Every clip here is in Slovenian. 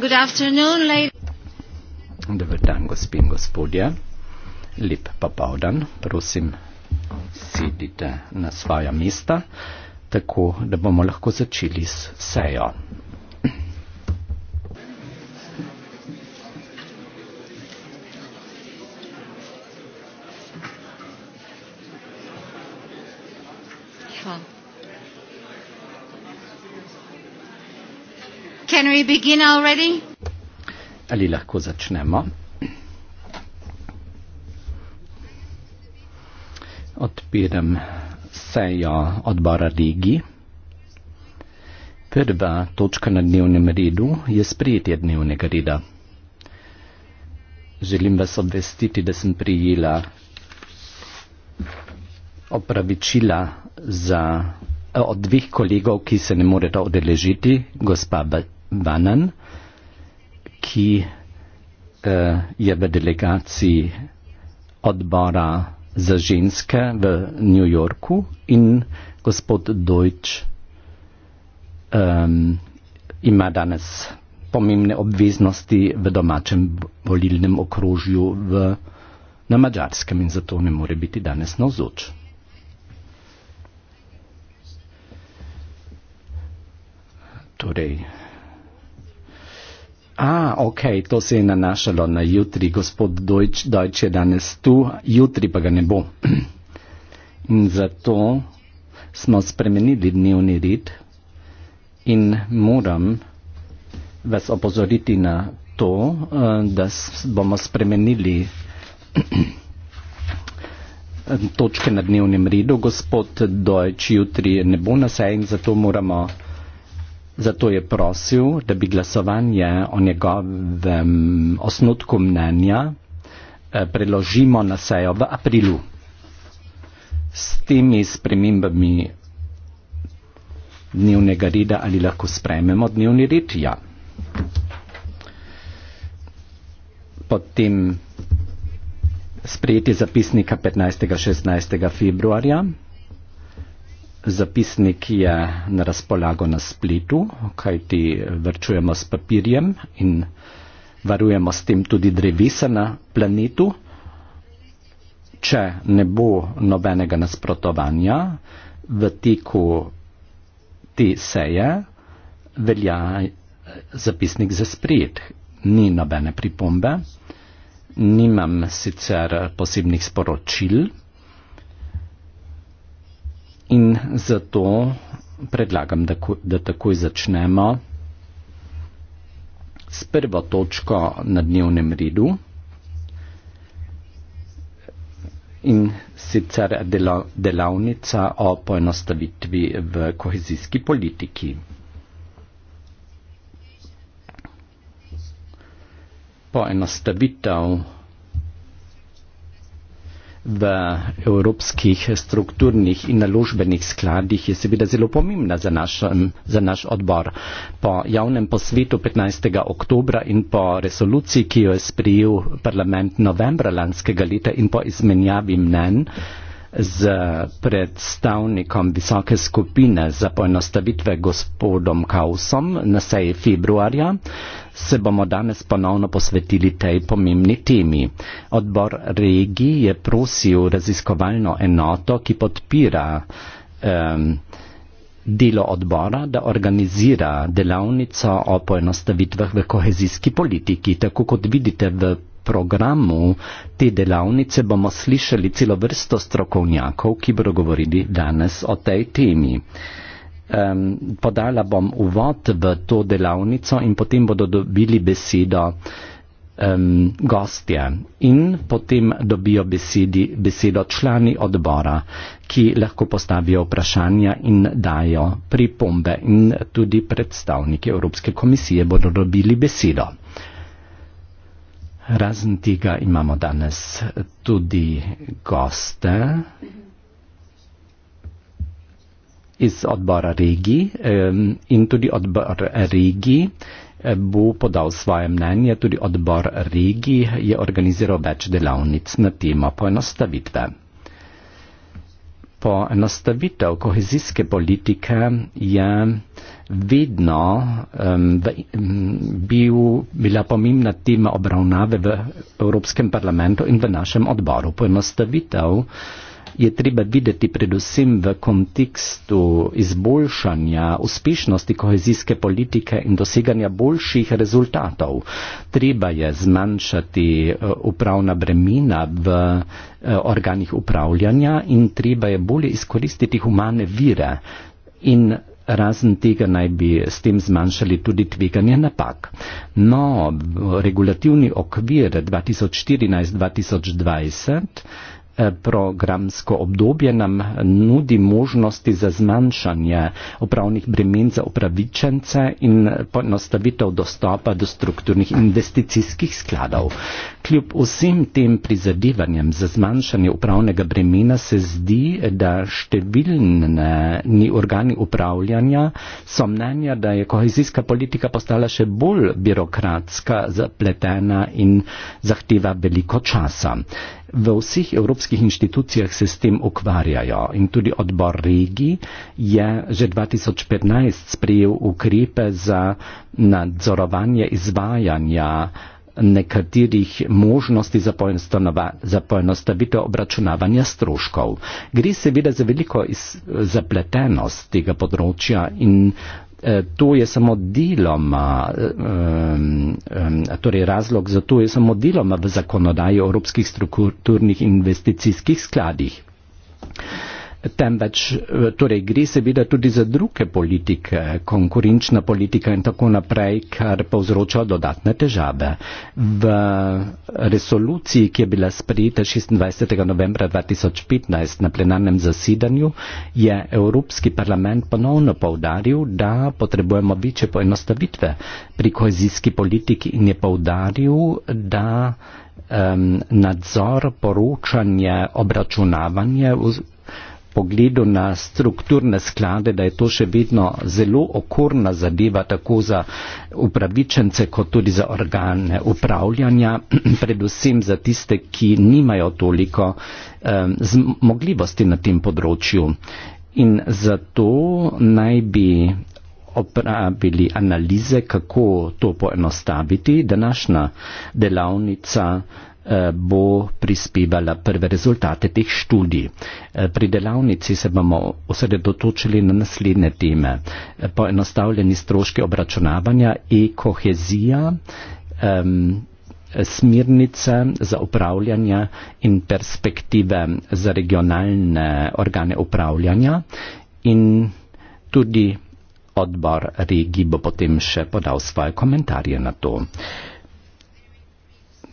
Dobro dan, gospi in gospodje. Lep popovdan. Prosim, sedite na svoja mesta, tako da bomo lahko začeli s sejo. we begin already? Ali lahko začnemo? Odpiram sejo odbora Ligi. Prva točka na dnevnem redu je sprejetje dnevnega reda. Želim vas obvestiti, da sem prijela opravičila za, eh, od dveh kolegov, ki se ne morejo odeležiti, gospa Bannon, ki eh, je v delegaciji odbora za ženske v New Yorku in gospod Deutsch eh, ima danes pomembne obveznosti v domačem volilnem okrožju v, na mačarskem in zato ne more biti danes navzoč. Torej, A, ok, to se je nanašalo na jutri. Gospod Dojč, Dojč je danes tu, jutri pa ga ne bo. In zato smo spremenili dnevni red in moram vas opozoriti na to, eh, da bomo spremenili točke na dnevnem redu. Gospod Dojč jutri ne bo na seji in zato moramo. Zato je prosil, da bi glasovanje o njegovem osnutku mnenja eh, preložimo na sejo v aprilu. S temi spremembami dnevnega reda ali lahko sprememo dnevni red? Ja. Potem sprejeti zapisnika 15. 16. februarja. Zapisnik je na razpolago na spletu, kajti vrčujemo s papirjem in varujemo s tem tudi drevesa na planetu. Če ne bo nobenega nasprotovanja v teku te seje, velja zapisnik za sprejet. Ni nobene pripombe, nimam sicer posebnih sporočil. In zato predlagam, da, da takoj začnemo s prvo točko na dnevnem redu in sicer delavnica o poenostavitvi v kohezijski politiki. Poenostavitev v evropskih strukturnih in naložbenih skladih je seveda zelo pomembna za naš, za naš odbor. Po javnem posvetu 15. oktobra in po resoluciji, ki jo je sprijel parlament novembra lanskega leta in po izmenjavi mnen z predstavnikom visoke skupine za poenostavitve gospodom Kausom na seji februarja, se bomo danes ponovno posvetili tej pomembni temi. Odbor regi je prosil raziskovalno enoto, ki podpira um, delo odbora, da organizira delavnico o poenostavitvah v kohezijski politiki. Tako kot vidite v programu te delavnice, bomo slišali celo vrsto strokovnjakov, ki bodo govorili danes o tej temi um, podala bom uvod v to delavnico in potem bodo dobili besedo um, gostje in potem dobijo besedi, besedo člani odbora, ki lahko postavijo vprašanja in dajo pripombe in tudi predstavniki Evropske komisije bodo dobili besedo. Razen tega imamo danes tudi goste. Mhm iz odbora regij in tudi odbor regij eh, bo podal svoje mnenje, tudi odbor regij je organiziral več delavnic na temo poenostavitve. Poenostavitev kohezijske politike je vedno um, v, um, bil, bila pomembna tema obravnave v Evropskem parlamentu in v našem odboru. Poenostavitev je treba videti predvsem v kontekstu izboljšanja uspešnosti kohezijske politike in doseganja boljših rezultatov. Treba je zmanjšati eh, upravna bremena v eh, organih upravljanja in treba je bolje izkoristiti humane vire in razen tega naj bi s tem zmanjšali tudi tveganje napak. No, regulativni okvir 2014-2020 Eh, programsko obdobje nam nudi možnosti za zmanjšanje upravnih bremen za upravičence in poenostavitev dostopa do strukturnih investicijskih skladov. Kljub vsem tem prizadevanjem za zmanjšanje upravnega bremena se zdi, da številni organi upravljanja so mnenja, da je kohezijska politika postala še bolj birokratska, zapletena in zahteva veliko časa. V vseh evropskih inštitucijah se s tem ukvarjajo in tudi odbor regij je že 2015 sprejel ukrepe za nadzorovanje izvajanja nekaterih možnosti za poenostavitev obračunavanja stroškov. Gre seveda za veliko zapletenost tega področja in Eh, to je samo deloma, ehm, ehm, torej razlog za to je samo deloma v zakonodaji o evropskih strukturnih investicijskih skladih temveč eh, torej gre seveda tudi za druge politike, konkurenčna politika in tako naprej, kar povzroča dodatne težave. V resoluciji, ki je bila sprejeta 26. novembra 2015 na plenarnem zasedanju, je Evropski parlament ponovno povdaril, da potrebujemo večje poenostavitve pri kohezijski politiki in je povdaril, da nadzor, poročanje, obračunavanje pogledu na strukturne sklade, da je to še vedno zelo okorna zadeva tako za upravičence kot tudi za organe upravljanja, predvsem za tiste, ki nimajo toliko um, zmogljivosti na tem področju. In zato naj bi opravili analize, kako to poenostaviti. Današnja delavnica Eh, bo prispevala prve rezultate teh študij. Eh, pri delavnici se bomo osredotočili na naslednje teme. Eh, poenostavljeni stroški obračunavanja e-kohezija, um, smirnice za upravljanje in perspektive za regionalne organe upravljanja in tudi odbor regij bo potem še podal svoje komentarje na to. Uh,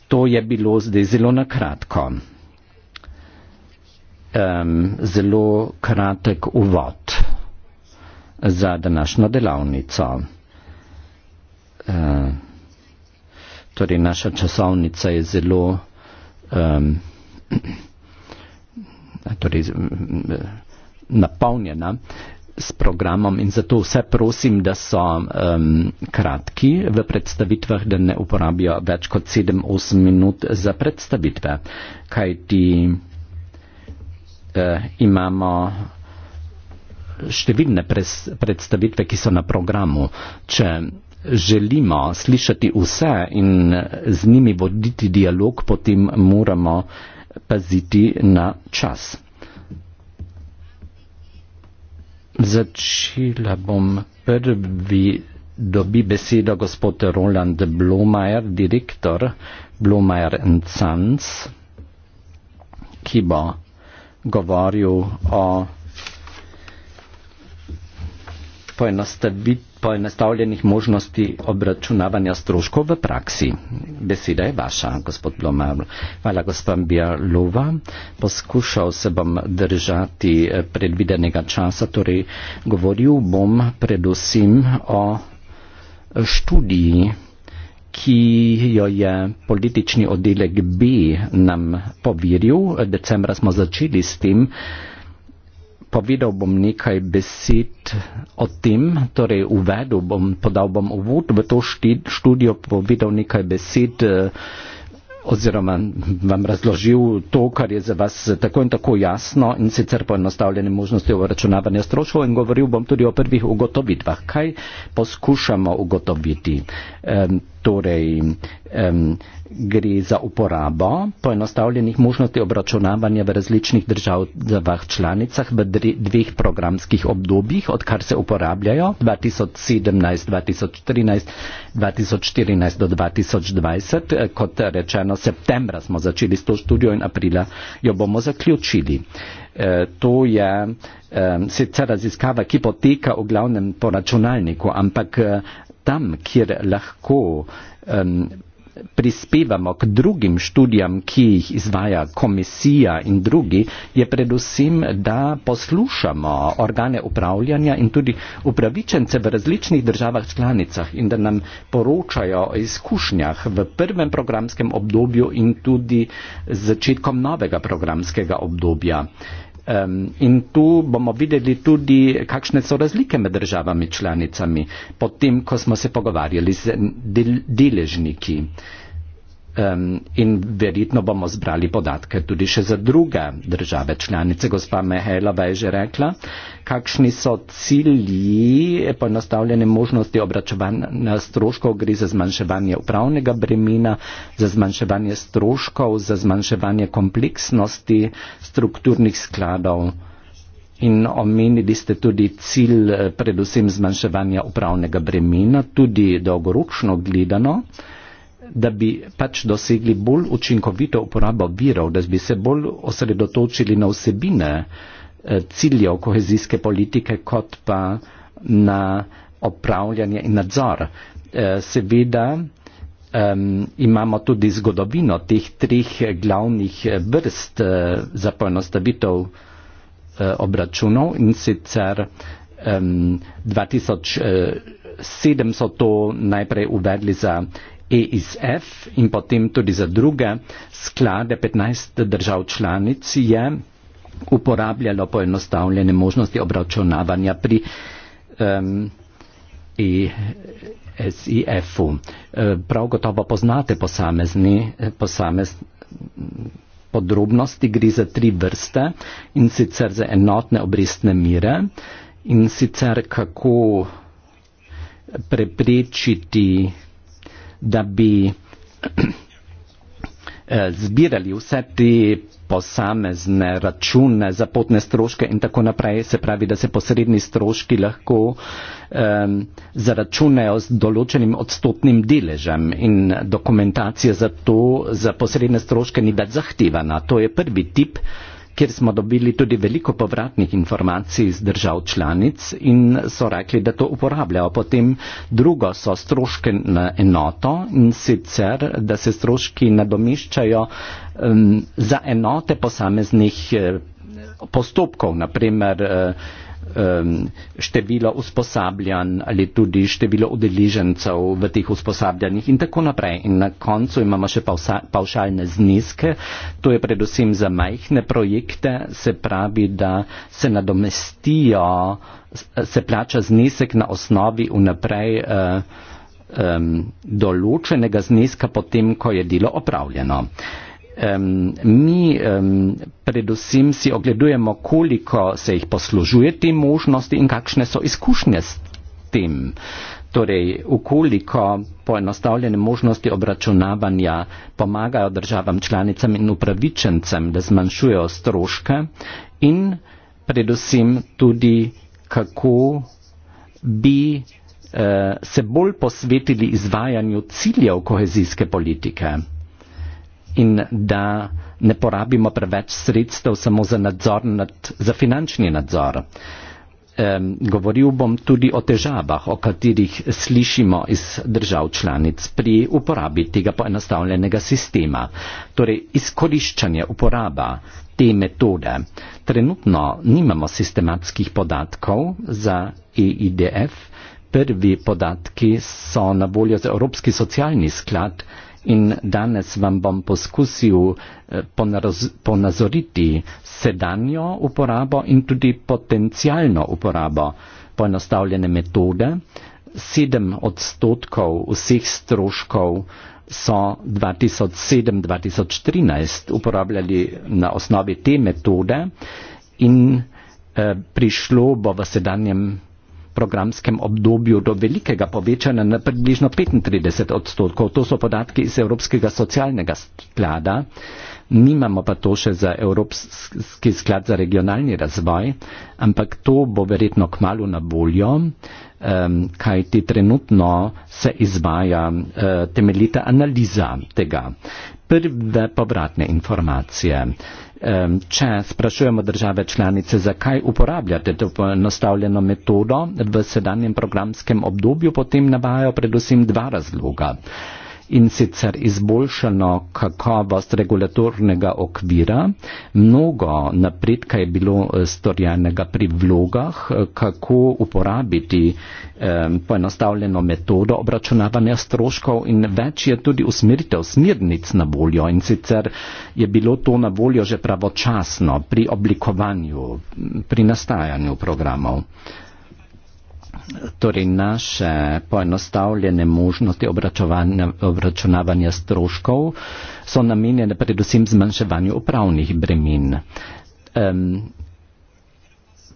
To je bilo zdaj zelo na kratko. Um, zelo kratek uvod za današnjo delavnico. Um, torej, naša časovnica je zelo. Um, torej, napolnjena s programom in zato vse prosim, da so um, kratki v predstavitvah, da ne uporabijo več kot 7-8 minut za predstavitve, kajti uh, imamo številne pres, predstavitve, ki so na programu. Če želimo slišati vse in z njimi voditi dialog, potem moramo paziti na čas. Začela bom prvi dobi besedo gospod Roland Blomajer, direktor Blomajer Sons, ki bo govoril o poenostavitvi poenostavljenih možnosti obračunavanja stroškov v praksi. Beseda je vaša, gospod Blomar. Hvala, gospod Bialova. Poskušal se bom držati eh, predvidenega časa, torej govoril bom predvsem o študiji, ki jo je politični oddelek B nam poviril. Decembra smo začeli s tem, povedal bom nekaj besed o tem, torej uvedel bom, podal bom uvod v to študijo, povedal nekaj besed eh, oziroma vam razložil to, kar je za vas tako in tako jasno in sicer poenostavljene možnosti uračunavanja stroškov in govoril bom tudi o prvih ugotovitvah. Kaj poskušamo ugotoviti? Um, torej, um, gre za uporabo poenostavljenih možnosti obračunavanja v različnih državah članicah v dveh programskih obdobjih, odkar se uporabljajo 2017-2013-2014 do 2020. Kot rečeno, septembra smo začeli s to študijo in aprila jo bomo zaključili. E, to je e, sicer raziskava, ki poteka v glavnem po računalniku, ampak e, tam, kjer lahko prispevamo k drugim študijam, ki jih izvaja komisija in drugi, je predvsem, da poslušamo organe upravljanja in tudi upravičence v različnih državah članicah in da nam poročajo o izkušnjah v prvem programskem obdobju in tudi z začetkom novega programskega obdobja. Um, in tu bomo videli tudi, kakšne so razlike med državami članicami, potem, ko smo se pogovarjali z deležniki. Del um, in verjetno bomo zbrali podatke tudi še za druge države članice. Gospa Mehelova je že rekla, kakšni so cilji poenostavljene možnosti obračovanja stroškov, gre za zmanjševanje upravnega bremena, za zmanjševanje stroškov, za zmanjševanje kompleksnosti strukturnih skladov. In omenili ste tudi cilj eh, predvsem zmanjševanja upravnega bremena, tudi dolgoročno gledano. Uh, da bi pač dosegli bolj učinkovito uporabo virov, da bi se bolj osredotočili na vsebine eh, ciljev kohezijske politike, kot pa na opravljanje in nadzor. Eh, seveda um, imamo tudi zgodovino teh treh glavnih eh, vrst za poenostavitev obračunov in sicer um, 2007 so to najprej uvedli za ESF in potem tudi za druge sklade 15 držav članic je uporabljalo poenostavljene možnosti obračunavanja pri um, ESIF-u. E, prav gotovo poznate posamezni, posamez podrobnosti, gre za tri vrste in sicer za enotne obrestne mire in sicer kako preprečiti da bi eh, zbirali vse te posamezne račune za potne stroške in tako naprej, se pravi, da se posredni stroški lahko um, zaračunajo z določenim odstotnim deležem in dokumentacija za to, za posredne stroške ni več zahtevana. To je prvi tip uh, kjer smo dobili tudi veliko povratnih informacij z držav članic in so rekli, da to uporabljajo. Potem drugo so stroške na enoto in sicer, da se stroški nadomiščajo um, za enote posameznih eh, postopkov, naprimer eh, Um, število usposabljanj ali tudi število udeležencev v teh usposabljanjih in tako naprej. In na koncu imamo še pavšalne zneske, to je predvsem za majhne projekte, se pravi, da se nadomestijo, se plača znesek na osnovi vnaprej eh, um, določenega zneska potem, ko je delo opravljeno. Um, um, mi um, predvsem si ogledujemo, koliko se jih poslužuje te možnosti in kakšne so izkušnje s tem. Torej, ukoliko poenostavljene možnosti obračunavanja pomagajo državam članicam in upravičencem, da zmanjšujejo stroške in predvsem tudi, kako bi eh, se bolj posvetili izvajanju ciljev kohezijske politike in da ne porabimo preveč sredstev samo za, nad, za finančni nadzor. Um, govoril bom tudi o težavah, o katerih slišimo iz držav članic pri uporabi tega poenostavljenega sistema, torej izkoriščanje uporaba te metode. Trenutno nimamo sistematskih podatkov za EIDF, prvi podatki so na voljo za Evropski socialni sklad, in danes vam bom poskusil eh, ponazoriti sedanjo uporabo in tudi potencijalno uporabo poenostavljene metode. Sedem odstotkov vseh stroškov so 2007-2013 uporabljali na osnovi te metode in eh, prišlo bo v sedanjem programskem obdobju do velikega povečanja na približno 35 odstotkov. To so podatki iz Evropskega socialnega sklada, nimamo pa to še za Evropski sklad za regionalni razvoj, ampak to bo verjetno kmalo na voljo, kaj ti trenutno se izvaja e, temeljita analiza tega. Prve povratne informacije če sprašujemo države članice, zakaj uporabljate to nastavljeno metodo v sedanjem programskem obdobju, potem navajajo predvsem dva razloga in sicer izboljšano kakovost regulatornega okvira. Mnogo napredka je bilo eh, storjenega pri vlogah, eh, kako uporabiti eh, poenostavljeno metodo obračunavanja stroškov in več je tudi usmeritev smernic na voljo in sicer je bilo to na voljo že pravočasno pri oblikovanju, pri nastajanju programov torej naše poenostavljene možnosti obračunavanja stroškov so namenjene predvsem zmanjševanju upravnih bremen. Um,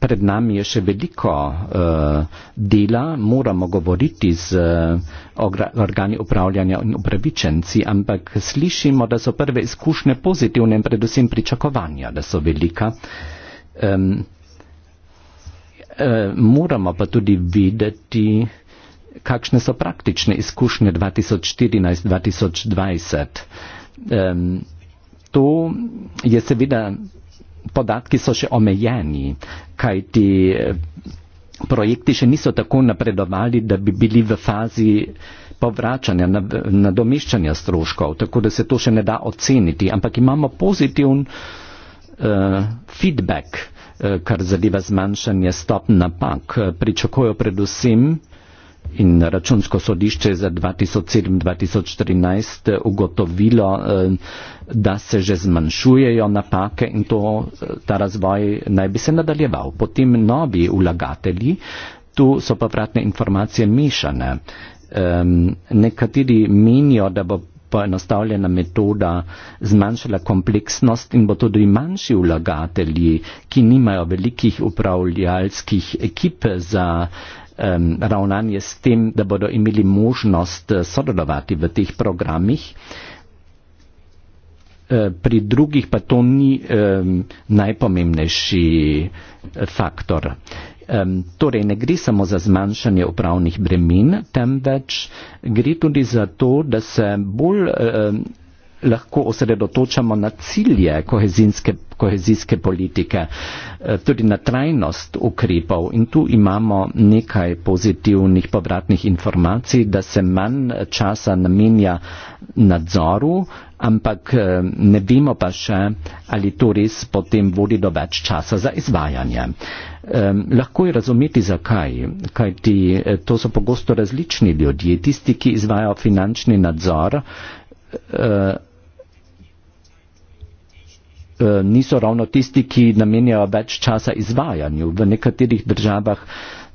pred nami je še veliko uh, dela, moramo govoriti z uh, organi upravljanja in upravičenci, ampak slišimo, da so prve izkušnje pozitivne in predvsem pričakovanja, da so velika. Um, Eh, moramo pa tudi videti, kakšne so praktične izkušnje 2014-2020. To je seveda, podatki so še omejeni, kaj ti eh, projekti še niso tako napredovali, da bi bili v fazi povračanja, nadomeščanja stroškov, tako da se to še ne da oceniti, ampak imamo pozitivn uh, eh, feedback Eh, kar zadeva zmanjšanje stopn napak. Eh, Pričakujo predvsem in računsko sodišče za 2007-2013 eh, ugotovilo, da se že zmanjšujejo napake in to, ta razvoj naj bi se nadaljeval. Potem novi vlagatelji, tu so povratne informacije mešane. Um, nekateri menijo, da bo poenostavljena metoda zmanjšala kompleksnost in bo tudi manjši vlagatelji, ki nimajo velikih upravljalskih ekip za um, ravnanje s tem, da bodo imeli možnost eh, sodelovati v teh programih. Eh, pri drugih pa to ni um, najpomembnejši eh, faktor. Um, Torej ne gre samo za zmanjšanje upravnih bremin, temveč gre tudi za to, da se bolj lahko osredotočamo na cilje kohezijske, kohezijske politike, e, tudi na trajnost ukrepov. In tu imamo nekaj pozitivnih povratnih informacij, da se manj časa namenja nadzoru, ampak eh, ne vemo pa še, ali to res potem vodi do več časa za izvajanje. Lahko je razumeti, zakaj, kajti eh, to so pogosto različni ljudje, tisti, ki izvajajo finančni nadzor, eh, niso ravno tisti, ki namenjajo več časa izvajanju. V nekaterih državah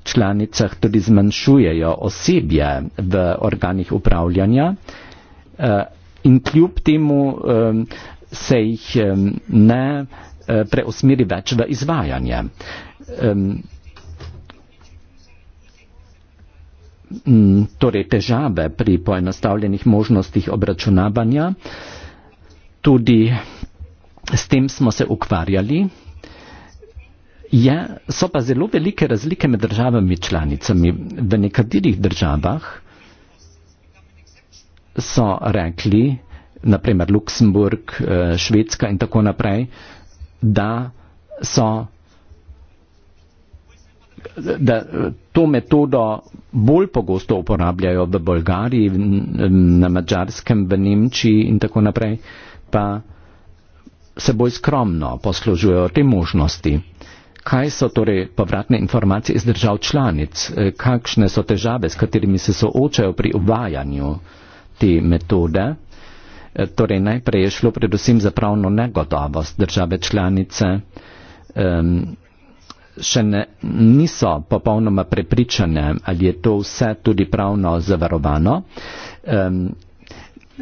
članicah tudi zmanjšujejo osebje v organih upravljanja in kljub temu um, se jih um, ne uh, preusmeri več v izvajanje. Um, torej težave pri poenostavljenih možnostih obračunavanja. Tudi s tem smo se ukvarjali. Je, so pa zelo velike razlike med državami članicami. V nekaterih državah so rekli, naprimer Luksemburg, eh, Švedska in tako naprej, da so da to metodo bolj pogosto uporabljajo v Bolgariji, na Mačarskem, v Nemčiji in tako naprej, pa se bolj skromno poslužujejo te možnosti. Kaj so torej povratne informacije iz držav članic? Eh, kakšne so težave, s katerimi se soočajo pri uvajanju? te metode. E, torej, najprej je šlo predvsem za pravno negotovost države članice. Um, še ne, niso popolnoma prepričane, ali je to vse tudi pravno zavarovano. Um,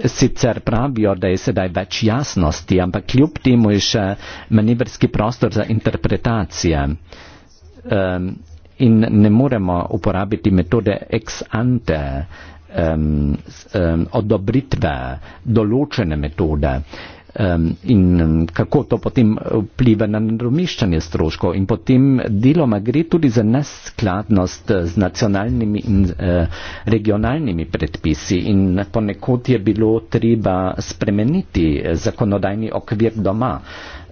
sicer pravijo, da je sedaj več jasnosti, ampak kljub temu je še manevrski prostor za interpretacije. Um, in ne moremo uporabiti metode ex ante. Um, um, um, odobritve določene metode um, in kako to potem vpliva na nadomiščanje stroškov in potem deloma gre tudi za neskladnost z nacionalnimi in uh, regionalnimi predpisi in ponekod je bilo treba spremeniti zakonodajni okvir doma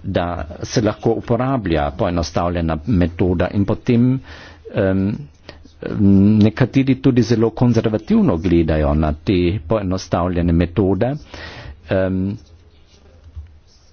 da se lahko uporablja poenostavljena metoda in potem um, nekateri tudi zelo konzervativno gledajo na te poenostavljene metode. Um,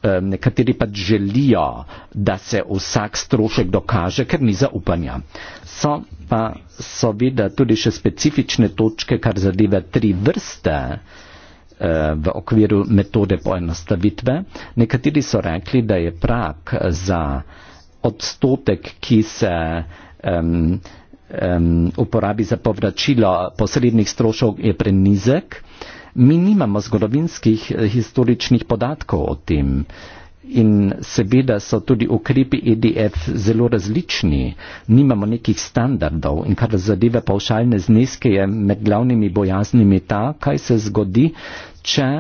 um, nekateri pač želijo, da se vsak strošek dokaže, ker ni zaupanja. So pa seveda tudi še specifične točke, kar zadeva tri vrste eh, v okviru metode poenostavitve. Nekateri so rekli, da je prak za odstotek, ki se um, um, uporabi za povračilo posrednih strošov je prenizek. Mi nimamo zgodovinskih eh, historičnih podatkov o tem in seveda so tudi ukrepi EDF zelo različni, nimamo nekih standardov in kar zadeva pavšalne zneske je med glavnimi bojaznimi ta, kaj se zgodi, če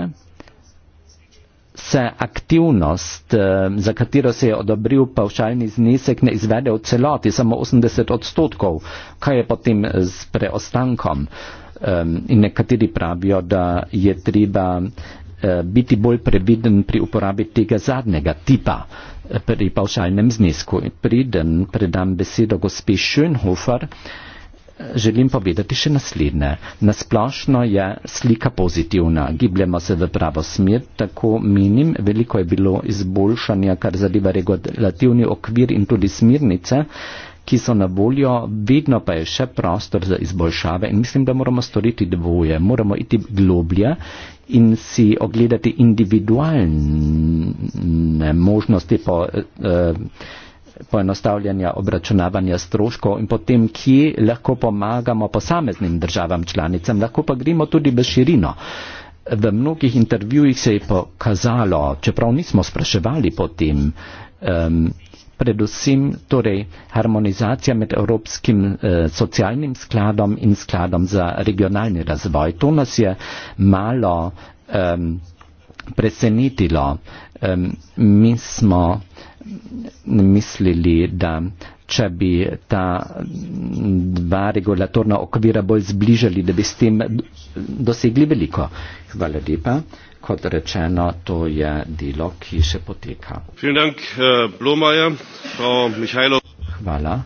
se aktivnost, eh, za katero se je odobril pavšalni znesek, ne izvede v celoti, samo 80 odstotkov. Kaj je potem eh, s preostankom? Ehm, in nekateri pravijo, da je treba eh, biti bolj previden pri uporabi tega zadnjega tipa pri pavšalnem znesku. Preden predam besedo gospe Schönhofer, Želim povedati še naslednje. Nasplošno je slika pozitivna, gibljamo se v pravo smer, tako menim, veliko je bilo izboljšanja, kar zadeva regulativni okvir in tudi smernice, ki so na voljo, vedno pa je še prostor za izboljšave in mislim, da moramo storiti dvoje, moramo iti globlje in si ogledati individualne možnosti po. Eh, poenostavljanja obračunavanja stroškov in potem, kje lahko pomagamo posameznim državam članicam, lahko pa gremo tudi v širino. V mnogih intervjujih se je pokazalo, čeprav nismo spraševali potem, um, predvsem torej harmonizacija med Evropskim eh, socialnim skladom in skladom za regionalni razvoj. To nas je malo um, presenetilo. Um, mi smo mislili, da če bi ta dva regulatorna okvira bolj zbližali, da bi s tem dosegli veliko. Hvala lepa. Kot rečeno, to je delo, ki še poteka. Hvala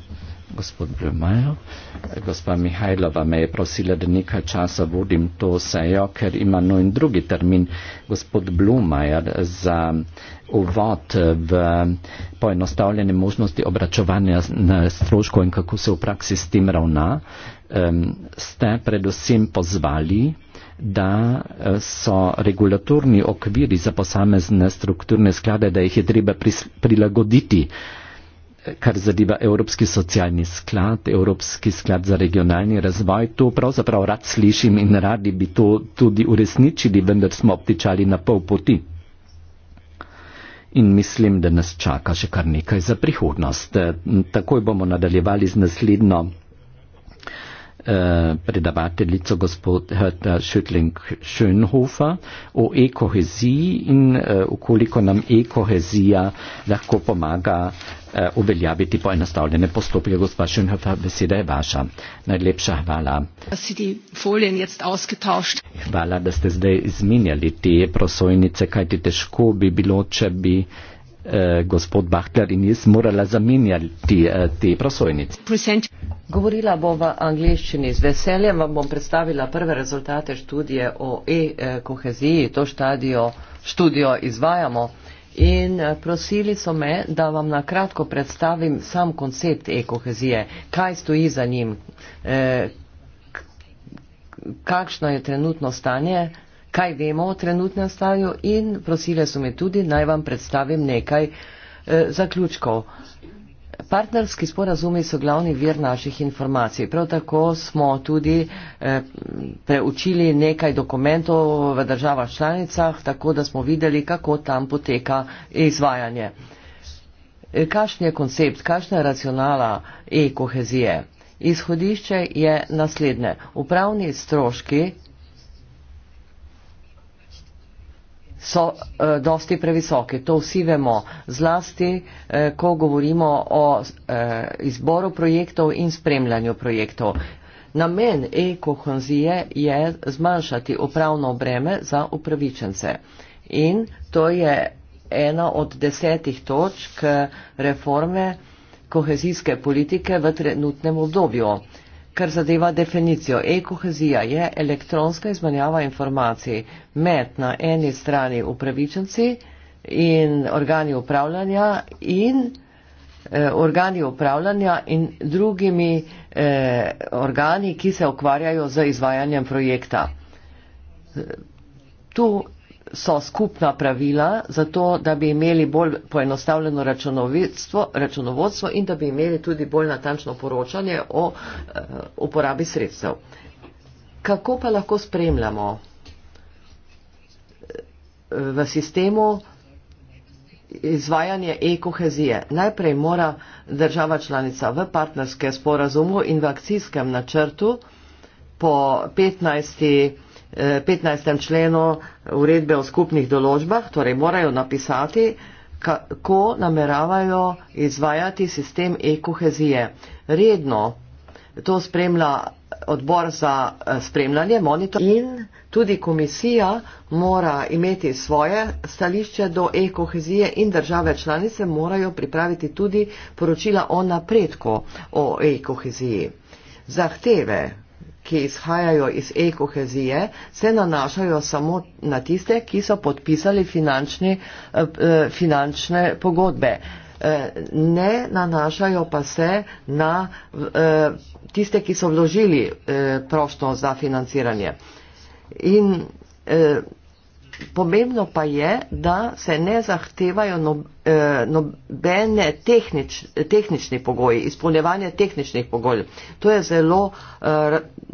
gospod Blumajo. Gospa Mihajlova me je prosila, da nekaj časa vodim to sejo, ker ima no in drugi termin gospod Blumajer za uvod v poenostavljene možnosti obračovanja na stroško in kako se v praksi s tem ravna. Ste predvsem pozvali, da e, so regulatorni okviri za posamezne strukturne sklade, da jih je treba prilagoditi kar zadeva Evropski socialni sklad, Evropski sklad za regionalni razvoj. To pravzaprav rad slišim in radi bi to tudi uresničili, vendar smo obtičali na pol poti. In mislim, da nas čaka še kar nekaj za prihodnost. Takoj bomo nadaljevali z naslednjo eh, predavateljico gospod Hrta Šötling-Schönhofer o ekoheziji in ukoliko eh, nam ekohezija lahko pomaga Eh, uveljaviti poenostavljene postopke. Gospa Šunhofa, beseda je vaša. Najlepša hvala. Hvala, da ste zdaj izminjali te prosojnice, kajti težko bi bilo, če bi eh, gospod Bahtler in jaz morala zamenjati eh, te prosojnice. Present. Govorila bom v angliščini. Z veseljem vam bom predstavila prve rezultate študije o e-koheziji. Eh, to študijo, študijo izvajamo. In eh, prosili so me, da vam na kratko predstavim sam koncept ekohezije, kaj stoji za njim, eh, kakšno je trenutno stanje, kaj vemo o trenutnem stanju in prosile so me tudi, naj vam predstavim nekaj eh, zaključkov. Partnerski sporazumi so glavni vir naših informacij. Prav tako smo tudi eh, preučili nekaj dokumentov v državah članicah, tako da smo videli, kako tam poteka izvajanje. Eh, kakšen je koncept, kakšna je racionala e-kohezije? Izhodišče je naslednje. Upravni stroški so eh, dosti previsoke. To vsi vemo zlasti, eh, ko govorimo o eh, izboru projektov in spremljanju projektov. Namen e-kohenzije je zmanjšati upravno breme za upravičence. In to je ena od desetih točk eh, reforme kohezijske politike v trenutnem obdobju. Eh, kar zadeva definicijo. E-kohezija je elektronska izmenjava informacij med na eni strani upravičenci in organi upravljanja in eh, organi upravljanja in drugimi eh, organi, ki se ukvarjajo z izvajanjem projekta. Tu so skupna pravila, zato da bi imeli bolj poenostavljeno računovodstvo in da bi imeli tudi bolj natančno poročanje o eh, uporabi sredstev. Kako pa lahko spremljamo eh, v sistemu izvajanje ekohezije? Najprej mora država članica v partnerske sporazumu in v akcijskem načrtu po 15. 15. členu uredbe o skupnih določbah, torej morajo napisati, kako nameravajo izvajati sistem e-kohezije. Redno to spremlja odbor za eh, spremljanje, monitor in tudi komisija mora imeti svoje stališče do e-kohezije in države članice morajo pripraviti tudi poročila o napredku o e-koheziji. Zahteve ki izhajajo iz e-kohezije, se nanašajo samo na tiste, ki so podpisali finančni, eh, eh, finančne pogodbe. Eh, ne nanašajo pa se na tiste, ki so vložili prošlo za financiranje. In pomembno pa je, da se ne zahtevajo no- Eh, nobene tehnič, tehnični pogoji, izpolnjevanje tehničnih pogojev. To je zelo uh,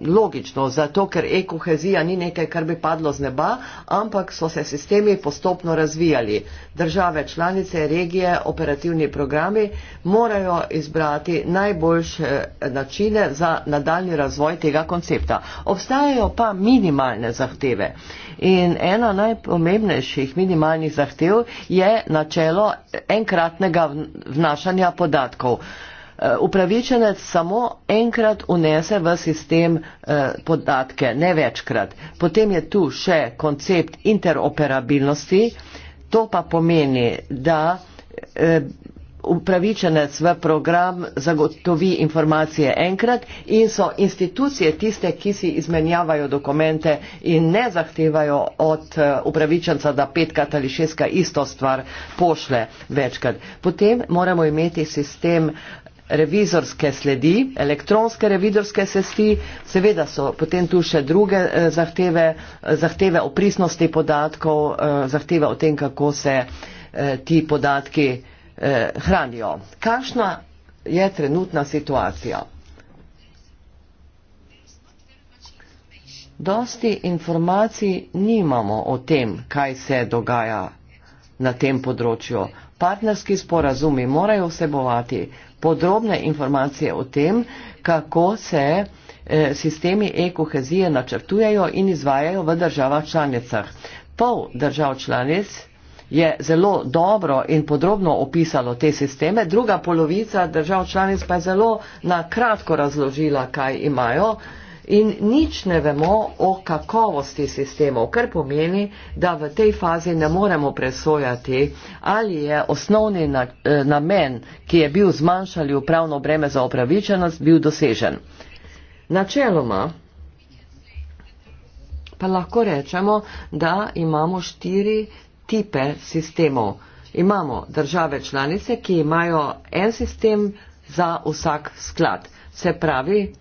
logično, zato ker ekohezija ni nekaj, kar bi padlo z neba, ampak so se sistemi postopno razvijali. Države, članice, regije, operativni programi morajo izbrati najboljše eh, načine za nadaljni razvoj tega koncepta. Obstajajo pa minimalne zahteve. In ena najpomembnejših minimalnih zahtev je načelo enkratnega vnašanja podatkov. E, upravičenec samo enkrat unese v sistem e, podatke, ne večkrat. Potem je tu še koncept interoperabilnosti, to pa pomeni, da e, upravičenec v program zagotovi informacije enkrat in so institucije tiste, ki si izmenjavajo dokumente in ne zahtevajo od eh, upravičenca, da petkrat ali šestkrat isto stvar pošle večkrat. Potem moramo imeti sistem revizorske sledi, elektronske revizorske sesti, seveda so potem tu še druge eh, zahteve, eh, zahteve o prisnosti podatkov, zahteve o tem, kako se ti podatki eh, hranijo. Kakšna je trenutna situacija? Dosti informacij nimamo o tem, kaj se dogaja na tem področju. Partnerski sporazumi morajo vsebovati podrobne informacije o tem, kako se eh, sistemi e-kohezije načrtujejo in izvajajo v državah članicah. Pol držav članic je zelo dobro in podrobno opisalo te sisteme, druga polovica držav članic pa je zelo na kratko razložila, kaj imajo in nič ne vemo o kakovosti sistemov, kar pomeni, da v tej fazi ne moremo presojati, ali je osnovni na, eh, namen, ki je bil zmanjšali upravno breme za opravičenost, bil dosežen. Načeloma pa lahko rečemo, da imamo štiri tipe sistemov. Imamo države članice, ki imajo en sistem za vsak sklad. Se pravi,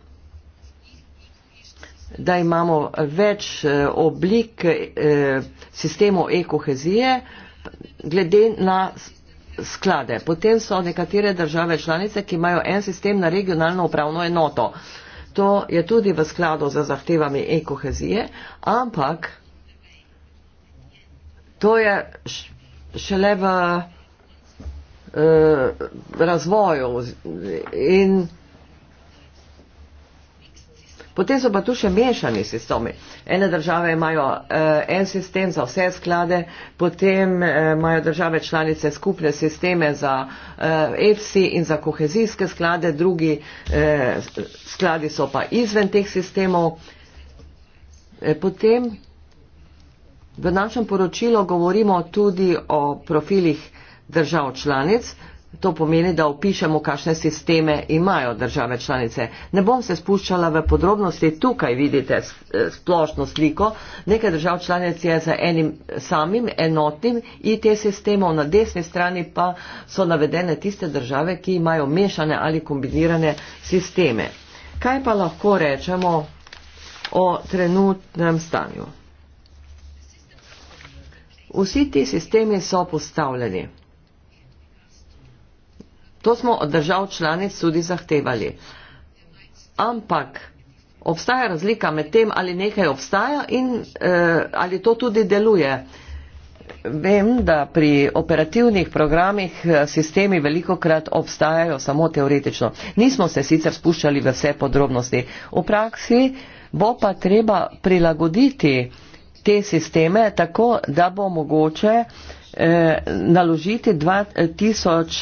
da imamo več eh, oblik eh, sistemov ekohezije glede na sklade. Potem so nekatere države članice, ki imajo en sistem na regionalno upravno enoto. To je tudi v skladu za zahtevami ekohezije, ampak to je šele v uh, razvoju. In potem so pa tu še mešani sistemi. Ene države imajo uh, en sistem za vse sklade, potem uh, imajo države članice skupne sisteme za uh, EFSI in za kohezijske sklade, drugi uh, skladi so pa izven teh sistemov. Potem V našem poročilu govorimo tudi o profilih držav članic. To pomeni, da opišemo, kakšne sisteme imajo države članice. Ne bom se spuščala v podrobnosti, tukaj vidite eh, splošno sliko. Nekaj držav članic je za enim samim enotnim IT sistemom, na desni strani pa so navedene tiste države, ki imajo mešane ali kombinirane sisteme. Kaj pa lahko rečemo o trenutnem stanju? Vsi ti sistemi so postavljeni. To smo od držav članic tudi zahtevali. Ampak obstaja razlika med tem, ali nekaj obstaja in eh, ali to tudi deluje. Vem, da pri operativnih programih eh, sistemi veliko krat obstajajo samo teoretično. Nismo se sicer spuščali v vse podrobnosti. V praksi bo pa treba prilagoditi eh, te sisteme tako, da bo mogoče eh, naložiti 2016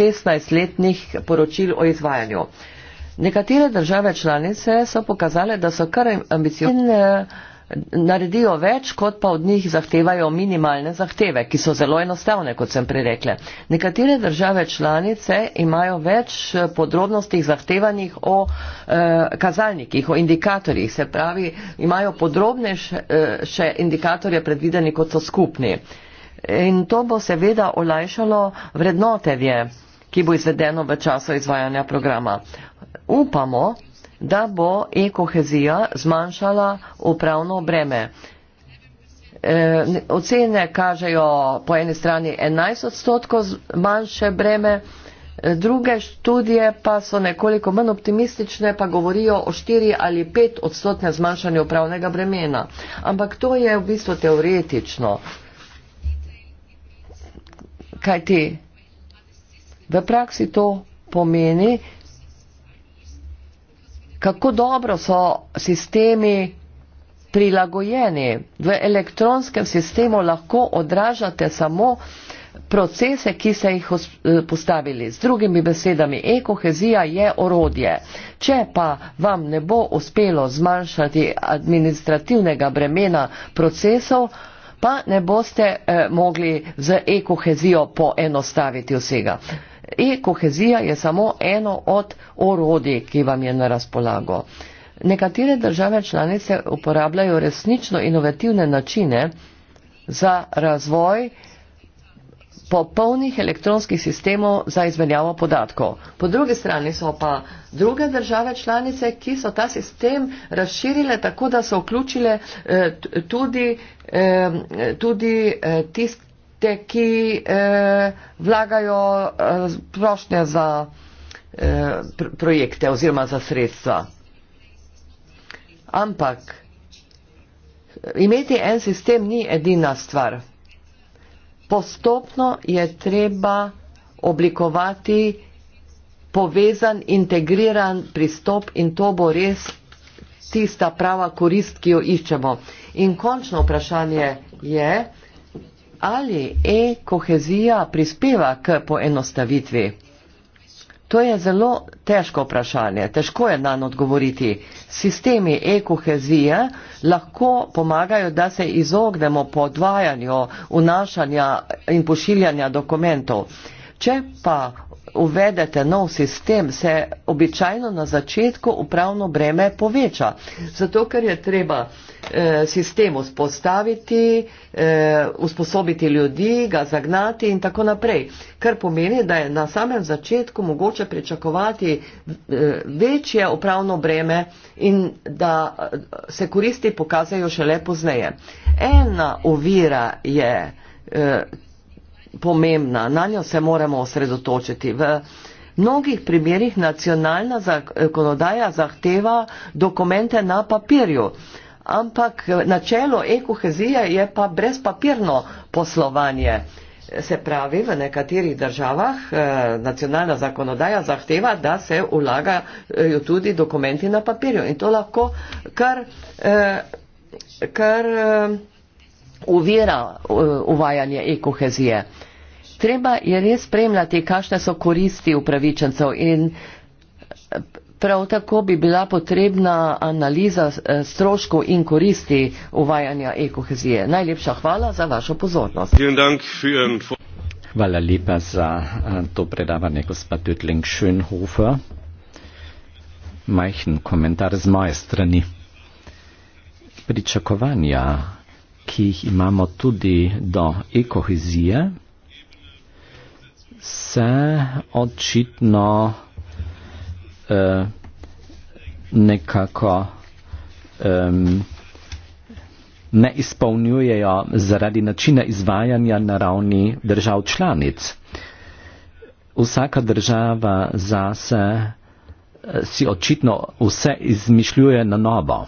eh, eh, letnih poročil o izvajanju. Nekatere države članice so pokazale, da so kar ambiciozne. Eh, naredijo več, kot pa od njih zahtevajo minimalne zahteve, ki so zelo enostavne, kot sem prirekle. Nekatere države članice imajo več eh, podrobnostih zahtevanih o eh, kazalnikih, o indikatorjih, se pravi, imajo podrobne eh, še indikatorje predvideni, kot so skupni. In to bo seveda olajšalo vrednotevje, ki bo izvedeno v času izvajanja programa. Upamo, da bo ekohezija zmanjšala upravno breme. E, ocene kažejo po eni strani 11 odstotkov manjše breme, e, druge študije pa so nekoliko manj optimistične, pa govorijo o 4 ali 5 odstotne zmanjšanje upravnega bremena. Ampak to je v bistvu teoretično. Kaj ti? V praksi to pomeni, kako dobro so sistemi prilagojeni. V elektronskem sistemu lahko odražate samo procese, ki ste jih eh, postavili. Z drugimi besedami, ekohezija je orodje. Če pa vam ne bo uspelo zmanjšati administrativnega bremena procesov, pa ne boste eh, mogli z ekohezijo poenostaviti vsega. E-kohezija je samo eno od orodij, ki vam je na razpolago. Nekatere države članice uporabljajo resnično inovativne načine za razvoj popolnih elektronskih sistemov za izmenjavo podatkov. Po drugi strani so pa druge države članice, ki so ta sistem razširile tako, da so vključile eh, tudi, eh, tudi eh, tist, te, ki eh, vlagajo eh, prošnje za eh, pr projekte oziroma za sredstva. Ampak eh, imeti en sistem ni edina stvar. Postopno je treba oblikovati povezan, integriran pristop in to bo res tista prava korist, ki jo iščemo. In končno vprašanje je, ali e-kohezija prispeva k poenostavitvi? To je zelo težko vprašanje, težko je nam odgovoriti. Sistemi e-kohezije lahko pomagajo, da se izognemo podvajanju, unašanja in pošiljanja dokumentov. Če pa uvedete nov sistem, se običajno na začetku upravno breme poveča, zato ker je treba Eh, sistem vzpostaviti, eh, usposobiti ljudi, ga zagnati in tako naprej. Kar pomeni, da je na samem začetku mogoče pričakovati eh, večje upravno breme in da se koristi pokazajo šele pozneje. Ena ovira je pomembna, na njo se moramo osredotočiti. V mnogih primerjih nacionalna zakonodaja zahteva dokumente na papirju ampak načelo ekohezije je pa brezpapirno poslovanje. Se pravi, v nekaterih državah eh, nacionalna zakonodaja zahteva, da se vlagajo tudi dokumenti na papirju in to lahko kar, eh, kar eh, uvira uvajanje ekohezije. Treba je res spremljati, kakšne so koristi upravičencev in Prav tako bi bila potrebna analiza eh, stroškov in koristi uvajanja ekohezije. Najlepša hvala za vašo pozornost. Hvala lepa za eh, to predavanje, gospod Dütling Schönhofer. Majhen komentar z moje strani. Pričakovanja, ki jih imamo tudi do ekohezije, se očitno uh, nekako um, ne izpolnjujejo zaradi načina izvajanja na ravni držav članic. Vsaka država zase eh, si očitno vse izmišljuje na novo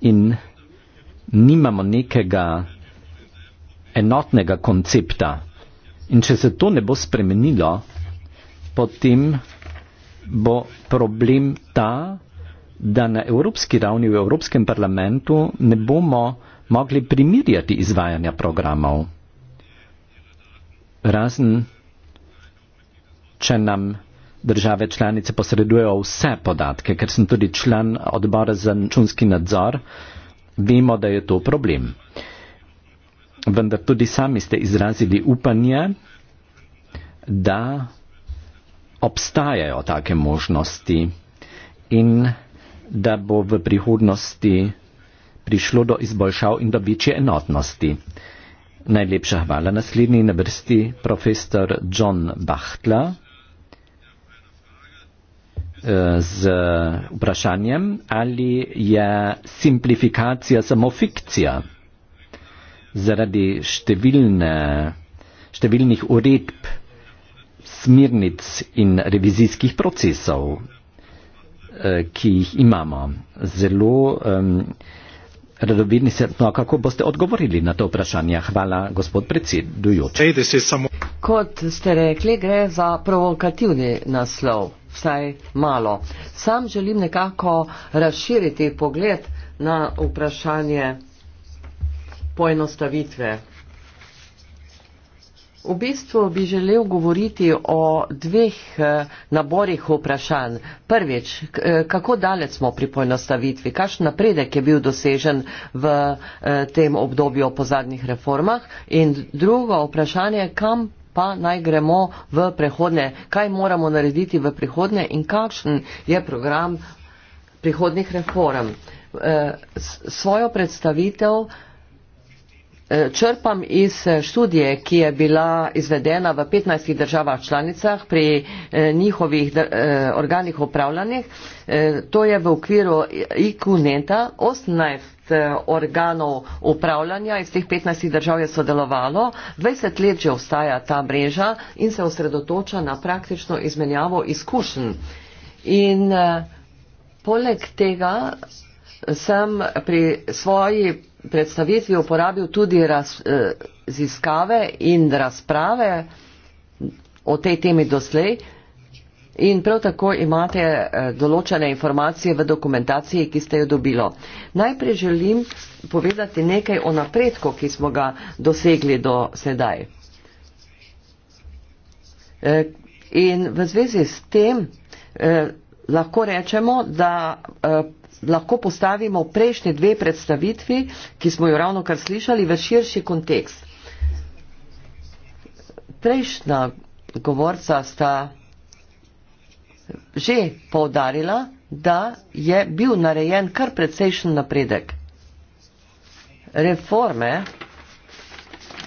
in nimamo nekega enotnega koncepta. In če se to ne bo spremenilo, potem bo problem ta, da na evropski ravni v Evropskem parlamentu ne bomo mogli primirjati izvajanja programov. Razen, če nam države članice posredujejo vse podatke, ker sem tudi član odbora za čunski nadzor, vemo, da je to problem. Vendar tudi sami ste izrazili upanje, da obstajajo take možnosti in da bo v prihodnosti prišlo do izboljšav in do večje enotnosti. Najlepša hvala naslednji na vrsti profesor John Bachtla eh, z vprašanjem, ali je simplifikacija samo fikcija zaradi številne, številnih uredb smirnic in revizijskih procesov, eh, ki jih imamo. Zelo um, radovedni se, no kako boste odgovorili na to vprašanje? Hvala, gospod predsedujoči. Kot ste rekli, gre za provokativni naslov, vsaj malo. Sam želim nekako razširiti pogled na vprašanje poenostavitve V bistvu bi želel govoriti o dveh eh, naborih vprašanj. Prvič, eh, kako dalec smo pri poenostavitvi, kakšen napredek je bil dosežen v eh, tem obdobju po zadnjih reformah in drugo vprašanje, kam pa naj gremo v prihodne, kaj moramo narediti v prihodne in kakšen je program prihodnih reform. Svojo predstavitev Eh, črpam iz eh, študije, ki je bila izvedena v 15 državah članicah pri eh, njihovih organih upravljanjih. To je v okviru IQ-neta 18 organov upravljanja iz teh 15 držav je sodelovalo. 20 let že obstaja ta mreža in se osredotoča na praktično izmenjavo izkušenj. In poleg tega sem pri svoji predstavitvi uporabil tudi eh, raziskave in razprave o tej temi doslej. In prav tako imate eh, določene informacije v dokumentaciji, ki ste jo dobilo. Najprej želim povedati nekaj o napredku, ki smo ga dosegli do sedaj. Eh, in v zvezi s tem lahko rečemo, da eh, lahko postavimo prejšnje dve predstavitvi, ki smo jo ravno kar slišali, v širši kontekst. Prejšnja govorca sta že povdarila, da je bil narejen kar precejšen napredek. Reforme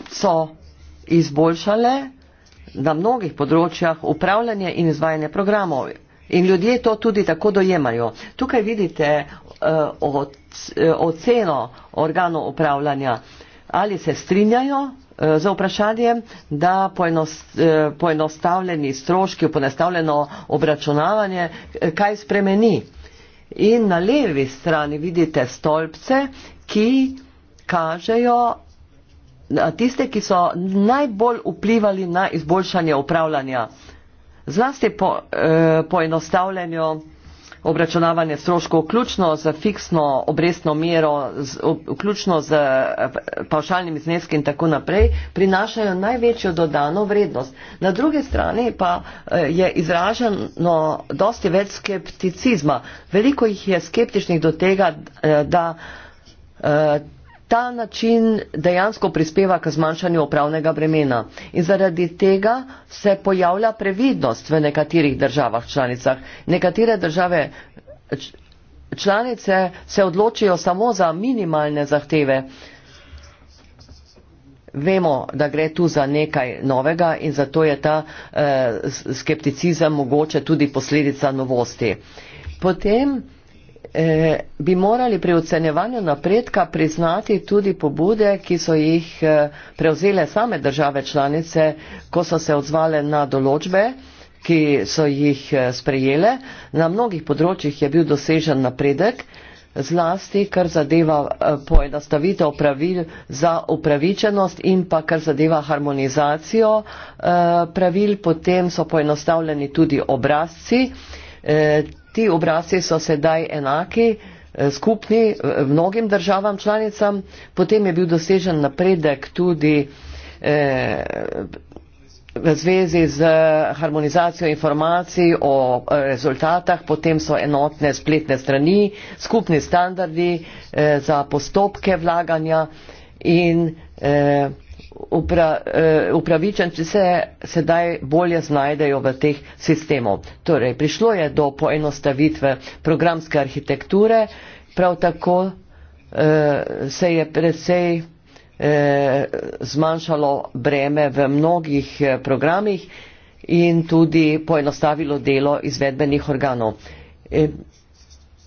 so izboljšale na mnogih področjah upravljanje in izvajanje programov. In ljudje to tudi tako dojemajo. Tukaj vidite uh, oceno organov upravljanja, ali se strinjajo uh, eh, za vprašanje, da poenost, uh, poenostavljeni stroški, poenostavljeno obračunavanje kaj spremeni. In na levi strani vidite stolpce, ki kažejo tiste, ki so najbolj vplivali na izboljšanje upravljanja. Uh, zlasti po, eh, poenostavljanju obračunavanja stroškov, vključno z fiksno obrestno mero, z, vključno z eh, pavšalnimi zneski in tako naprej, prinašajo največjo dodano vrednost. Na druge strani pa eh, je izraženo dosti več skepticizma. Veliko jih je skeptičnih do tega, eh, da, da ta način dejansko prispeva k zmanjšanju upravnega bremena in zaradi tega se pojavlja previdnost v nekaterih državah članicah. Nekatere države članice se odločijo samo za minimalne zahteve. Vemo, da gre tu za nekaj novega in zato je ta eh, skepticizem mogoče tudi posledica novosti. Potem Eh, bi morali pri ocenjevanju napredka priznati tudi pobude, ki so jih eh, prevzele same države članice, ko so se odzvale na določbe, ki so jih eh, sprejele. Na mnogih področjih je bil dosežen napredek, zlasti kar zadeva poenostavitev pravil za upravičenost in pa kar zadeva harmonizacijo pravil, potem so poenostavljeni tudi obrazci ti obrazci so sedaj enaki, eh, skupni eh, mnogim državam članicam, potem je bil dosežen napredek tudi eh, v zvezi z harmonizacijo informacij o rezultatah, potem so enotne spletne strani, skupni standardi za postopke vlaganja in eh, upra, uh, upravičenci se sedaj bolje znajdejo v teh sistemov. Torej, prišlo je do poenostavitve programske arhitekture, prav tako uh, se je predvsej eh, zmanjšalo breme v mnogih programih in tudi poenostavilo delo izvedbenih organov.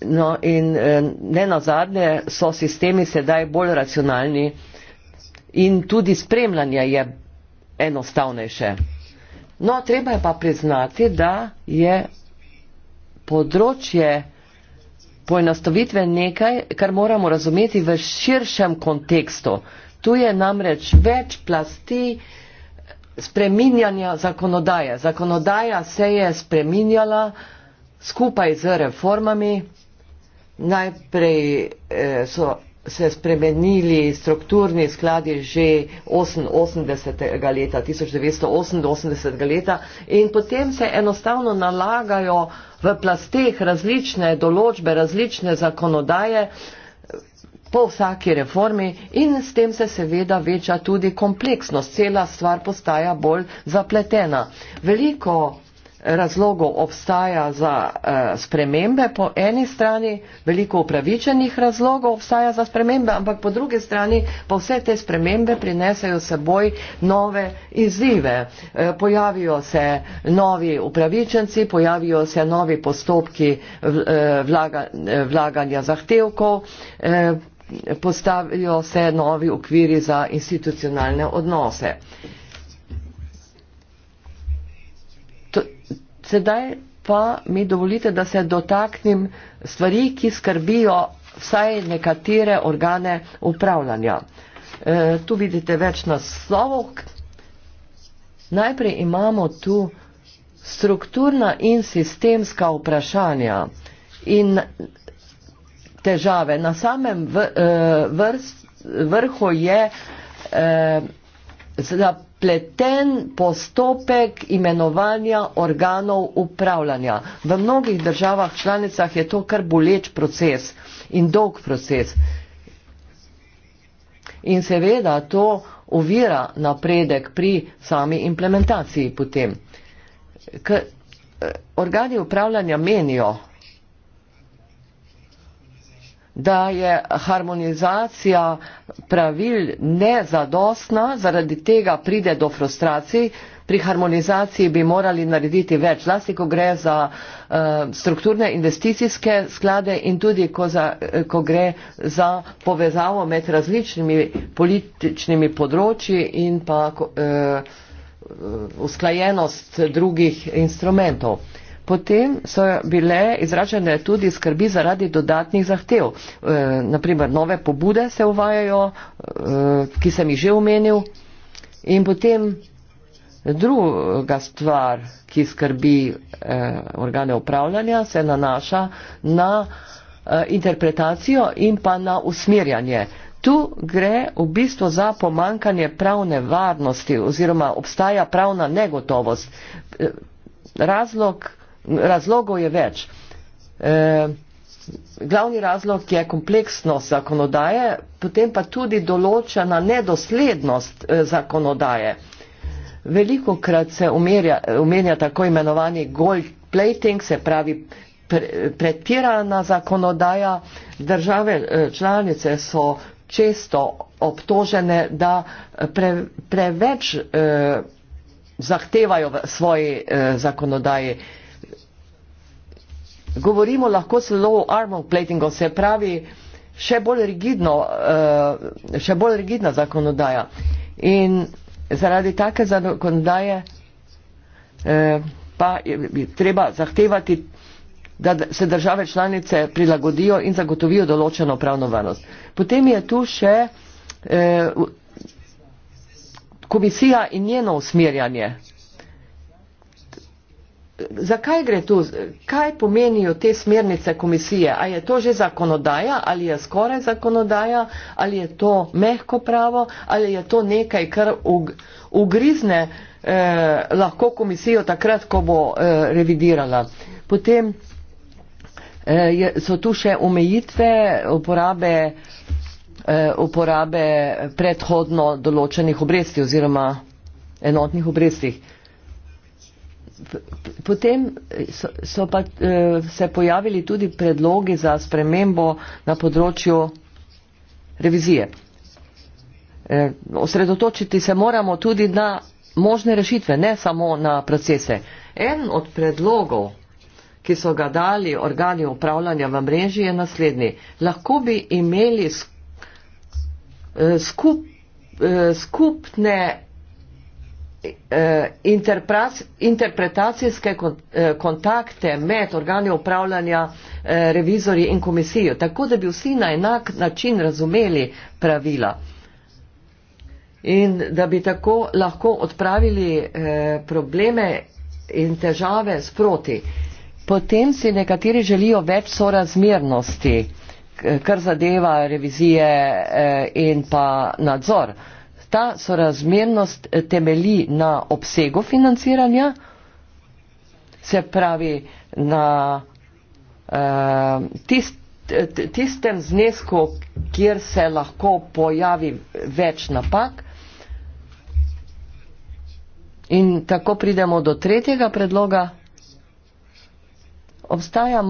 No in ne nazadnje so sistemi sedaj bolj racionalni in tudi spremljanje je enostavnejše. No, treba je pa priznati, da je področje poenostavitve nekaj, kar moramo razumeti v širšem kontekstu. Tu je namreč več plasti spreminjanja zakonodaje. Zakonodaja se je spreminjala skupaj z reformami. Najprej eh, so se spremenili strukturni skladi že 88. leta, 1988. leta in potem se enostavno nalagajo v plasteh različne določbe, različne zakonodaje po vsaki reformi in s tem se seveda veča tudi kompleksnost, cela stvar postaja bolj zapletena. Veliko razlogov obstaja za eh, spremembe, po eni strani veliko upravičenih razlogov obstaja za spremembe, ampak po drugi strani pa vse te spremembe prinesejo seboj nove izzive. Eh, pojavijo se novi upravičenci, pojavijo se novi postopki eh, vlaga, vlaganja zahtevkov, postavijo se novi ukviri za institucionalne odnose. sedaj pa mi dovolite, da se dotaknem stvari, ki skrbijo vsaj nekatere organe upravljanja. E, tu vidite več naslovov. Najprej imamo tu strukturna in sistemska vprašanja in težave. Na samem vr, e, vrst, vrhu je e, pleten postopek imenovanja organov upravljanja. V mnogih državah članicah je to kar boleč proces in dolg proces. In seveda to ovira napredek pri sami implementaciji potem. K, eh, organi upravljanja menijo, da je harmonizacija pravil nezadostna, zaradi tega pride do frustracij. Pri harmonizaciji bi morali narediti več, zlasti ko gre za uh, strukturne investicijske sklade in tudi ko, za, eh, ko gre za povezavo med različnimi političnimi področji in pa uh, usklajenost drugih instrumentov. Uh, potem so bile izražene tudi skrbi zaradi dodatnih zahtev. E, naprimer, nove pobude se uvajajo, e, ki sem jih že omenil. In potem druga stvar, ki skrbi e, organe upravljanja, se nanaša na e, interpretacijo in pa na usmerjanje. Tu gre v bistvu za pomankanje pravne varnosti oziroma obstaja pravna negotovost. E, razlog Razlogov je več. E, glavni razlog je kompleksnost zakonodaje, potem pa tudi določena nedoslednost e, zakonodaje. Veliko krat se umerja, umenja tako imenovani gold plating, se pravi pre, pretirana zakonodaja. Države e, članice so često obtožene, da pre, preveč e, zahtevajo v svoji e, zakonodaji govorimo lahko celo o armov platingu, se pravi še bolj, rigidno, eh, še bolj rigidna zakonodaja. In zaradi take zakonodaje eh, pa je treba zahtevati, da se države članice prilagodijo in zagotovijo določeno pravno varnost. Potem je tu še eh, komisija in njeno usmerjanje zakaj gre tu, kaj pomenijo te smernice komisije, a je to že zakonodaja, ali je skoraj zakonodaja, ali je to mehko pravo, ali je to nekaj, kar ug, ugrizne eh, lahko komisijo takrat, ko bo eh, revidirala. Potem eh, je, so tu še omejitve uporabe, eh, uporabe predhodno določenih obresti oziroma enotnih obrestih potem eh, so, so pa eh, se pojavili tudi predlogi za spremembo na področju revizije. Eh, osredotočiti se moramo tudi na možne rešitve, ne samo na procese. En od predlogov, ki so ga dali organi upravljanja v mreži, je naslednji. Lahko bi imeli skup, skupne Eh, interpretacijske eh, kontakte med organi upravljanja eh, revizorji in komisijo, tako da bi vsi na enak način razumeli pravila in da bi tako lahko odpravili probleme in težave sproti. Potem si nekateri želijo več sorazmernosti, kar zadeva revizije in pa nadzor ta sorazmernost eh, temeli na obsegu financiranja, se pravi na uh, eh, tist, tistem znesku, kjer se lahko pojavi več napak. In tako pridemo do tretjega predloga. Obstaja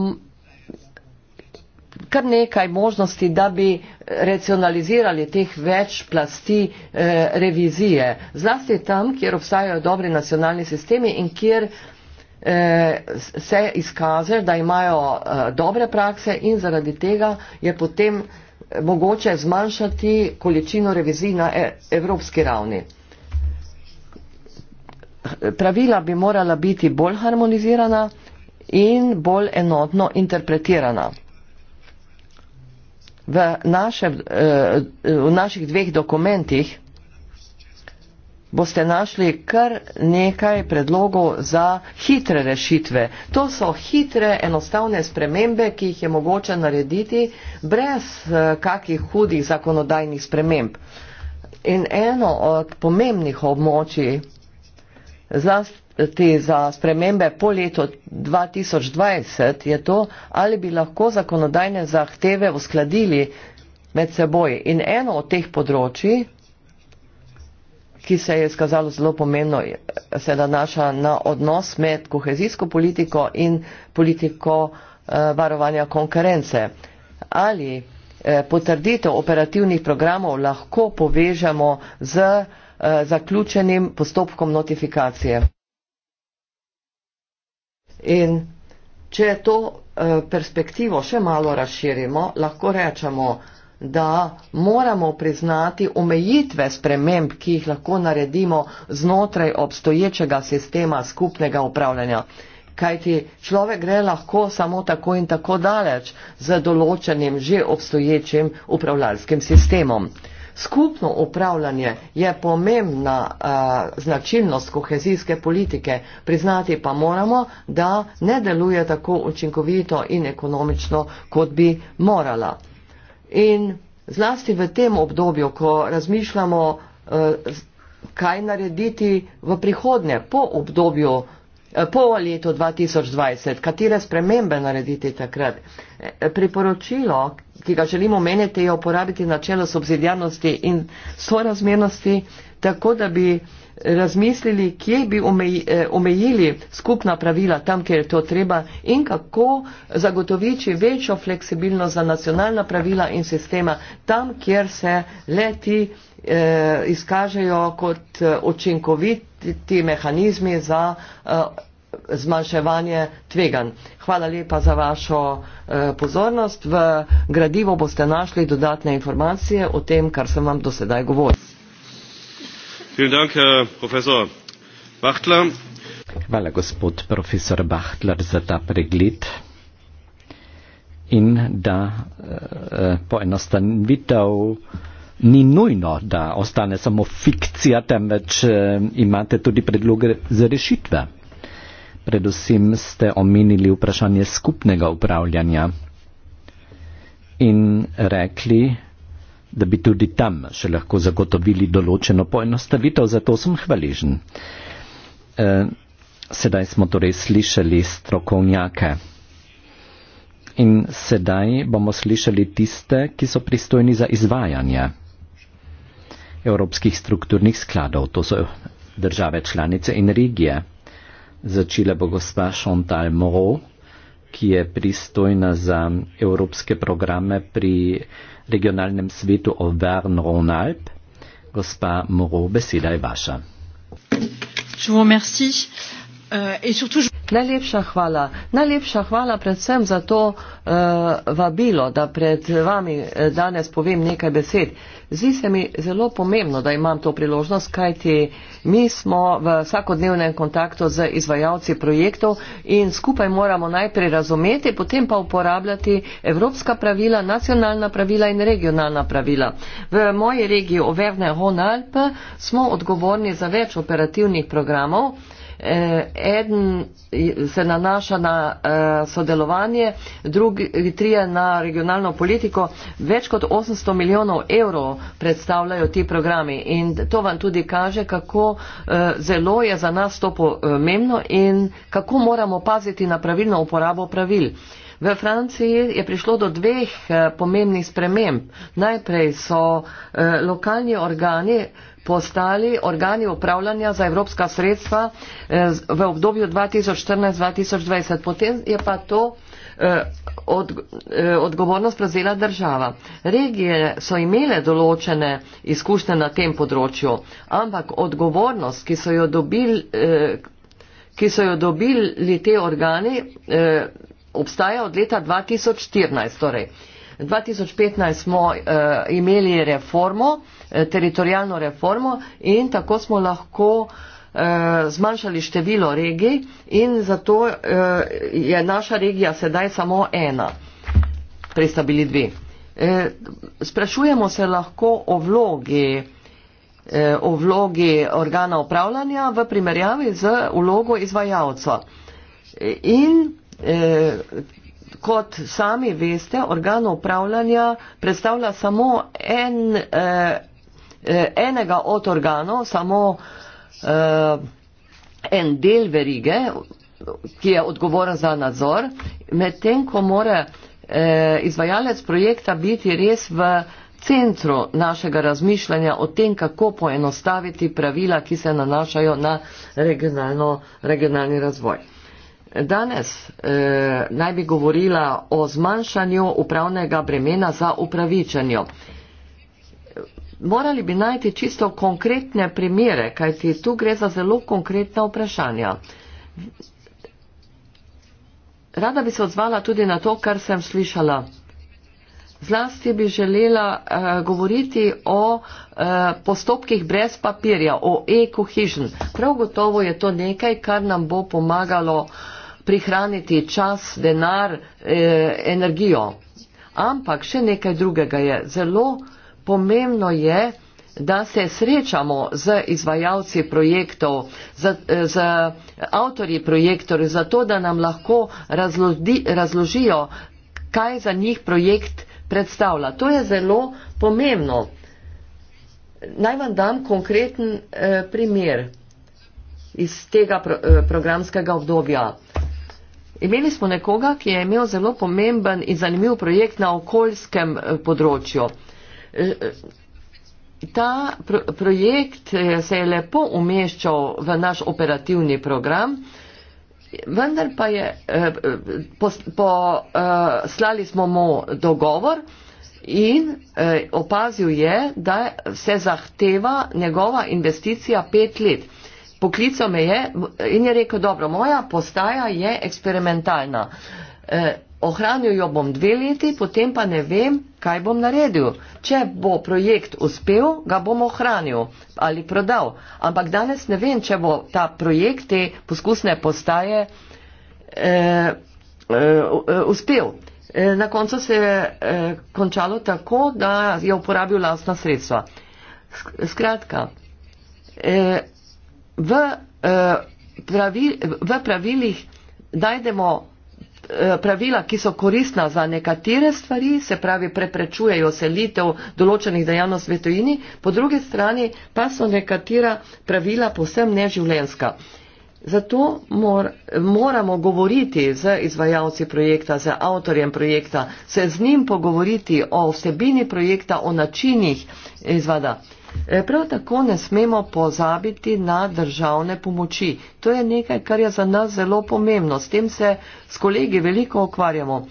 kar nekaj možnosti, da bi racionalizirali teh več plasti eh, revizije. Zlasti tam, kjer obstajajo dobri nacionalni sistemi in kjer eh, se izkaže, da imajo eh, dobre prakse in zaradi tega je potem mogoče zmanjšati količino revizij na e, evropski ravni. Pravila bi morala biti bolj harmonizirana in bolj enotno interpretirana v, naše, eh, v naših dveh dokumentih boste našli kar nekaj predlogov za hitre rešitve. To so hitre, enostavne spremembe, ki jih je mogoče narediti brez eh, kakih hudih zakonodajnih sprememb. In eno od pomembnih območij, zlasti te za spremembe po letu 2020 je to, ali bi lahko zakonodajne zahteve uskladili med seboj. In eno od teh področji, ki se je skazalo zelo pomembno, se nanaša na odnos med kohezijsko politiko in politiko eh, varovanja konkurence. Ali eh, potrditev operativnih programov lahko povežemo z eh, zaključenim postopkom notifikacije. In če to eh, perspektivo še malo razširimo, lahko rečemo, da moramo priznati omejitve sprememb, ki jih lahko naredimo znotraj obstoječega sistema skupnega upravljanja. Kajti človek gre lahko samo tako in tako daleč z določenim že obstoječim upravljalskim sistemom. Skupno upravljanje je pomembna uh, značilnost kohezijske politike, priznati pa moramo, da ne deluje tako učinkovito in ekonomično, kot bi morala. In zlasti v tem obdobju, ko razmišljamo, uh, kaj narediti v prihodnje, po obdobju Eh, po letu 2020, katere spremembe narediti takrat. Eh, priporočilo, ki ga želimo meniti, je uporabiti načelo subsidijarnosti in sorazmernosti, tako da bi razmislili, kje bi eh, omejili skupna pravila tam, kjer je to treba in kako zagotoviči večjo fleksibilnost za nacionalna pravila in sistema tam, kjer se leti eh, izkažejo kot učinkovit ti mehanizmi za eh, zmanjševanje tvegan. Hvala lepa za vašo eh, pozornost. V gradivo boste našli dodatne informacije o tem, kar sem vam dosedaj govoril. Vielen Dank, Herr Professor Bachtler. Hvala, gospod profesor Bachtler, za ta pregled in da eh, eh poenostavitev eh, ni nujno, da ostane samo fikcija, temveč eh, imate tudi predloge za rešitve. Predvsem ste omenili vprašanje skupnega upravljanja in rekli, da bi tudi tam še lahko zagotovili določeno poenostavitev, zato sem hvaležen. Eh, sedaj smo torej slišali strokovnjake. In sedaj bomo slišali tiste, ki so pristojni za izvajanje evropskih strukturnih skladov, to so države članice in regije. Začela bo gospa Chantal Moreau, ki je pristojna za evropske programe pri regionalnem svetu Auvergne-Rhône-Alpes. Gospa Moreau, beseda je vaša. Je vous remercie. Eh, Najlepša hvala. Najlepša hvala predvsem za to uh, vabilo, da pred vami eh, danes povem nekaj besed. Zdi se mi zelo pomembno, da imam to priložnost, kajti mi smo v vsakodnevnem kontaktu z izvajalci projektov in skupaj moramo najprej razumeti, potem pa uporabljati evropska pravila, nacionalna pravila in regionalna pravila. V moji regiji Overne Honalp smo odgovorni za več operativnih programov. Eh, eden se nanaša na eh, sodelovanje, drugi trije na regionalno politiko. Več kot 800 milijonov evrov predstavljajo ti programi in to vam tudi kaže, kako eh, zelo je za nas to pomembno in kako moramo paziti na pravilno uporabo pravil. V Franciji je prišlo do dveh eh, pomembnih sprememb. Najprej so eh, lokalni organi postali organi upravljanja za evropska sredstva eh, v obdobju 2014-2020. Potem je pa to od, odgovornost prevzela država. Regije so imele določene izkušnje na tem področju, ampak odgovornost, ki so jo dobili, ki so jo dobili te organi, obstaja od leta 2014. Torej. 2015 smo uh, imeli reformo, eh, teritorijalno reformo in tako smo lahko uh, zmanjšali število regij in zato uh, je naša regija sedaj samo ena. Prej sta bili dve. E, sprašujemo se lahko o vlogi, e, o vlogi organa upravljanja v primerjavi z vlogo izvajalca. E, in Eh, kot sami veste, organ upravljanja predstavlja samo en, eh, eh, enega od organov, samo eh, en del verige, ki je odgovoren za nadzor, medtem ko mora eh, izvajalec projekta biti res v centru našega razmišljanja o tem, kako poenostaviti pravila, ki se nanašajo na regionalni razvoj. Danes eh, naj bi govorila o zmanjšanju upravnega bremena za upravičenjo. Morali bi najti čisto konkretne primere, kajti tu gre za zelo konkretna vprašanja. Rada bi se odzvala tudi na to, kar sem slišala. Zlasti bi želela uh, govoriti o uh, postopkih brez papirja, o e-cohesion. Prav gotovo je to nekaj, kar nam bo pomagalo uh, prihraniti čas, denar, eh, energijo. Ampak še nekaj drugega je. Zelo pomembno je, da se srečamo z izvajalci projektov, z, eh, z avtorji projektov, zato da nam lahko razloži, razložijo, kaj za njih projekt predstavlja. To je zelo pomembno. Naj vam dam konkreten eh, primer iz tega pro, eh, programskega obdobja. Imeli smo nekoga, ki je imel zelo pomemben in zanimiv projekt na okoljskem eh, področju. Eh, eh, ta pro projekt se je lepo umeščal v naš operativni program, vendar pa je poslali smo mu dogovor in opazil je, da se zahteva njegova investicija pet let poklical me je in je rekel, dobro, moja postaja je eksperimentalna. Eh, ohranil jo bom dve leti, potem pa ne vem, kaj bom naredil. Če bo projekt uspel, ga bom ohranil ali prodal. Ampak danes ne vem, če bo ta projekt te poskusne postaje eh, eh, uspel. Eh, na koncu se je eh, končalo tako, da je uporabil lastna sredstva. Skratka. Eh, v, uh, pravil, v pravilih najdemo eh, pravila, ki so korisna za nekatere stvari, se pravi preprečujejo selitev določenih dejavnosti v tujini, po drugi strani pa so nekatera pravila posem neživljenska. Zato mor, moramo govoriti z izvajalci projekta, z avtorjem projekta, se z njim pogovoriti o vsebini projekta, o načinih izvada. E, prav tako ne smemo pozabiti na državne pomoči. To je nekaj, kar je za nas zelo pomembno. S tem se s kolegi veliko okvarjamo.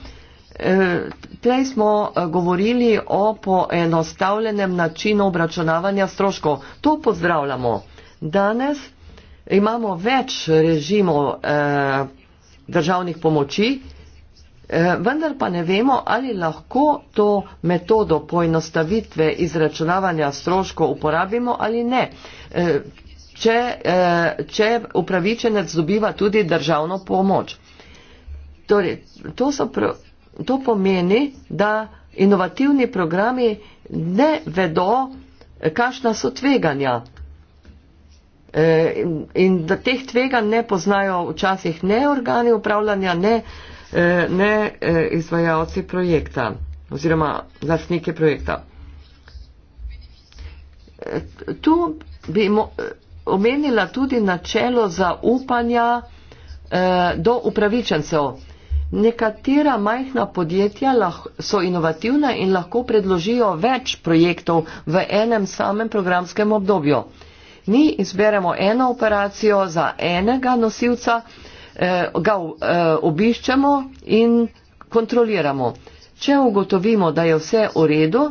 E, prej smo e, govorili o poenostavljenem načinu obračunavanja stroškov. To pozdravljamo. Danes imamo več režimov državnih pomoči. Eh, vendar pa ne vemo, ali lahko to metodo poenostavitve izračunavanja stroškov uporabimo ali ne. Eh, če, eh, če upravičenec dobiva tudi državno pomoč. Torej, to, so, to pomeni, da inovativni programi ne vedo, kakšna so tveganja. In da teh tveganj ne poznajo včasih ne organi upravljanja, ne eh, E, ne e, izvajalci projekta oziroma lastnike projekta. E, tu bi omenila tudi načelo zaupanja do upravičencev. Nekatera majhna podjetja so inovativna in lahko predložijo več projektov v enem samem programskem obdobju. Mi izberemo eno operacijo za enega nosilca, eh, ga eh, obiščamo in kontroliramo. Če ugotovimo, da je vse v redu,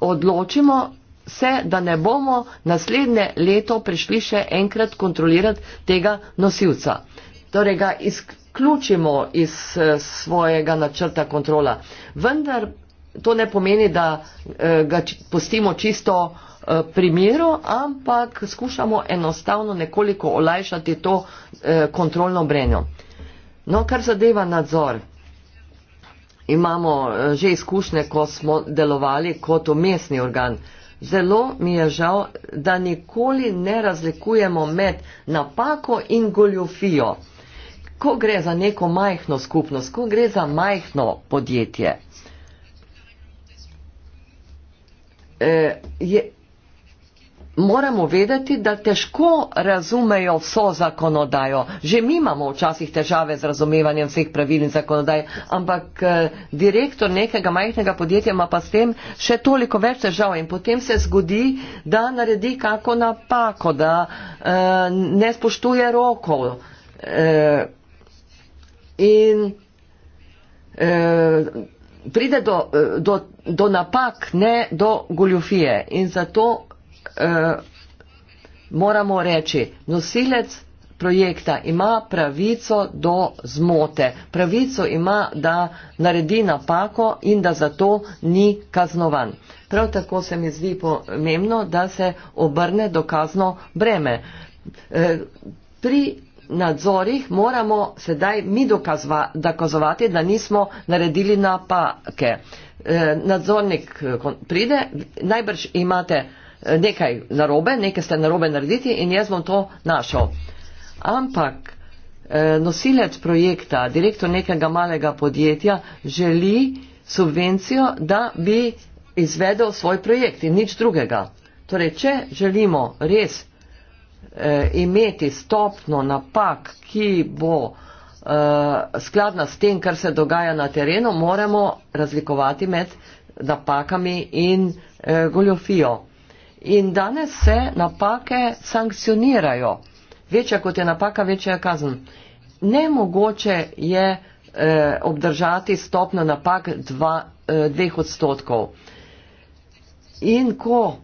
odločimo se, da ne bomo naslednje leto prišli še enkrat kontrolirati tega nosilca. Torej ga izključimo iz eh, svojega načrta kontrola. Vendar to ne pomeni, da eh, ga pustimo čisto uh, Eh, primeru, ampak skušamo enostavno nekoliko olajšati to eh, kontrolno brenjo. No, kar zadeva nadzor. Imamo eh, že izkušnje, ko smo delovali kot umestni organ. Zelo mi je žal, da nikoli ne razlikujemo med napako in goljofijo. Ko gre za neko majhno skupnost, ko gre za majhno podjetje, e, je, moramo vedeti, da težko razumejo vso zakonodajo. Že mi imamo včasih težave z razumevanjem vseh pravil in zakonodaj, ampak eh, direktor nekega majhnega podjetja ima pa s tem še toliko več težav in potem se zgodi, da naredi kako napako, da eh, ne spoštuje rokov. Eh, in eh, pride do, eh, do, do napak, ne do goljofije. In zato uh, moramo reči, nosilec projekta ima pravico do zmote, pravico ima, da naredi napako in da zato ni kaznovan. Prav tako se mi zdi pomembno, da se obrne dokazno breme. Eh, pri nadzorih moramo sedaj mi dokazovati, da nismo naredili napake. Eh, nadzornik pride, najbrž imate Eh, nekaj narobe, nekaj ste narobe narediti in jaz bom to našel. Ampak eh, nosilec projekta, direktor nekega malega podjetja želi subvencijo, da bi izvedel svoj projekt in nič drugega. Torej, če želimo res eh, imeti stopno napak, ki bo eh, skladna s tem, kar se dogaja na terenu, moramo razlikovati med napakami in eh, goljofijo. In danes se napake sankcionirajo. Večja kot je napaka, večja je kazen. Nemogoče je eh, obdržati stopno napak dva, eh, dveh odstotkov. In ko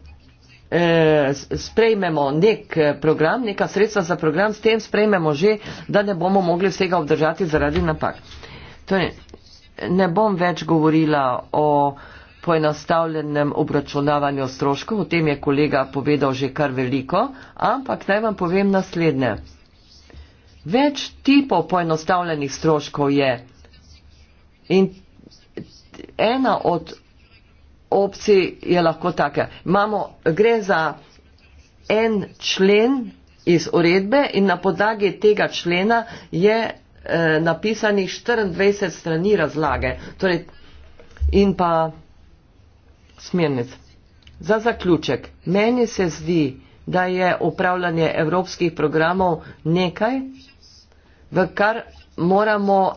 eh, sprejmemo nek eh, program, neka sredstva za program, s tem sprejmemo že, da ne bomo mogli vsega obdržati zaradi napak. Torej, ne bom več govorila o poenostavljenem obračunavanju stroškov. O tem je kolega povedal že kar veliko, ampak naj vam povem naslednje. Več tipov poenostavljenih stroškov je in ena od opcij je lahko taka. Imamo, gre za en člen iz uredbe in na podlagi tega člena je e, napisanih 24 strani razlage. Torej, in pa smernic. Za zaključek, meni se zdi, da je upravljanje evropskih programov nekaj, v kar moramo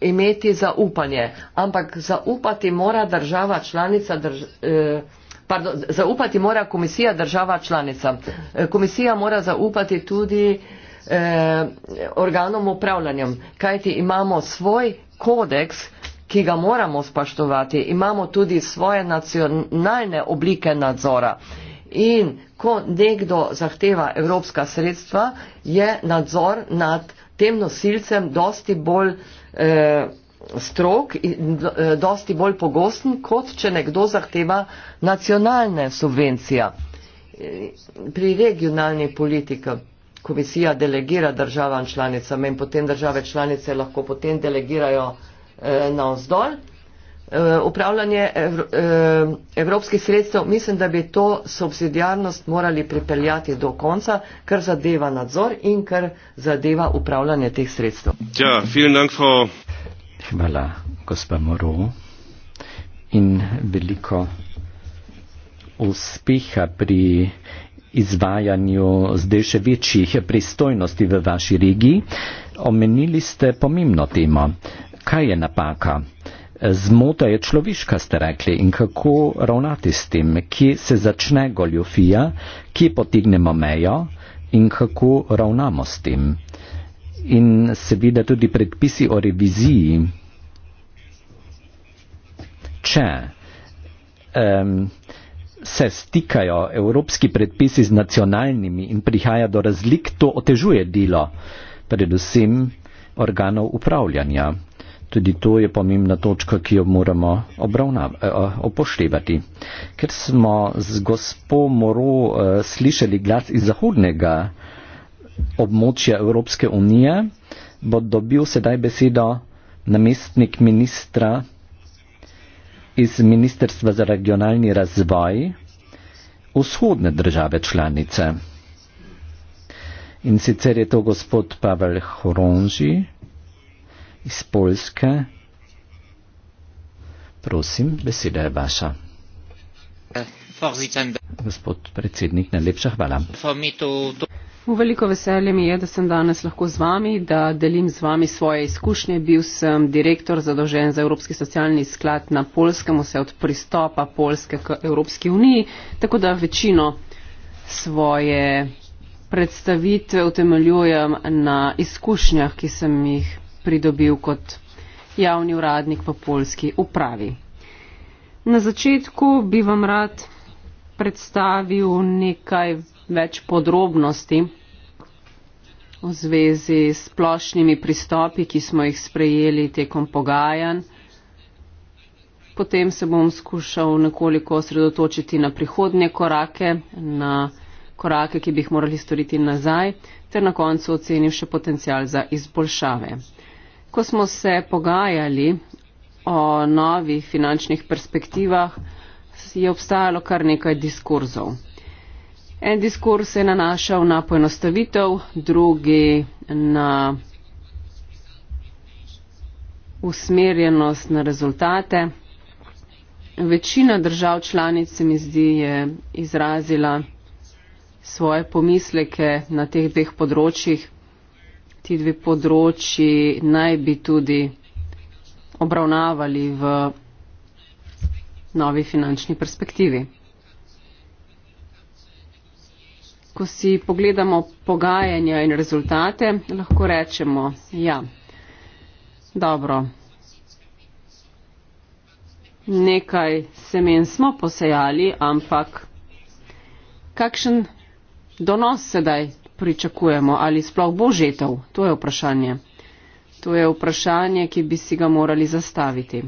imeti zaupanje, ampak zaupati mora država članica. Drž eh, Pardon, zaupati mora komisija država članica. Eh, komisija mora zaupati tudi eh, organom upravljanjem, kajti imamo svoj kodeks ki ga moramo spoštovati, imamo tudi svoje nacionalne oblike nadzora. In ko nekdo zahteva evropska sredstva, je nadzor nad tem nosilcem dosti bolj eh, strok in eh, dosti bolj pogosten, kot če nekdo zahteva nacionalne subvencije. Pri regionalni politiki komisija delegira državam članicam in potem države članice lahko potem delegirajo eh, navzdol. Uh, upravljanje evro, uh, evropskih sredstev, mislim, da bi to subsidijarnost morali pripeljati do konca, kar zadeva nadzor in kar zadeva upravljanje teh sredstev. Ja, dank for... Hvala, gospa Moro, in veliko uspeha pri izvajanju zdaj še večjih pristojnosti v vaši regiji. Omenili ste pomembno temo. Uh, kaj je napaka. Zmota je človeška, ste rekli, in kako ravnati s tem, ki se začne goljofija, ki potignemo mejo in kako ravnamo s tem. In seveda tudi predpisi o reviziji. Če um, se stikajo evropski predpisi z nacionalnimi in prihaja do razlik, to otežuje delo, predvsem organov upravljanja. Tudi to je pomembna točka, ki jo moramo opoštevati. Eh, eh, Ker smo z gospo Moro eh, slišali glas iz zahodnega območja Evropske unije, bo dobil sedaj besedo namestnik ministra iz Ministrstva za regionalni razvoj vzhodne države članice. In sicer je to gospod Pavel Horonži iz Poljske. Prosim, beseda je vaša. Gospod predsednik, najlepša hvala. V veliko veselje mi je, da sem danes lahko z vami, da delim z vami svoje izkušnje. Bil sem direktor zadolžen za Evropski socialni sklad na Polskem, vse od pristopa Polske k Evropski uniji, tako da večino svoje predstavitve utemeljujem na izkušnjah, ki sem jih pridobil kot javni uradnik v polski upravi. Na začetku bi vam rad predstavil nekaj več podrobnosti v zvezi s splošnimi pristopi, ki smo jih sprejeli tekom pogajanj. Potem se bom skušal nekoliko osredotočiti na prihodnje korake, na korake, ki bi jih morali storiti nazaj, ter na koncu ocenil še potencial za izboljšave ko smo se pogajali o novih finančnih perspektivah, je obstajalo kar nekaj diskurzov. En diskurz se je nanašal na poenostavitev, drugi na usmerjenost na rezultate. Večina držav članic, se mi zdi, je izrazila svoje pomisleke na teh dveh področjih ti dve področji naj bi tudi obravnavali v novi finančni perspektivi. Ko si pogledamo pogajanja in rezultate, lahko rečemo, ja, dobro, nekaj semen smo posejali, ampak kakšen donos sedaj pričakujemo, ali sploh bo žetov, to je vprašanje. To je vprašanje, ki bi si ga morali zastaviti.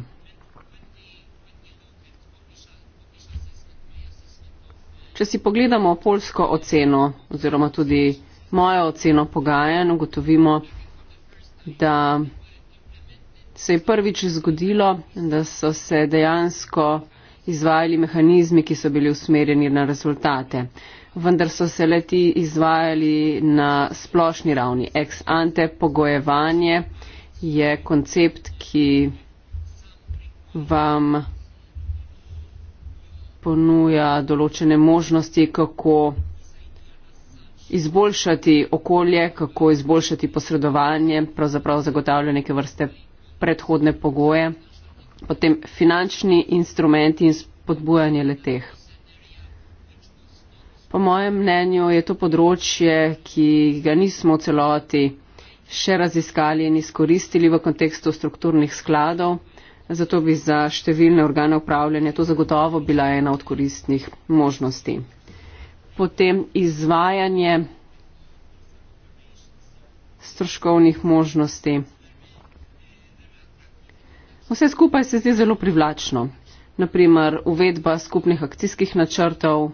Če si pogledamo polsko oceno oziroma tudi mojo oceno pogajanj, ugotovimo, da se je prvič zgodilo, da so se dejansko izvajali mehanizmi, ki so bili usmerjeni na rezultate vendar so se leti izvajali na splošni ravni. Ex ante pogojevanje je koncept, ki vam ponuja določene možnosti, kako izboljšati okolje, kako izboljšati posredovanje, pravzaprav zagotavlja neke vrste predhodne pogoje, potem finančni instrumenti in spodbujanje leteh. Po mojem mnenju je to področje, ki ga nismo v celoti še raziskali in izkoristili v kontekstu strukturnih skladov, zato bi za številne organe upravljanja to zagotovo bila ena od koristnih možnosti. Potem izvajanje stroškovnih možnosti. Vse skupaj se zdi zelo privlačno. Naprimer, uvedba skupnih akcijskih načrtov,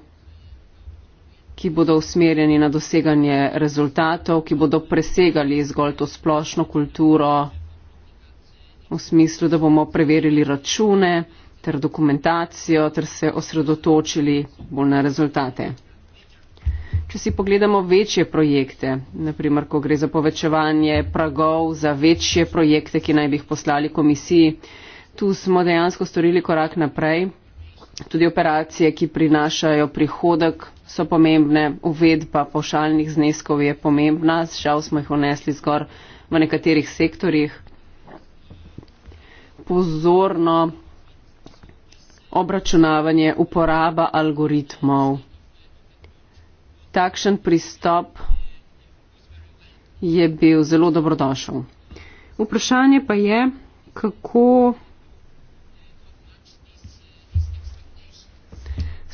ki bodo usmerjeni na doseganje rezultatov, ki bodo presegali zgolj to splošno kulturo v smislu, da bomo preverili račune ter dokumentacijo ter se osredotočili bolj na rezultate. Če si pogledamo večje projekte, naprimer, ko gre za povečevanje pragov za večje projekte, ki naj bi jih poslali komisiji, tu smo dejansko storili korak naprej. Tudi operacije, ki prinašajo prihodek, so pomembne. Uvedba pošaljnih zneskov je pomembna. Žal smo jih unesli zgor v nekaterih sektorjih. Pozorno obračunavanje, uporaba algoritmov. Takšen pristop je bil zelo dobrodošel. Vprašanje pa je, kako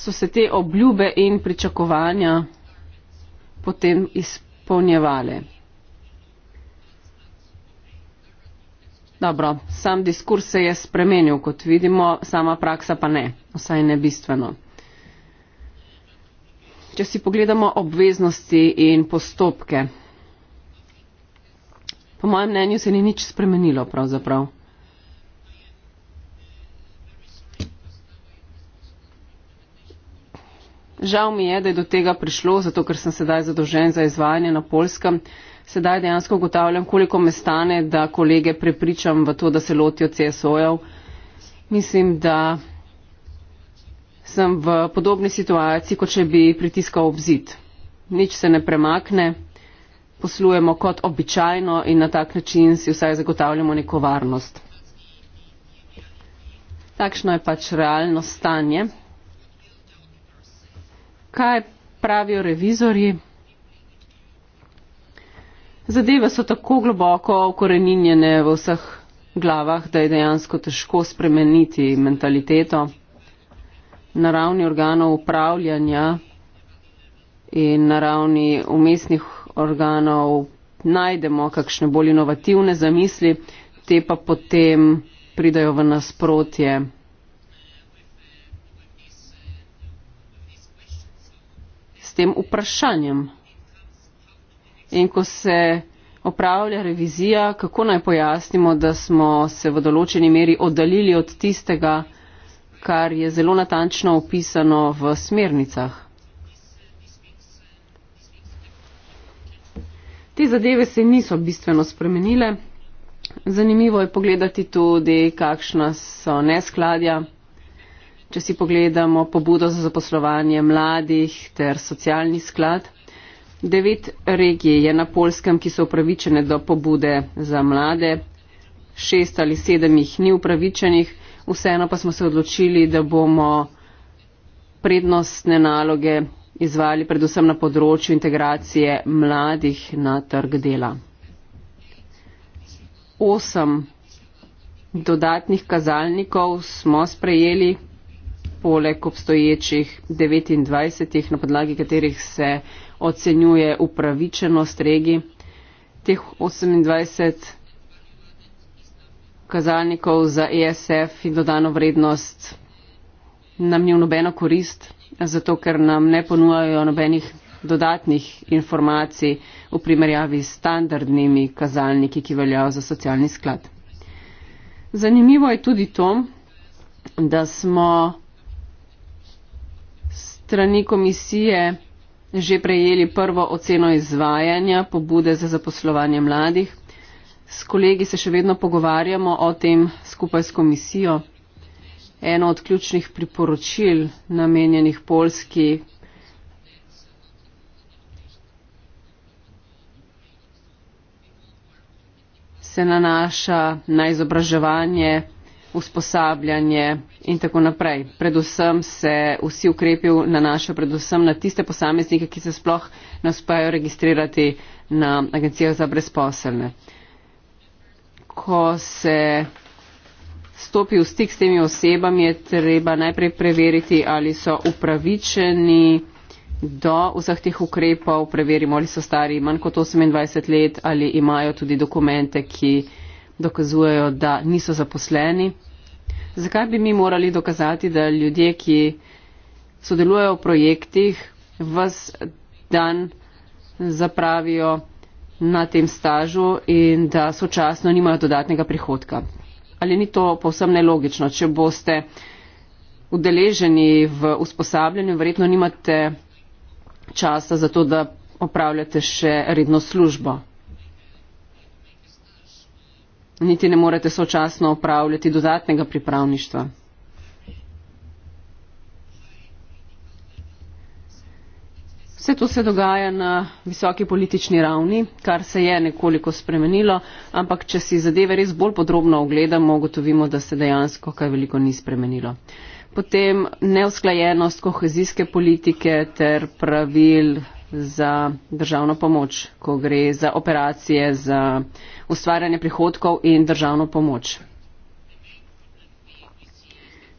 so se te obljube in pričakovanja potem izpolnjevale. Dobro, sam diskurs se je spremenil, kot vidimo, sama praksa pa ne, vsaj ne bistveno. Če si pogledamo obveznosti in postopke, po mojem mnenju se ni nič spremenilo pravzaprav. Žal mi je, da je do tega prišlo, zato ker sem sedaj zadolžen za izvajanje na polskem. Sedaj dejansko ugotavljam, koliko me stane, da kolege prepričam v to, da se lotijo CSO-jev. Mislim, da sem v podobni situaciji, kot če bi pritiskal obzid. Nič se ne premakne, poslujemo kot običajno in na tak način si vsaj zagotavljamo neko varnost. Takšno je pač realno stanje kaj pravijo revizori. Zadeve so tako globoko ukoreninjene v vseh glavah, da je dejansko težko spremeniti mentaliteto na ravni organov upravljanja in na ravni umestnih organov najdemo kakšne bolj inovativne zamisli, te pa potem pridajo v nasprotje tem vprašanjem. In ko se opravlja revizija, kako naj pojasnimo, da smo se v določeni meri oddaljili od tistega, kar je zelo natančno opisano v smernicah. Te zadeve se niso bistveno spremenile. Zanimivo je pogledati tudi, kakšna so neskladja. Če si pogledamo pobudo za zaposlovanje mladih ter socialni sklad, devet regij je na polskem, ki so upravičene do pobude za mlade, šest ali sedem jih ni upravičenih, vseeno pa smo se odločili, da bomo prednostne naloge izvali predvsem na področju integracije mladih na trg dela. Osem dodatnih kazalnikov smo sprejeli poleg obstoječih 29, na podlagi katerih se ocenjuje upravičenost regi. Teh 28 kazalnikov za ESF in dodano vrednost nam ni v nobeno korist, zato ker nam ne ponujajo nobenih dodatnih informacij v primerjavi s standardnimi kazalniki, ki veljajo za socialni sklad. Zanimivo je tudi to, da smo strani komisije že prejeli prvo oceno izvajanja pobude za zaposlovanje mladih. S kolegi se še vedno pogovarjamo o tem skupaj s komisijo. Eno od ključnih priporočil namenjenih Polski se nanaša na izobraževanje usposabljanje in tako naprej. Predvsem se vsi ukrepi nanašajo predvsem na tiste posameznike, ki se sploh ne uspejo registrirati na agencijah za brezposelne. Ko se stopi v stik s temi osebami, je treba najprej preveriti, ali so upravičeni do vseh teh ukrepov, preverimo, ali so stari manj kot 28 let, ali imajo tudi dokumente, ki dokazujejo, da niso zaposleni. Zakaj bi mi morali dokazati, da ljudje, ki sodelujejo v projektih, vas dan zapravijo na tem stažu in da sočasno nimajo dodatnega prihodka? Ali ni to povsem nelogično? Če boste udeleženi v usposabljanju, verjetno nimate časa za to, da opravljate še redno službo niti ne morete sočasno opravljati dodatnega pripravništva. Vse to se dogaja na visoki politični ravni, kar se je nekoliko spremenilo, ampak če si zadeve res bolj podrobno ogledamo, ugotovimo, da se dejansko kaj veliko ni spremenilo. Potem neusklajenost kohezijske politike ter pravil za državno pomoč, ko gre za operacije, za ustvarjanje prihodkov in državno pomoč.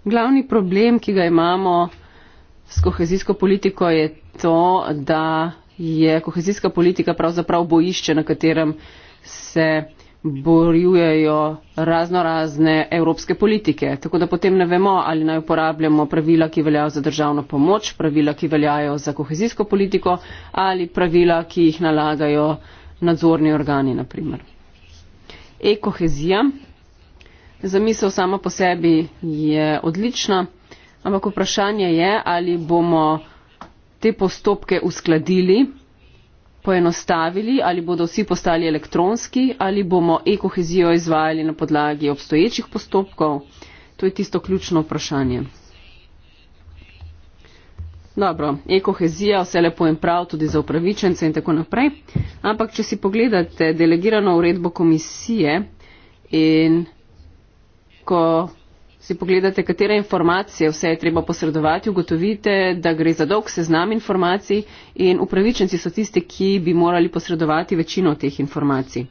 Glavni problem, ki ga imamo s kohezijsko politiko, je to, da je kohezijska politika pravzaprav bojišče, na katerem se borjujejo razno razne evropske politike. Tako da potem ne vemo, ali naj uporabljamo pravila, ki veljajo za državno pomoč, pravila, ki veljajo za kohezijsko politiko ali pravila, ki jih nalagajo nadzorni organi, naprimer ekohezija. Zamisel sama po sebi je odlična, ampak vprašanje je, ali bomo te postopke uskladili, poenostavili, ali bodo vsi postali elektronski, ali bomo ekohezijo izvajali na podlagi obstoječih postopkov. To je tisto ključno vprašanje. Dobro, ekohezija, vse lepo in prav, tudi za upravičence in tako naprej. Ampak, če si pogledate delegirano uredbo komisije in ko si pogledate, katere informacije vse je treba posredovati, ugotovite, da gre za dolg seznam informacij in upravičenci so tisti, ki bi morali posredovati večino teh informacij.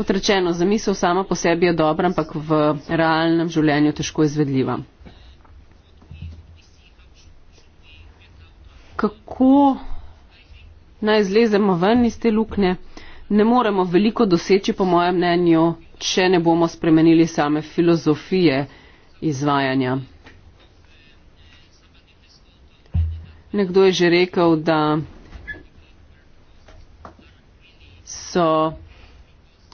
kot rečeno, zamisel sama po sebi je dobra, ampak v realnem življenju težko izvedljiva. Kako naj izlezemo ven iz te luknje? Ne moremo veliko doseči, po mojem mnenju, če ne bomo spremenili same filozofije izvajanja. Nekdo je že rekel, da so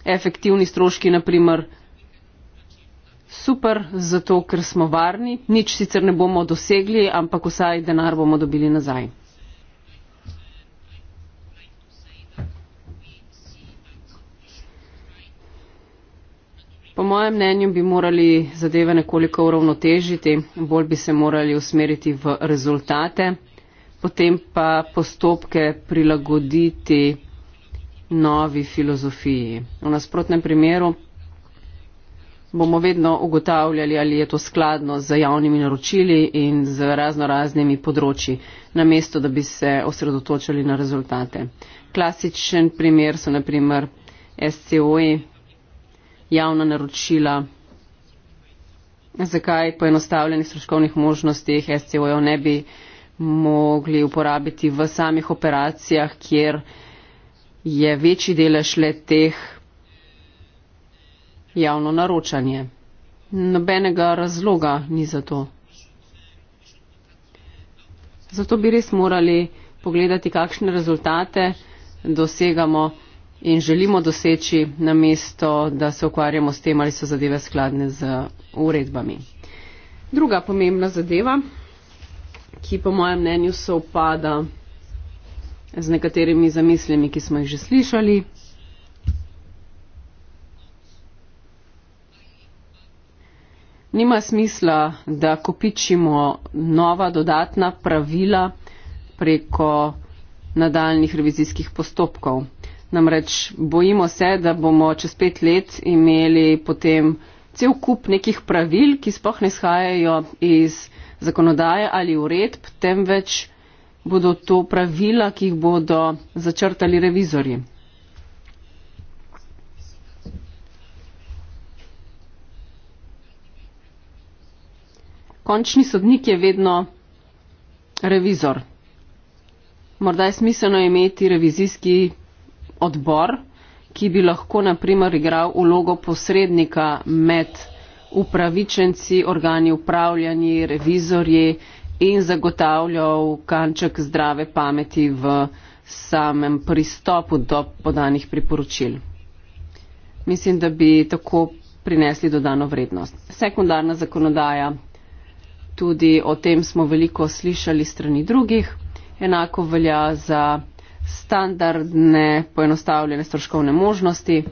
efektivni stroški, naprimer, super, zato ker smo varni, nič sicer ne bomo dosegli, ampak vsaj denar bomo dobili nazaj. Po mojem mnenju bi morali zadeve nekoliko uravnotežiti, bolj bi se morali usmeriti v rezultate, potem pa postopke prilagoditi novi filozofiji. V nasprotnem primeru bomo vedno ugotavljali, ali je to skladno z javnimi naročili in z razno raznimi področji, namesto da bi se osredotočili na rezultate. Klasičen primer so naprimer SCO-ji, e, javna naročila, zakaj po enostavljenih stroškovnih možnostih SCO-jev ne bi mogli uporabiti v samih operacijah, kjer je večji delež le teh javno naročanje. Nobenega razloga ni za to. Zato bi res morali pogledati, kakšne rezultate dosegamo in želimo doseči na mesto, da se ukvarjamo s tem, ali so zadeve skladne z uredbami. Druga pomembna zadeva, ki po mojem mnenju se upada z nekaterimi zamislimi, ki smo jih že slišali. Nima smisla, da kopičimo nova dodatna pravila preko nadaljnih revizijskih postopkov. Namreč bojimo se, da bomo čez pet let imeli potem cel kup nekih pravil, ki spoh ne izhajajo iz zakonodaje ali uredb, temveč bodo to pravila, ki jih bodo začrtali revizori. Končni sodnik je vedno revizor. Morda je smiselno imeti revizijski odbor, ki bi lahko naprimer igral ulogo posrednika med upravičenci, organi upravljanja, revizorji in zagotavljal kanček zdrave pameti v samem pristopu do podanih priporočil. Mislim, da bi tako prinesli dodano vrednost. Sekundarna zakonodaja, tudi o tem smo veliko slišali strani drugih, enako velja za standardne poenostavljene stroškovne možnosti.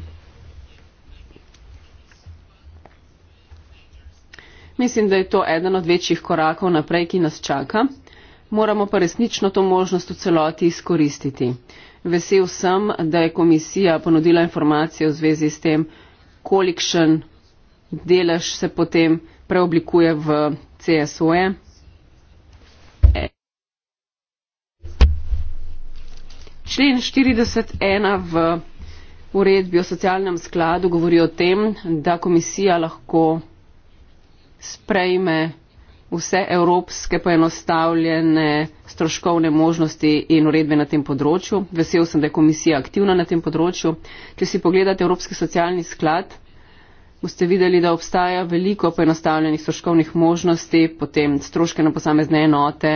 Mislim, da je to eden od večjih korakov naprej, ki nas čaka. Moramo pa resnično to možnost v celoti izkoristiti. Vesel sem, da je komisija ponudila informacije v zvezi s tem, kolikšen delež se potem preoblikuje v CSOE. Člen 41 v uredbi o socialnem skladu govori o tem, da komisija lahko sprejme vse evropske poenostavljene stroškovne možnosti in uredbe na tem področju. Vesel sem, da je komisija aktivna na tem področju. Če si pogledate Evropski socialni sklad, boste videli, da obstaja veliko poenostavljenih stroškovnih možnosti, potem stroške na posamezne enote,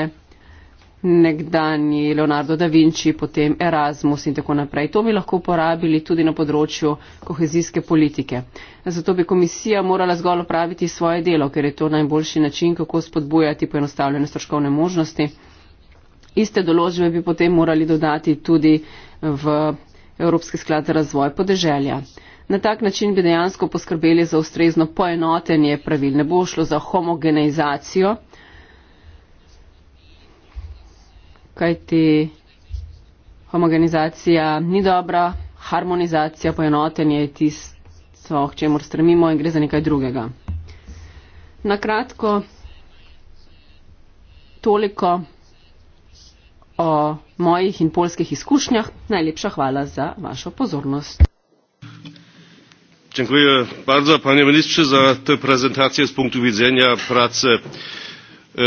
nekdani Leonardo da Vinci, potem Erasmus in tako naprej. To bi lahko uporabili tudi na področju kohezijske politike. Zato bi komisija morala zgolj opraviti svoje delo, ker je to najboljši način, kako spodbujati poenostavljene stroškovne možnosti. Iste določbe bi potem morali dodati tudi v Evropski sklad za razvoj podeželja. Na tak način bi dejansko poskrbeli za ustrezno poenotenje pravil. Ne bo šlo za homogenizacijo, kajti homogenizacija ni dobra, harmonizacija, poenotenje je tisto, k čemu strmimo in gre za nekaj drugega. Na kratko, toliko o mojih in polskih izkušnjah. Najlepša hvala za vašo pozornost. Dziękuję bardzo panie ministrze za tę prezentację z punktu widzenia pracy.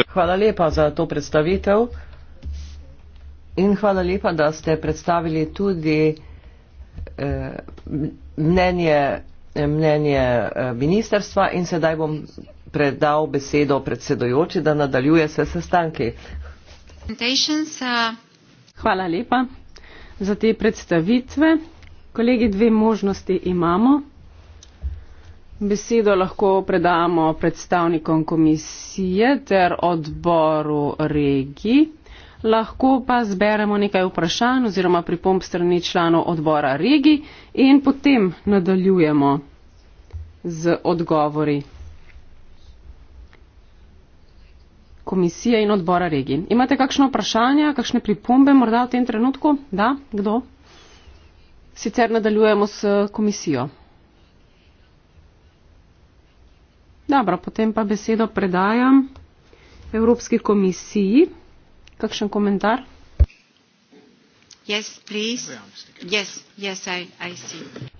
Chwała lepa za tą przedstawitel. In hvala lepa, da ste predstavili tudi eh, mnenje, mnenje eh, ministerstva in sedaj bom predal besedo predsedojoči, da nadaljuje se sestanki. Eh. Hvala lepa za te predstavitve. Kolegi, dve možnosti imamo. Besedo lahko predamo predstavnikom komisije ter odboru regij lahko pa zberemo nekaj vprašanj oziroma pripomb strani članov odbora Regi in potem nadaljujemo z odgovori komisije in odbora Regi. Imate kakšno vprašanje, kakšne pripombe morda v tem trenutku? Da, kdo? Sicer nadaljujemo s komisijo. Dobro, potem pa besedo predajam Evropski komisiji kakšen komentar? Yes, yes, yes, I, I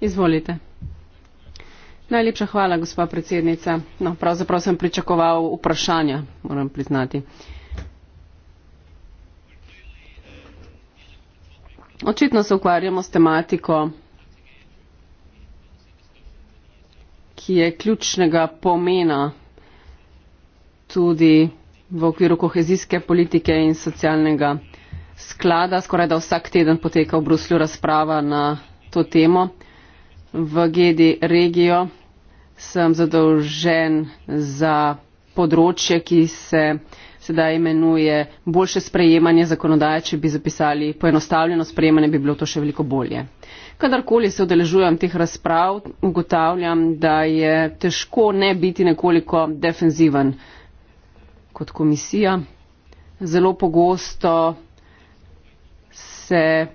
Izvolite. Najlepša hvala, gospa predsednica. No, pravzaprav sem pričakoval vprašanja, moram priznati. Očitno se ukvarjamo s tematiko, ki je ključnega pomena tudi v okviru kohezijske politike in socialnega sklada. Skoraj da vsak teden poteka v Bruslju razprava na to temo. V Gedi regijo sem zadolžen za področje, ki se sedaj imenuje boljše sprejemanje zakonodaje, če bi zapisali poenostavljeno sprejemanje, bi bilo to še veliko bolje. Kadarkoli se odeležujem teh razprav, ugotavljam, da je težko ne biti nekoliko defenziven kot komisija. Zelo pogosto se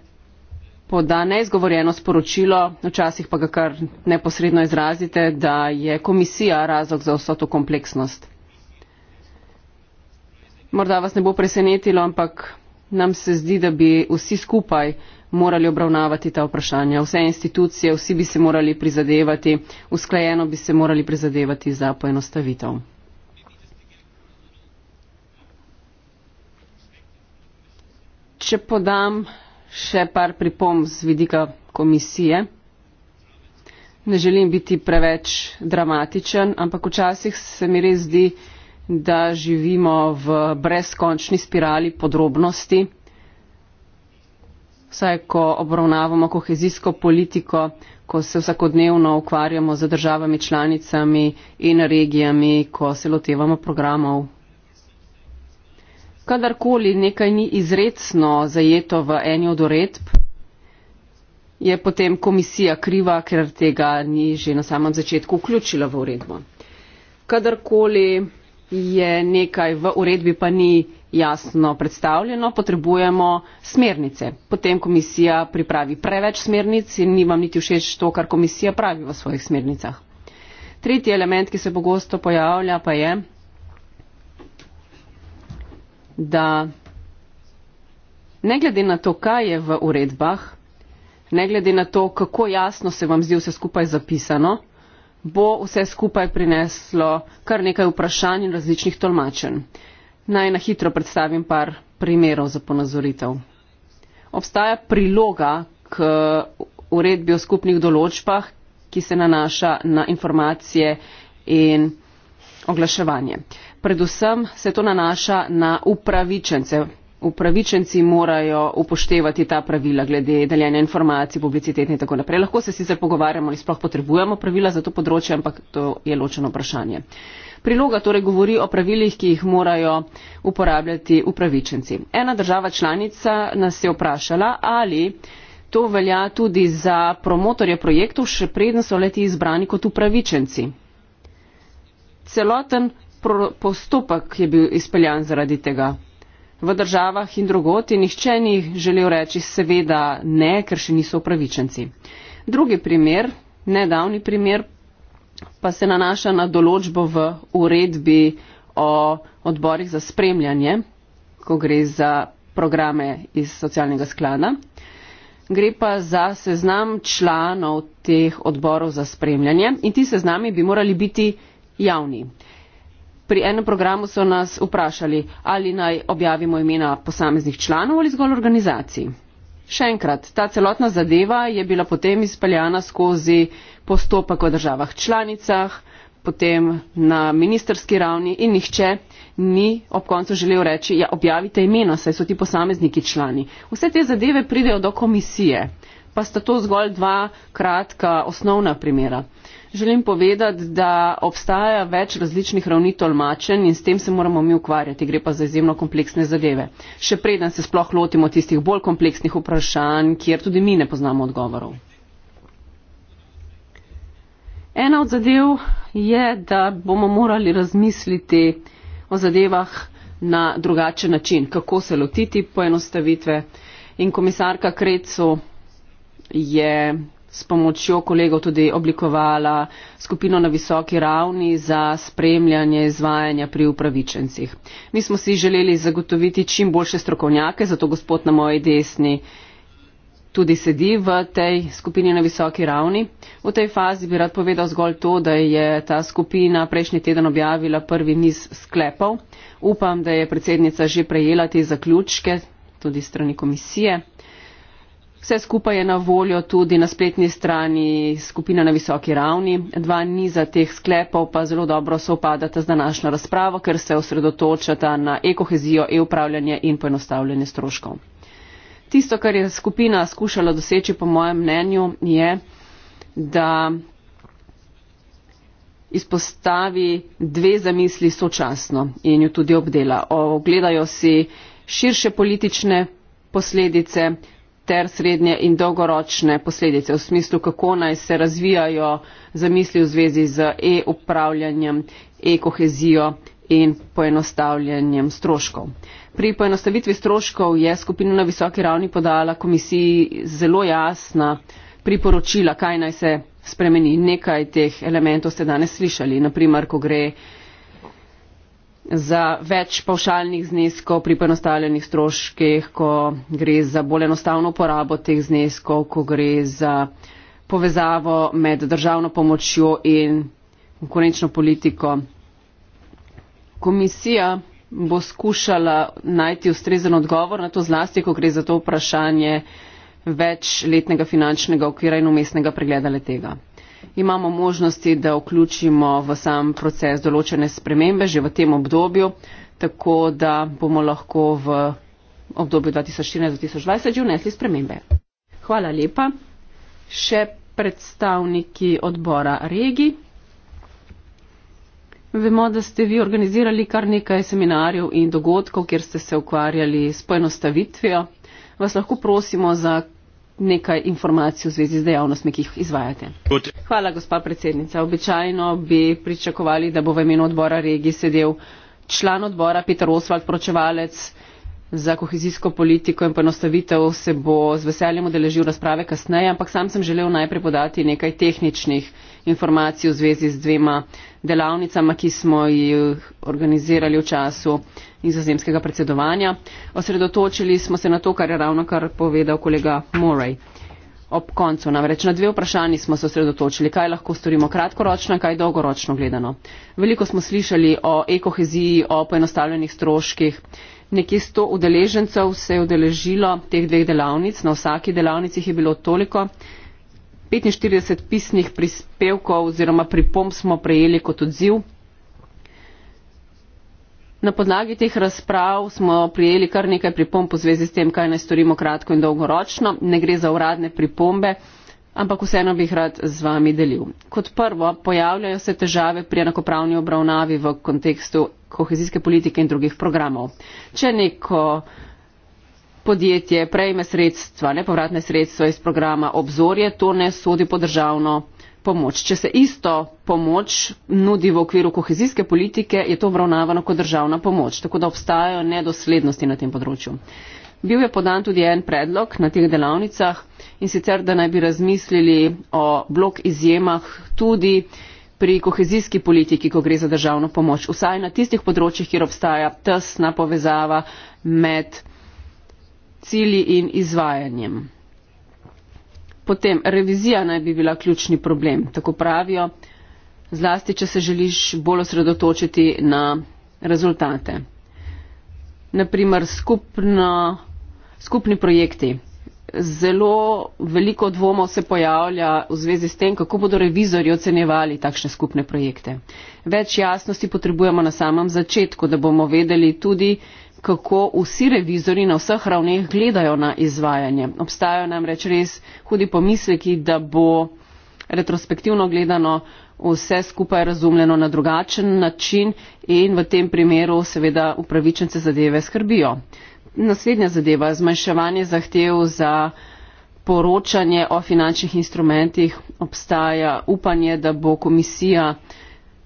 poda neizgovorjeno sporočilo, včasih pa ga kar neposredno izrazite, da je komisija razlog za vso to kompleksnost. Morda vas ne bo presenetilo, ampak nam se zdi, da bi vsi skupaj morali obravnavati ta vprašanja. Vse institucije, vsi bi se morali prizadevati, usklajeno bi se morali prizadevati za poenostavitev. če podam še par pripomb z vidika komisije. Ne želim biti preveč dramatičen, ampak včasih se mi res zdi, da živimo v brezkončni spirali podrobnosti. Vsaj, ko obravnavamo kohezijsko politiko, ko se vsakodnevno ukvarjamo z državami članicami in regijami, ko se lotevamo programov kadarkoli nekaj ni izredno zajeto v eni od uredb, je potem komisija kriva, ker tega ni že na samem začetku vključila v uredbo. Kadarkoli je nekaj v uredbi pa ni jasno predstavljeno, potrebujemo smernice. Potem komisija pripravi preveč smernic in nimam niti všeč to, kar komisija pravi v svojih smernicah. Tretji element, ki se pogosto pojavlja, pa je, da ne glede na to, kaj je v uredbah, ne glede na to, kako jasno se vam zdi vse skupaj zapisano, bo vse skupaj prineslo kar nekaj vprašanj in različnih tolmačenj. Naj na hitro predstavim par primerov za ponazoritev. Obstaja priloga k uredbi o skupnih določbah, ki se nanaša na informacije in oglaševanje. Uh, predvsem se to nanaša na upravičence upravičenci morajo upoštevati ta pravila glede deljenja informacij publicitete in tako naprej lahko se sicer pogovarjamo ali sploh potrebujemo pravila za to področje ampak to je ločeno vprašanje priloga torej govori o pravilih ki jih morajo uporabljati upravičenci ena država članica nas je vprašala ali to velja tudi za promotorje projektov še preden so leti izbrani kot upravičenci celoten postopek je bil izpeljan zaradi tega. V državah in drugoti nihče ni želel reči seveda ne, ker še niso upravičenci. Drugi primer, nedavni primer, pa se nanaša na določbo v uredbi o odborih za spremljanje, ko gre za programe iz socialnega sklada. Gre pa za seznam članov teh odborov za spremljanje in ti seznami bi morali biti javni pri enem programu so nas vprašali, ali naj objavimo imena posameznih članov ali zgolj organizacij. Še enkrat, ta celotna zadeva je bila potem izpeljana skozi postopek v državah članicah, potem na ministerski ravni in nihče ni ob koncu želel reči, ja, objavite imena, saj so ti posamezniki člani. Vse te zadeve pridejo do komisije pa sta to zgolj dva kratka osnovna primera. Želim povedati, da obstaja več različnih ravni tolmačen in s tem se moramo mi ukvarjati, gre pa za izjemno kompleksne zadeve. Še preden se sploh lotimo tistih bolj kompleksnih vprašanj, kjer tudi mi ne poznamo odgovorov. Ena od zadev je, da bomo morali razmisliti o zadevah na drugačen način, kako se lotiti poenostavitve. In komisarka Krecu je s pomočjo kolegov tudi oblikovala skupino na visoki ravni za spremljanje izvajanja pri upravičencih. Mi smo si želeli zagotoviti čim boljše strokovnjake, zato gospod na moji desni tudi sedi v tej skupini na visoki ravni. V tej fazi bi rad povedal zgolj to, da je ta skupina prejšnji teden objavila prvi niz sklepov. Upam, da je predsednica že prejela te zaključke, tudi strani komisije. Vse skupaj je na voljo tudi na spletni strani skupina na visoki ravni. Dva niza teh sklepov pa zelo dobro se opadata z današnjo razpravo, ker se osredotočata na ekohezijo, e-upravljanje in poenostavljanje stroškov. Tisto, kar je skupina skušala doseči, po mojem mnenju, je, da izpostavi dve zamisli sočasno in jo tudi obdela. Ogledajo si širše politične posledice, ter srednje in dolgoročne posledice v smislu, kako naj se razvijajo zamisli v zvezi z e-upravljanjem, e-kohezijo in poenostavljanjem stroškov. Pri poenostavitvi stroškov je skupina na visoki ravni podala komisiji zelo jasna priporočila, kaj naj se spremeni. Nekaj teh elementov ste danes slišali, naprimer, ko gre za več pavšalnih zneskov pri ponostavljenih stroških, ko gre za bolj enostavno uporabo teh zneskov, ko gre za povezavo med državno pomočjo in konkurenčno politiko. Komisija bo skušala najti ustrezen odgovor na to zlasti, ko gre za to vprašanje večletnega finančnega okvira in umestnega pregleda letega imamo možnosti, da vključimo v sam proces določene spremembe že v tem obdobju, tako da bomo lahko v obdobju 2014-2020 že vnesli spremembe. Hvala lepa. Še predstavniki odbora regi. Vemo, da ste vi organizirali kar nekaj seminarjev in dogodkov, kjer ste se ukvarjali s poenostavitvijo. Vas lahko prosimo za nekaj informacij v zvezi z dejavnostmi, ki jih izvajate. Hvala, gospa predsednica. Običajno bi pričakovali, da bo v imenu odbora regi sedel član odbora Peter Osvald, pročevalec za kohezijsko politiko in ponostavitev se bo z veseljem odeležil razprave kasneje, ampak sam sem želel najprej podati nekaj tehničnih informacij informacij v zvezi z dvema delavnicama, ki smo jih organizirali v času nizozemskega predsedovanja. Osredotočili smo se na to, kar je ravno kar povedal kolega Murray. Ob koncu namreč na dve vprašanji smo se osredotočili, kaj lahko storimo kratkoročno in kaj dolgoročno gledano. Veliko smo slišali o ekoheziji, o poenostavljenih stroških. Nekje sto udeležencev se je udeležilo teh dveh delavnic, na vsaki delavnici jih je bilo toliko petinštirideset pisnih prispevkov oziroma pripomb smo prejeli kot odziv na podlagi teh razprav smo prijeli kar nekaj pripomb v zvezi s tem kaj naj storimo kratko in dolgoročno ne gre za uradne pripombe ampak vseeno bi jih rad z vami delil kot prvo pojavljajo se težave pri enakopravni obravnavi v kontekstu kohezijske politike in drugih programov če neko podjetje prejme sredstva, nepovratne sredstva iz programa Obzorje, to ne sodi po državno pomoč. Če se isto pomoč nudi v okviru kohezijske politike, je to obravnavano kot državna pomoč, tako da obstajajo nedoslednosti na tem področju. Bil je podan tudi en predlog na teh delavnicah in sicer, da naj bi razmislili o blok izjemah tudi pri kohezijski politiki, ko gre za državno pomoč, vsaj na tistih področjih, kjer obstaja tesna povezava med cilji in izvajanjem. Potem revizija naj bi bila ključni problem, tako pravijo, zlasti, če se želiš bolj osredotočiti na rezultate. Naprimer, skupno, skupni projekti. Zelo veliko dvomov se pojavlja v zvezi s tem, kako bodo revizori ocenjevali takšne skupne projekte. Več jasnosti potrebujemo na samem začetku, da bomo vedeli tudi, kako vsi revizori na vseh ravneh gledajo na izvajanje. Obstajajo namreč res hudi pomisleki, da bo retrospektivno gledano vse skupaj razumljeno na drugačen način in v tem primeru seveda upravičence zadeve skrbijo. Naslednja zadeva je zmanjševanje zahtev za poročanje o finančnih instrumentih. Obstaja upanje, da bo komisija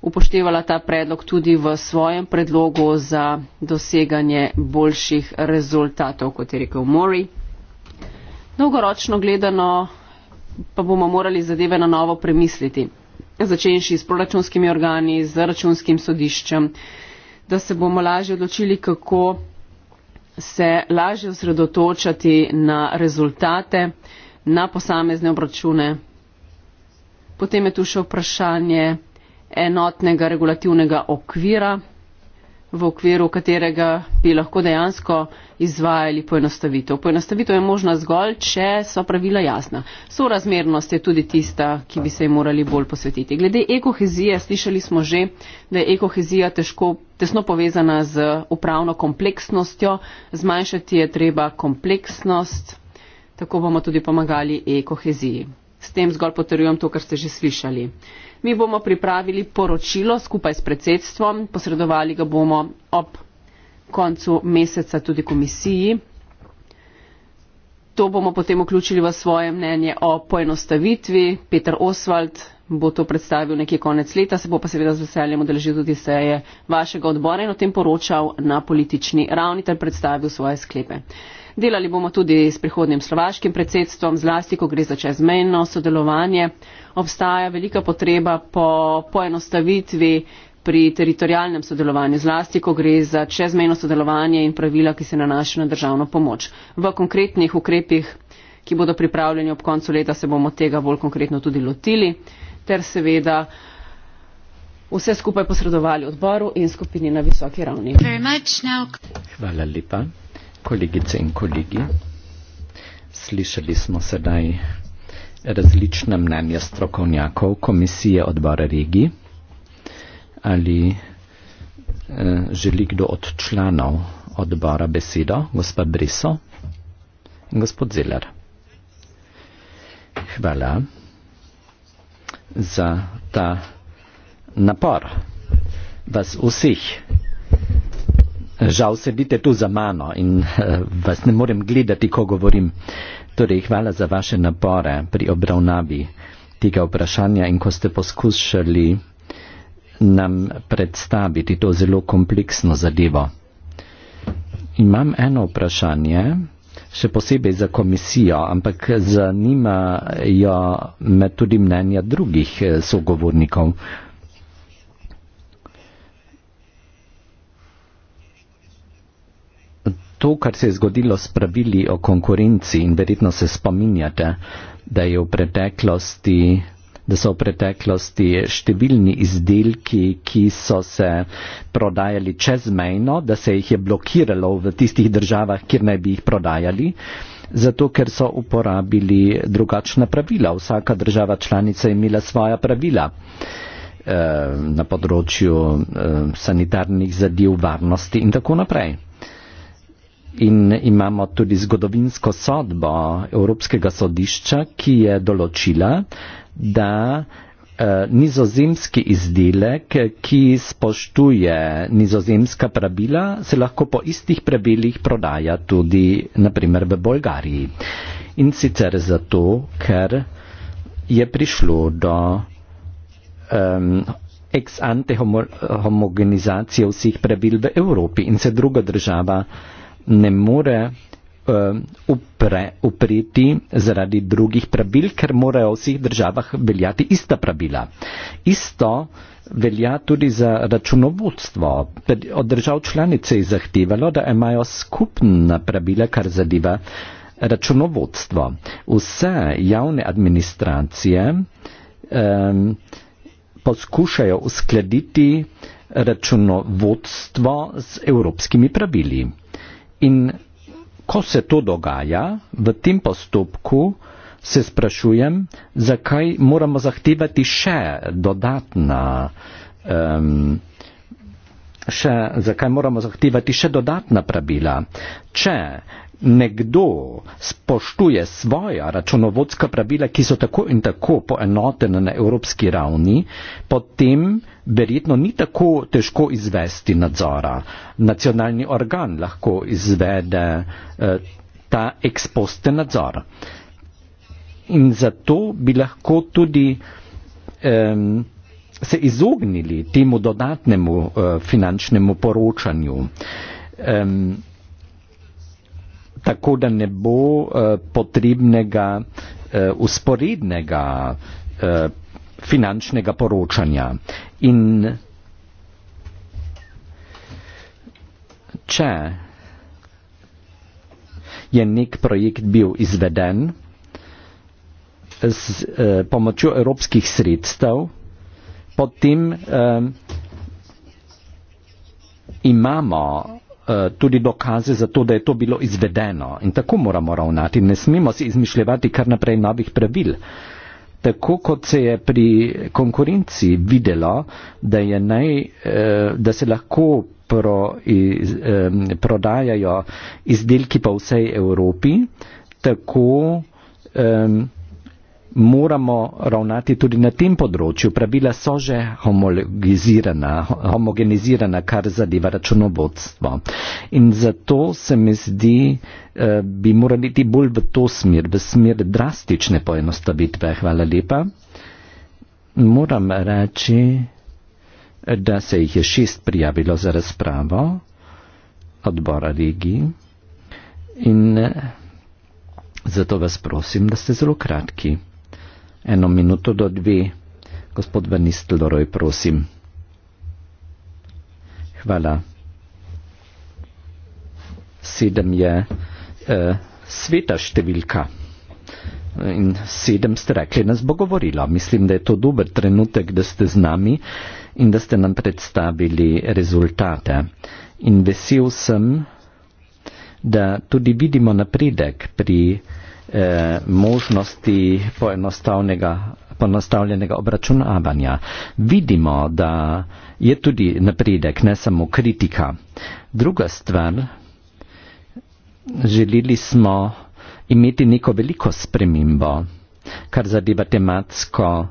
upoštevala ta predlog tudi v svojem predlogu za doseganje boljših rezultatov, kot je rekel Mori. Dolgoročno gledano pa bomo morali zadeve na novo premisliti, začenši s proračunskimi organi, z računskim sodiščem, da se bomo lažje odločili, kako se lažje osredotočati na rezultate, na posamezne obračune. Potem je tu še vprašanje enotnega regulativnega okvira, v okviru katerega bi lahko dejansko izvajali poenostavitev. Poenostavitev je možna zgolj, če so pravila jasna. Sorazmernost je tudi tista, ki bi se ji morali bolj posvetiti. Glede ekohezije slišali smo že, da je ekohezija težko, tesno povezana z upravno kompleksnostjo. Zmanjšati je treba kompleksnost, tako bomo tudi pomagali ekoheziji. S tem zgolj potrjujem to, kar ste že slišali. Uh, mi bomo pripravili poročilo skupaj s predsedstvom, posredovali ga bomo ob koncu meseca tudi komisiji. To bomo potem vključili v svoje mnenje o poenostavitvi. Peter Oswald bo to predstavil nekje konec leta, se bo pa seveda z veseljem odeležil tudi seje vašega odbora in o tem poročal na politični ravni ter predstavil svoje sklepe. Delali bomo tudi s prihodnim slovaškim predsedstvom, zlasti, ko gre za čezmejno sodelovanje. Obstaja velika potreba po poenostavitvi pri teritorijalnem sodelovanju, zlasti, ko gre za čezmejno sodelovanje in pravila, ki se nanašajo na državno pomoč. V konkretnih ukrepih, ki bodo pripravljeni ob koncu leta, se bomo tega bolj konkretno tudi lotili, ter seveda vse skupaj posredovali odboru in skupini na visoki ravni. Hvala lepa kolegice in kolegi. Slišali smo sedaj različne mnenje strokovnjakov Komisije odbora regij. Ali eh, želi kdo od članov odbora besedo? Gospod Briso in gospod Zeller. Hvala za ta napor vas vseh Žal sedite tu za mano in eh, vas ne morem gledati, ko govorim. Torej, hvala za vaše napore pri obravnavi tega vprašanja in ko ste poskušali nam predstaviti to zelo kompleksno zadevo. Imam eno vprašanje, še posebej za komisijo, ampak zanimajo me tudi mnenja drugih eh, sogovornikov. to, kar se je zgodilo s pravili o konkurenci in verjetno se spominjate, da, da so v preteklosti številni izdelki, ki so se prodajali čezmejno, da se jih je blokiralo v tistih državah, kjer naj bi jih prodajali. Zato, ker so uporabili drugačna pravila. Vsaka država članica je imela svoja pravila e, na področju e, sanitarnih zadev, varnosti in tako naprej. In imamo tudi zgodovinsko sodbo Evropskega sodišča, ki je določila, da eh, nizozemski izdelek, ki spoštuje nizozemska pravila, se lahko po istih pravilih prodaja tudi naprimer v Bolgariji. In sicer zato, ker je prišlo do um, ex ante homo homogenizacije vseh pravil v Evropi in se druga država ne more eh, upre, upreti zaradi drugih pravil, ker morajo v vseh državah veljati ista pravila. Isto velja tudi za računovodstvo. Od držav članice je zahtevalo, da imajo skupna pravila, kar zadeva računovodstvo. Vse javne administracije um, poskušajo uskladiti računovodstvo z evropskimi pravili. In ko se to dogaja, v tem postopku se sprašujem, zakaj moramo zahtevati še dodatna, um, še, zakaj moramo zahtevati še dodatna pravila. Če nekdo spoštuje svoja računovodska pravila, ki so tako in tako poenotene na evropski ravni, potem verjetno ni tako težko izvesti nadzora. Nacionalni organ lahko izvede eh, ta ekspozite nadzor. In zato bi lahko tudi um, se izognili temu dodatnemu uh, finančnemu poročanju. Um, tako da ne bo eh, potrebnega usporednega eh, eh, finančnega poročanja. In če je nek projekt bil izveden s pomočjo evropskih sredstev, potem imamo Eh, tudi dokaze za to, da je to bilo izvedeno. In tako moramo ravnati. Ne smemo si izmišljati kar naprej novih pravil. Tako kot se je pri konkurenci videlo, da, naj, eh, da se lahko pro, iz, prodajajo izdelki po vsej Evropi, tako. Um, moramo ravnati tudi na tem področju. Pravila so že homogenizirana, kar zadeva računovodstvo. In zato se mi zdi, eh, bi morali iti bolj v to smer, v smer drastične poenostavitve. Hvala lepa. Moram reči, da se jih je šest prijavilo za razpravo odbora regi in eh, zato vas prosim, da ste zelo kratki eno minuto do dve. Gospod Benistelroj, prosim. Hvala. Sedem je eh, sveta številka. In sedem ste rekli, nas bo govorila. Mislim, da je to dober trenutek, da ste z nami in da ste nam predstavili rezultate. In vesel sem, da tudi vidimo napredek pri Eh, možnosti poenostavnega ponastavljenega obračunavanja. Vidimo, da je tudi napredek, ne samo kritika. Druga stvar, želeli smo imeti neko veliko spremembo, kar zadeva tematsko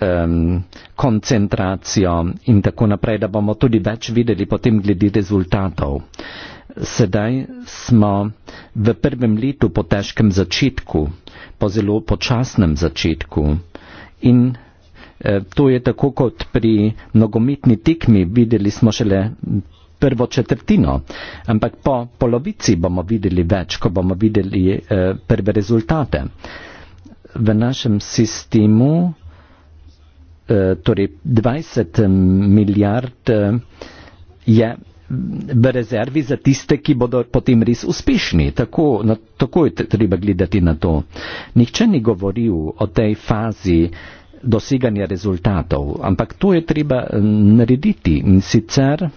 um, koncentracijo in tako naprej, da bomo tudi več videli potem glede rezultatov sedaj smo v prvem letu po težkem začetku, po zelo počasnem začetku. In eh, to je tako kot pri nogometni tekmi, videli smo šele prvo četrtino, ampak po polovici bomo videli več, ko bomo videli eh, prve rezultate. V našem sistemu, eh, torej 20 milijard je v rezervi za tiste, ki bodo potem res uspešni. Tako, na, tako je treba gledati na to. Nihče ni govoril o tej fazi doseganja rezultatov, ampak to je treba narediti in sicer.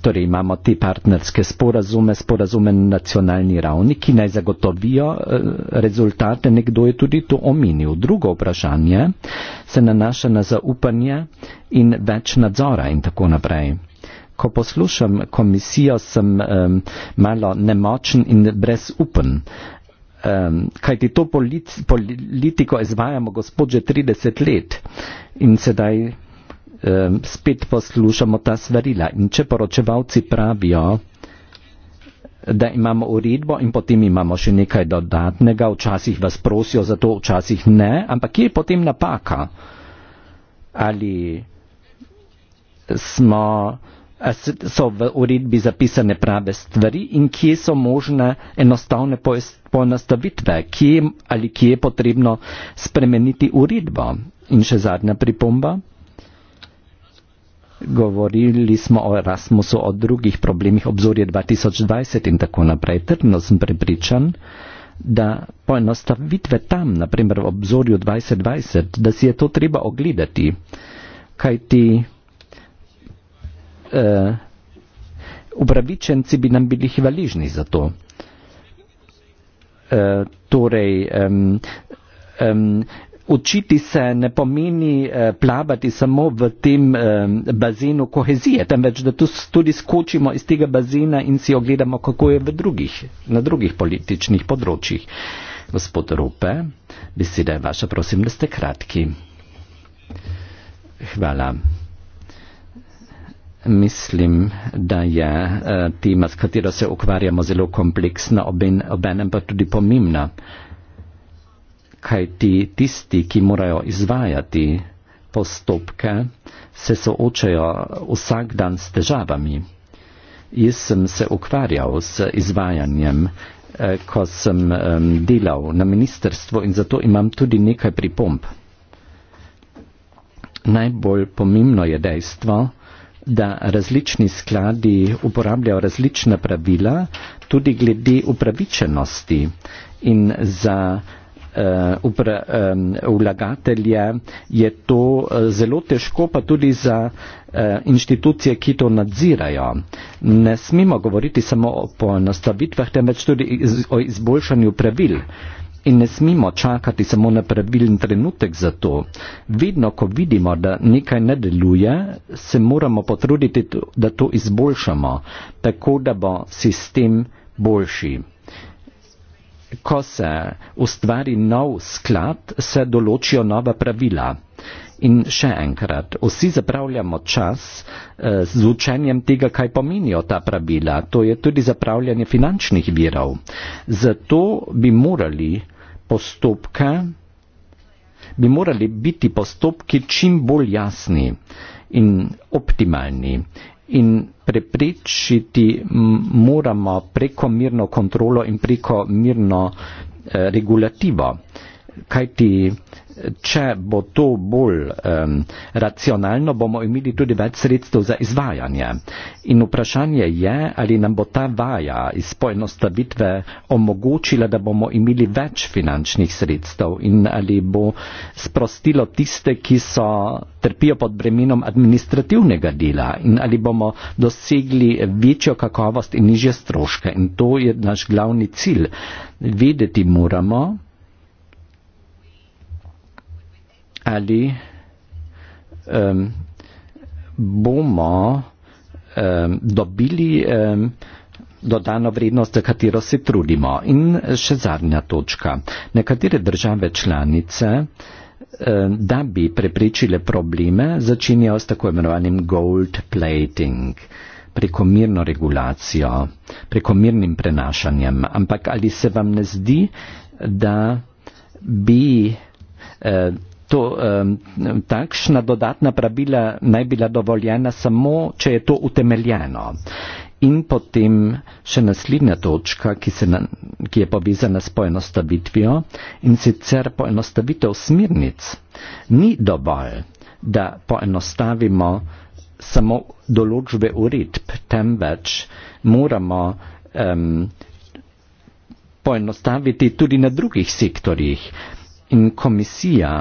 torej imamo te partnerske sporazume, sporazume na nacionalni ravni, ki naj zagotovijo e, rezultate, nekdo je tudi to omenil. Drugo vprašanje se nanaša na zaupanje in več nadzora in tako naprej. Ko poslušam komisijo, sem um, malo nemočen in brezupen. Um, kaj ti to politi politiko izvajamo, gospod, že 30 let in sedaj eh, spet poslušamo ta svarila. In če poročevalci pravijo, da imamo uredbo in potem imamo še nekaj dodatnega, včasih vas prosijo za to, včasih ne, ampak kje je potem napaka? Ali smo, so v uredbi zapisane prave stvari in kje so možne enostavne poenostavitve, ali kje je potrebno spremeniti uredbo? In še zadnja pripomba govorili smo o Erasmusu, o drugih problemih, obzorje 2020 in tako naprej. Trdno sem prepričan, da poenostavitve tam, na primer v obzorju 2020, da si je to treba ogledati, kaj ti uh, eh, upravičenci bi nam bili hvaližni za to. Uh, torej, um, um, učiti se ne pomeni eh, plavati samo v tem eh, bazenu kohezije, temveč da tudi skočimo iz tega bazena in si ogledamo, kako je drugih, na drugih političnih področjih. Gospod Rupe, beseda je vaša, prosim, da ste kratki. Hvala. Mislim, da je eh, tema, s katero se ukvarjamo, zelo kompleksna, obenem pa tudi pomembna kaj ti tisti, ki morajo izvajati postopke, se soočajo vsak dan s težavami. Jaz sem se ukvarjal s izvajanjem, eh, ko sem delal na ministerstvu in zato imam tudi nekaj pripomb. Najbolj pomembno je dejstvo, da različni skladi uporabljajo različna pravila, tudi glede upravičenosti in za Eh, upra, um, vlagatelje, je to eh, zelo težko, pa tudi za eh, inštitucije, ki to nadzirajo. Ne smemo govoriti samo o poenostavitvah, temveč tudi iz, o izboljšanju pravil. In ne smemo čakati samo na pravilen trenutek za to. Vedno, ko vidimo, da nekaj ne deluje, se moramo potruditi, da to izboljšamo, tako da bo sistem boljši ko se ustvari nov sklad, se določijo nova pravila. In še enkrat, vsi zapravljamo čas eh, z učenjem tega, kaj pomenijo ta pravila. To je tudi zapravljanje finančnih virov. Zato bi morali postopke bi morali biti postopki čim bolj jasni in optimalni in prepričiti moramo preko mirno kontrolo in preko mirno eh, regulativo, kajti če bo to bolj um, racionalno, bomo imeli tudi več sredstev za izvajanje. In vprašanje je, ali nam bo ta vaja iz poenostavitve omogočila, da bomo imeli več finančnih sredstev in ali bo sprostilo tiste, ki so trpijo pod bremenom administrativnega dela in ali bomo dosegli večjo kakovost in nižje stroške. In to je naš glavni cilj. Vedeti moramo, ali um, bomo um, dobili um, dodano vrednost, za katero se trudimo. In še zadnja točka. Nekatere države članice, um, da bi preprečile probleme, začenjajo s tako imenovanim gold plating prekomirno regulacijo, prekomirnim prenašanjem. Ampak ali se vam ne zdi, da bi eh, to, um, takšna dodatna pravila naj bila dovoljena samo, če je to utemeljeno. In potem še naslednja točka, ki, na, ki je povezana s poenostavitvijo in sicer poenostavitev smirnic ni dovolj, da poenostavimo samo določbe uredb, temveč moramo um, poenostaviti tudi na drugih sektorjih. In komisija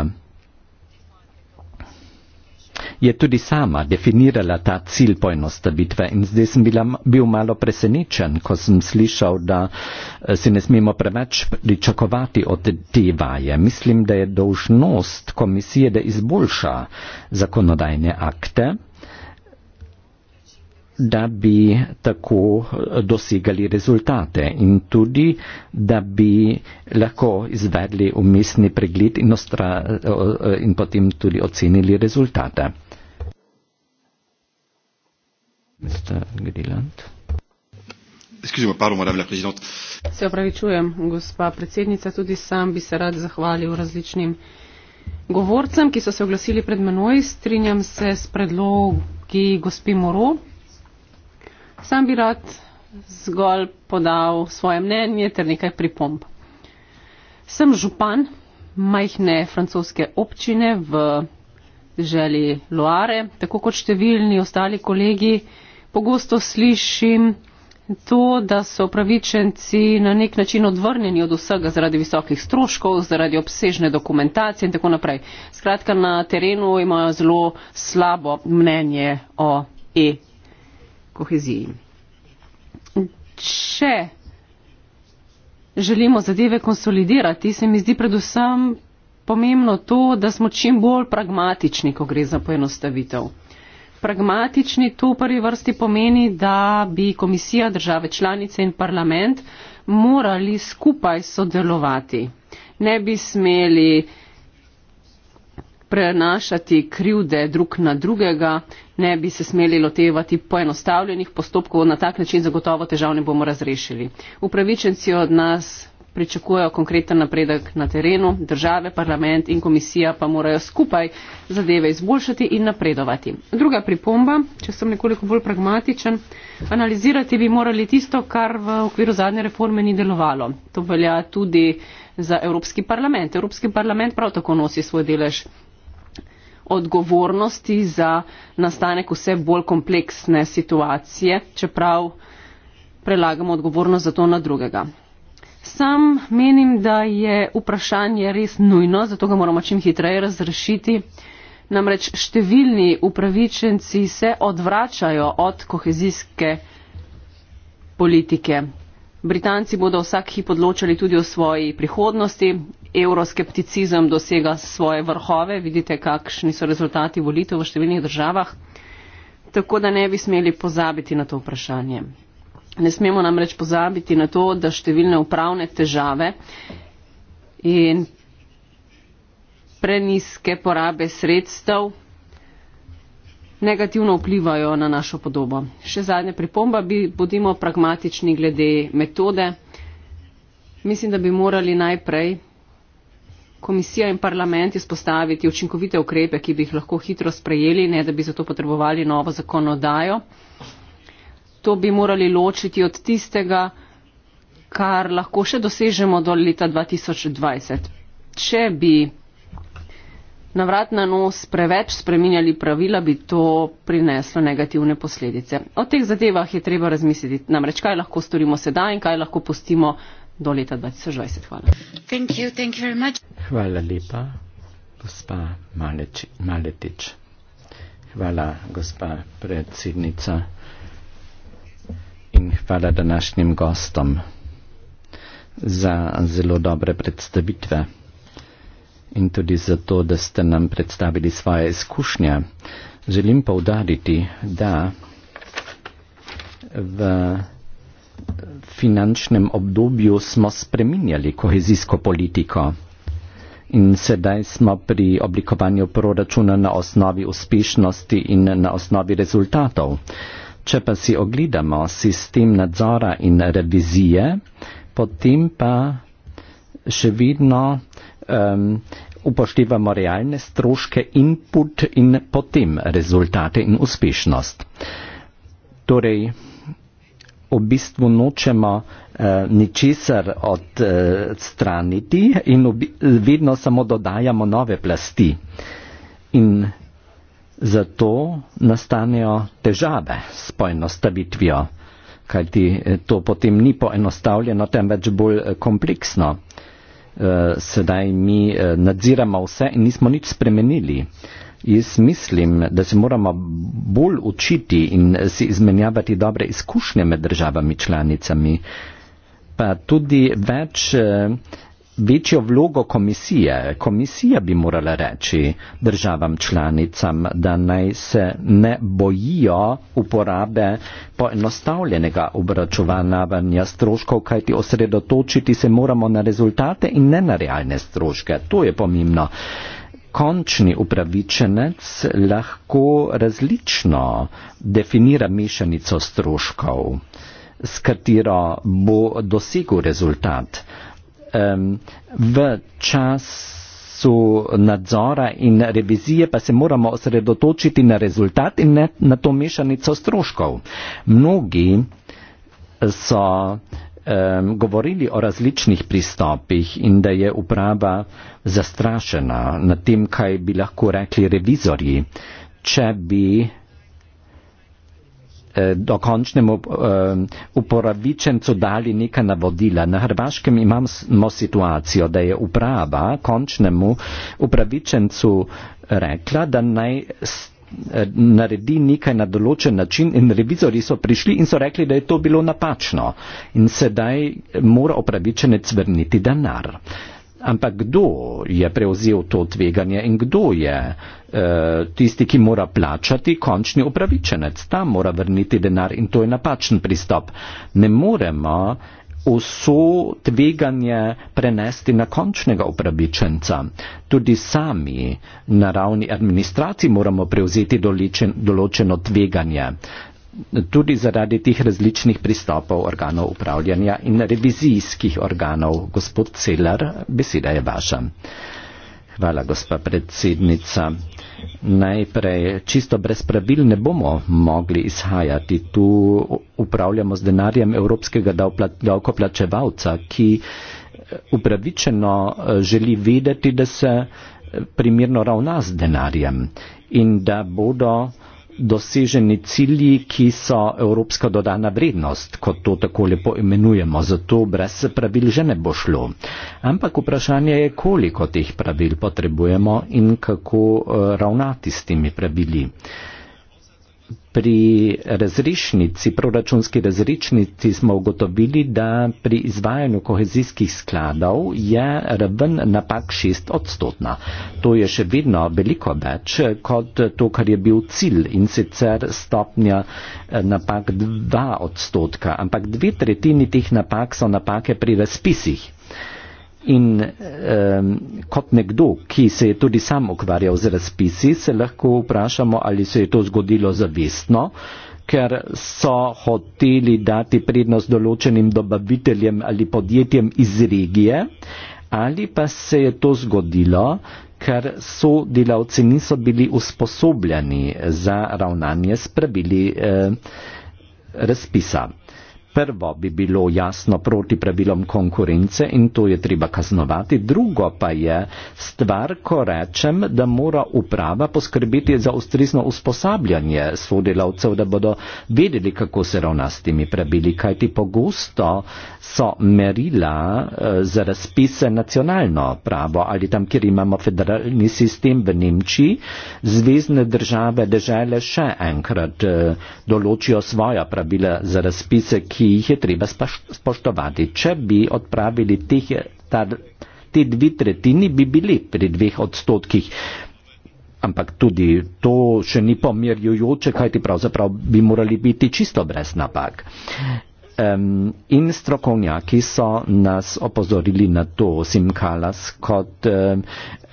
je tudi sama definirala ta cilj poenostavitve in zdaj sem bila, bil malo presenečen, ko sem slišal, da eh, si ne smemo preveč pričakovati od te vaje. Mislim, da je dolžnost komisije, da izboljša zakonodajne akte da bi tako eh, dosegali rezultate in tudi, da bi lahko izvedli umestni pregled in, ostra, eh, in potem tudi ocenili rezultate. Se opravičujem, gospa predsednica, tudi sam bi se rad zahvalil različnim govorcem, ki so se oglasili pred menoj. Strinjam se s predlogi gospi Moro. Sam bi rad zgolj podal svoje mnenje ter nekaj pripomb. Sem župan majhne francoske občine v želi Loare, tako kot številni ostali kolegi. Pogosto slišim to, da so upravičenci na nek način odvrnjeni od vsega zaradi visokih stroškov, zaradi obsežne dokumentacije in tako naprej. Skratka, na terenu imajo zelo slabo mnenje o e koheziji. Če želimo zadeve konsolidirati, se mi zdi predvsem pomembno to, da smo čim bolj pragmatični, ko gre za poenostavitev. Pragmatični to v prvi vrsti pomeni, da bi komisija, države članice in parlament morali skupaj sodelovati. Ne bi smeli prenašati krivde drug na drugega, ne bi se smeli lotevati poenostavljenih postopkov, na tak način zagotovo težav ne bomo razrešili. Upravičenci od nas pričakujejo konkreten napredek na terenu, države, parlament in komisija pa morajo skupaj zadeve izboljšati in napredovati. Druga pripomba, če sem nekoliko bolj pragmatičen, analizirati bi morali tisto, kar v okviru zadnje reforme ni delovalo. To velja tudi za Evropski parlament. Evropski parlament prav tako nosi svoj delež odgovornosti za nastanek vse bolj kompleksne situacije, čeprav prelagamo odgovornost za to na drugega. Sam menim, da je vprašanje res nujno, zato ga moramo čim hitreje razrešiti. Namreč številni upravičenci se odvračajo od kohezijske politike. Britanci bodo vsak hip odločali tudi o svoji prihodnosti euroskepticizem dosega svoje vrhove. Vidite, kakšni so rezultati volitev v številnih državah. Tako da ne bi smeli pozabiti na to vprašanje. Ne smemo namreč pozabiti na to, da številne upravne težave in preniske porabe sredstev negativno vplivajo na našo podobo. Še zadnja pripomba, bi, bodimo pragmatični glede metode. Mislim, da bi morali najprej komisija in parlament izpostaviti učinkovite ukrepe, ki bi jih lahko hitro sprejeli, ne da bi zato potrebovali novo zakonodajo. To bi morali ločiti od tistega, kar lahko še dosežemo do leta 2020. Če bi na vrat na nos preveč spreminjali pravila, bi to prineslo negativne posledice. O teh zadevah je treba razmisliti. Namreč, kaj lahko storimo sedaj in kaj lahko postimo do leta 2020. Hvala. Thank you, thank you hvala lepa, gospa Maleč, Maletič. Hvala, gospa predsednica. In hvala današnjim gostom za zelo dobre predstavitve in tudi za to, da ste nam predstavili svoje izkušnje. Želim poudariti, da v finančnem obdobju smo spreminjali kohezijsko politiko. In sedaj smo pri oblikovanju proračuna na osnovi uspešnosti in na osnovi rezultatov. Če pa si ogledamo sistem nadzora in revizije, potem pa še vedno um, upoštevamo realne stroške input in potem rezultate in uspešnost. Torej, v bistvu nočemo eh, ničesar eh, odstraniti eh, in vedno samo dodajamo nove plasti. In zato nastanejo težave s poenostavitvijo, kajti eh, to potem ni poenostavljeno, temveč bolj eh, kompleksno. Eh, sedaj mi eh, nadziramo vse in nismo nič spremenili. Eh, Jaz mislim, da se moramo bolj učiti in si izmenjavati dobre izkušnje med državami članicami, pa tudi več, eh, večjo vlogo komisije. Komisija bi morala reči državam članicam, da naj se ne bojijo uporabe poenostavljenega obračunavanja stroškov, kajti osredotočiti se moramo na rezultate in ne na realne stroške. To je pomembno končni upravičenec lahko različno definira mešanico stroškov, s katero bo dosegel rezultat. V času nadzora in revizije pa se moramo osredotočiti na rezultat in ne na to mešanico stroškov. Mnogi so um, govorili o različnih pristopih in da je uprava zastrašena nad tem, kaj bi lahko rekli revizorji, če bi eh, dokončnemu eh, uporabičencu dali neka navodila. Na Hrvaškem imamo situacijo, da je uprava končnemu upravičencu rekla, da naj. Eh, naredi nekaj na določen način in revizori so prišli in so rekli, da je to bilo napačno in sedaj mora opravičenec vrniti denar. Ampak kdo je prevzel to tveganje in kdo je eh, tisti, ki mora plačati končni upravičenec? Ta mora vrniti denar in to je napačen pristop. Ne moremo eh, vso tveganje prenesti na končnega upravičenca. Tudi sami na ravni administracij moramo prevzeti določen, določeno tveganje, tudi zaradi tih različnih pristopov organov upravljanja in revizijskih organov. Gospod Celar, beseda je vaša. Hvala, gospa predsednica najprej čisto brez pravil ne bomo mogli izhajati. Tu upravljamo z denarjem evropskega davkoplačevalca, ki eh, upravičeno eh, želi videti, da se eh, primirno ravna z denarjem in da bodo uh, doseženi cilji, ki so evropska dodana vrednost, kot to tako lepo imenujemo. Zato brez pravil že ne bo šlo. Ampak vprašanje je, koliko teh pravil potrebujemo in kako eh, ravnati s temi pravili. Pri razrešnici, proračunski razrešnici smo ugotovili, da pri izvajanju kohezijskih skladov je raven napak šest odstotna. To je še vedno veliko več kot to, kar je bil cilj in sicer stopnja eh, napak dva odstotka, ampak dve tretjini teh napak so napake pri razpisih in um, kot nekdo, ki se je tudi sam ukvarjal z razpisi, se lahko vprašamo, ali se je to zgodilo zavestno, ker so hoteli dati prednost določenim dobaviteljem ali podjetjem iz regije, ali pa se je to zgodilo, ker so delavci niso bili usposobljeni za ravnanje s pravili eh, razpisa prvo bi bilo jasno proti pravilom konkurence in to je treba kaznovati, drugo pa je stvar, ko rečem, da mora uprava poskrbeti za ustrezno usposabljanje sodelavcev, da bodo vedeli, kako se ravna s temi pravili, kajti pogosto uh, so merila uh, za razpise nacionalno pravo ali tam, kjer imamo federalni sistem v Nemčiji, zvezdne države dežele še enkrat uh, določijo svoja pravila za razpise, ki jih je treba spoš spoštovati. Če bi odpravili teh, ta, te dve tretjini, bi bili pri dveh odstotkih. Ampak tudi to še ni pomirjujoče, kajti pravzaprav bi morali biti čisto brez napak um, in strokovnjaki so nas opozorili na to, Sim Kalas, kot um,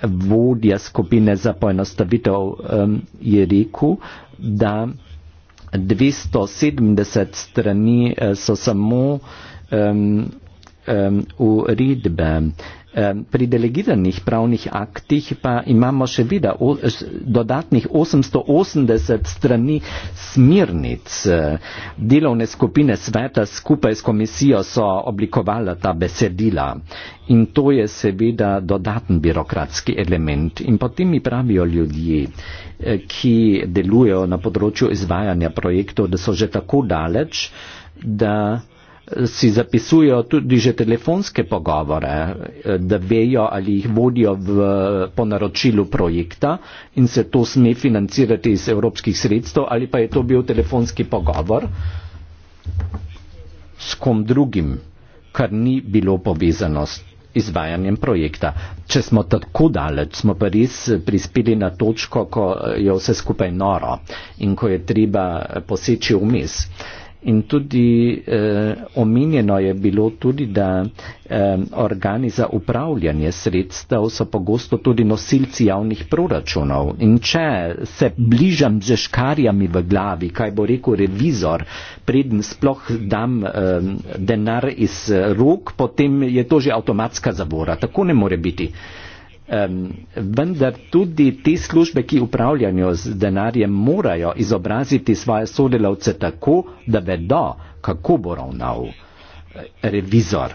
vodja skupine za poenostavitev um, je rekel, da 270 strani eh, so samo um, um, uredbe pri delegiranih pravnih aktih pa imamo še vida dodatnih 880 strani smirnic. Delovne skupine sveta skupaj s komisijo so oblikovala ta besedila in to je seveda dodaten birokratski element. In potem mi pravijo ljudje, e, ki delujejo na področju izvajanja projektov, da so že tako daleč, da si zapisujejo tudi že telefonske pogovore, eh, da vejo ali jih vodijo v, po naročilu projekta in se to sme financirati iz evropskih sredstev ali pa je to bil telefonski pogovor s kom drugim, kar ni bilo povezano s izvajanjem projekta. Če smo tako daleč, smo pa res prispeli na točko, ko je vse skupaj noro in ko je treba poseči vmes. In tudi eh, omenjeno je bilo tudi, da eh, organi za upravljanje sredstev so pogosto tudi nosilci javnih proračunov. In če se bližam z škarjami v glavi, kaj bo rekel revizor, predn sploh dam eh, denar iz eh, rok, potem je to že avtomatska zavora. Tako ne more biti. Eh, Um, vendar tudi te službe, ki upravljajo z denarjem, morajo izobraziti svoje sodelavce tako, da vedo, kako bo ravnal eh, revizor.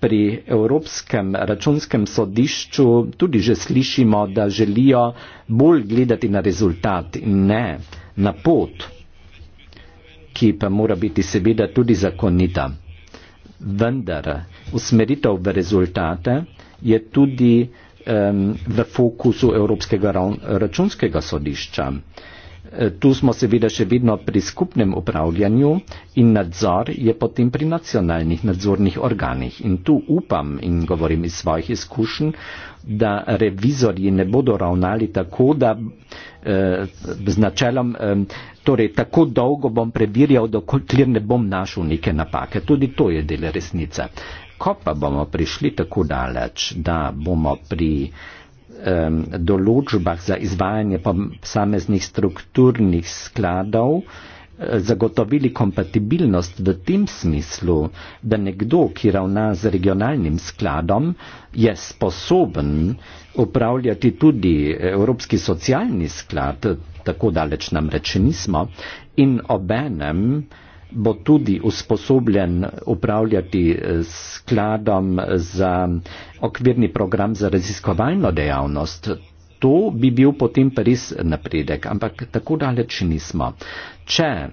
Pri Evropskem računskem sodišču tudi že slišimo, da želijo bolj gledati na rezultat in ne na pot, ki pa mora biti seveda tudi zakonita. Vendar usmeritev v rezultate je tudi um, v fokusu Evropskega računskega sodišča. E, tu smo seveda še vedno pri skupnem upravljanju in nadzor je potem pri nacionalnih nadzornih organih. In tu upam in govorim iz svojih izkušenj, da revizorji ne bodo ravnali tako, da eh, z načelom, eh, torej tako dolgo bom preverjal, dokler ne bom našel neke napake. Tudi to je del resnice. Ko pa bomo prišli tako daleč, da bomo pri um, določbah za izvajanje posameznih strukturnih skladov eh, zagotovili kompatibilnost v tem smislu, da nekdo, ki ravna z regionalnim skladom, je sposoben upravljati tudi Evropski socialni sklad, tako daleč namreč nismo, in obenem bo tudi usposobljen upravljati eh, skladom za okvirni program za raziskovalno dejavnost. To bi bil potem res napredek, ampak tako daleč nismo. Če eh,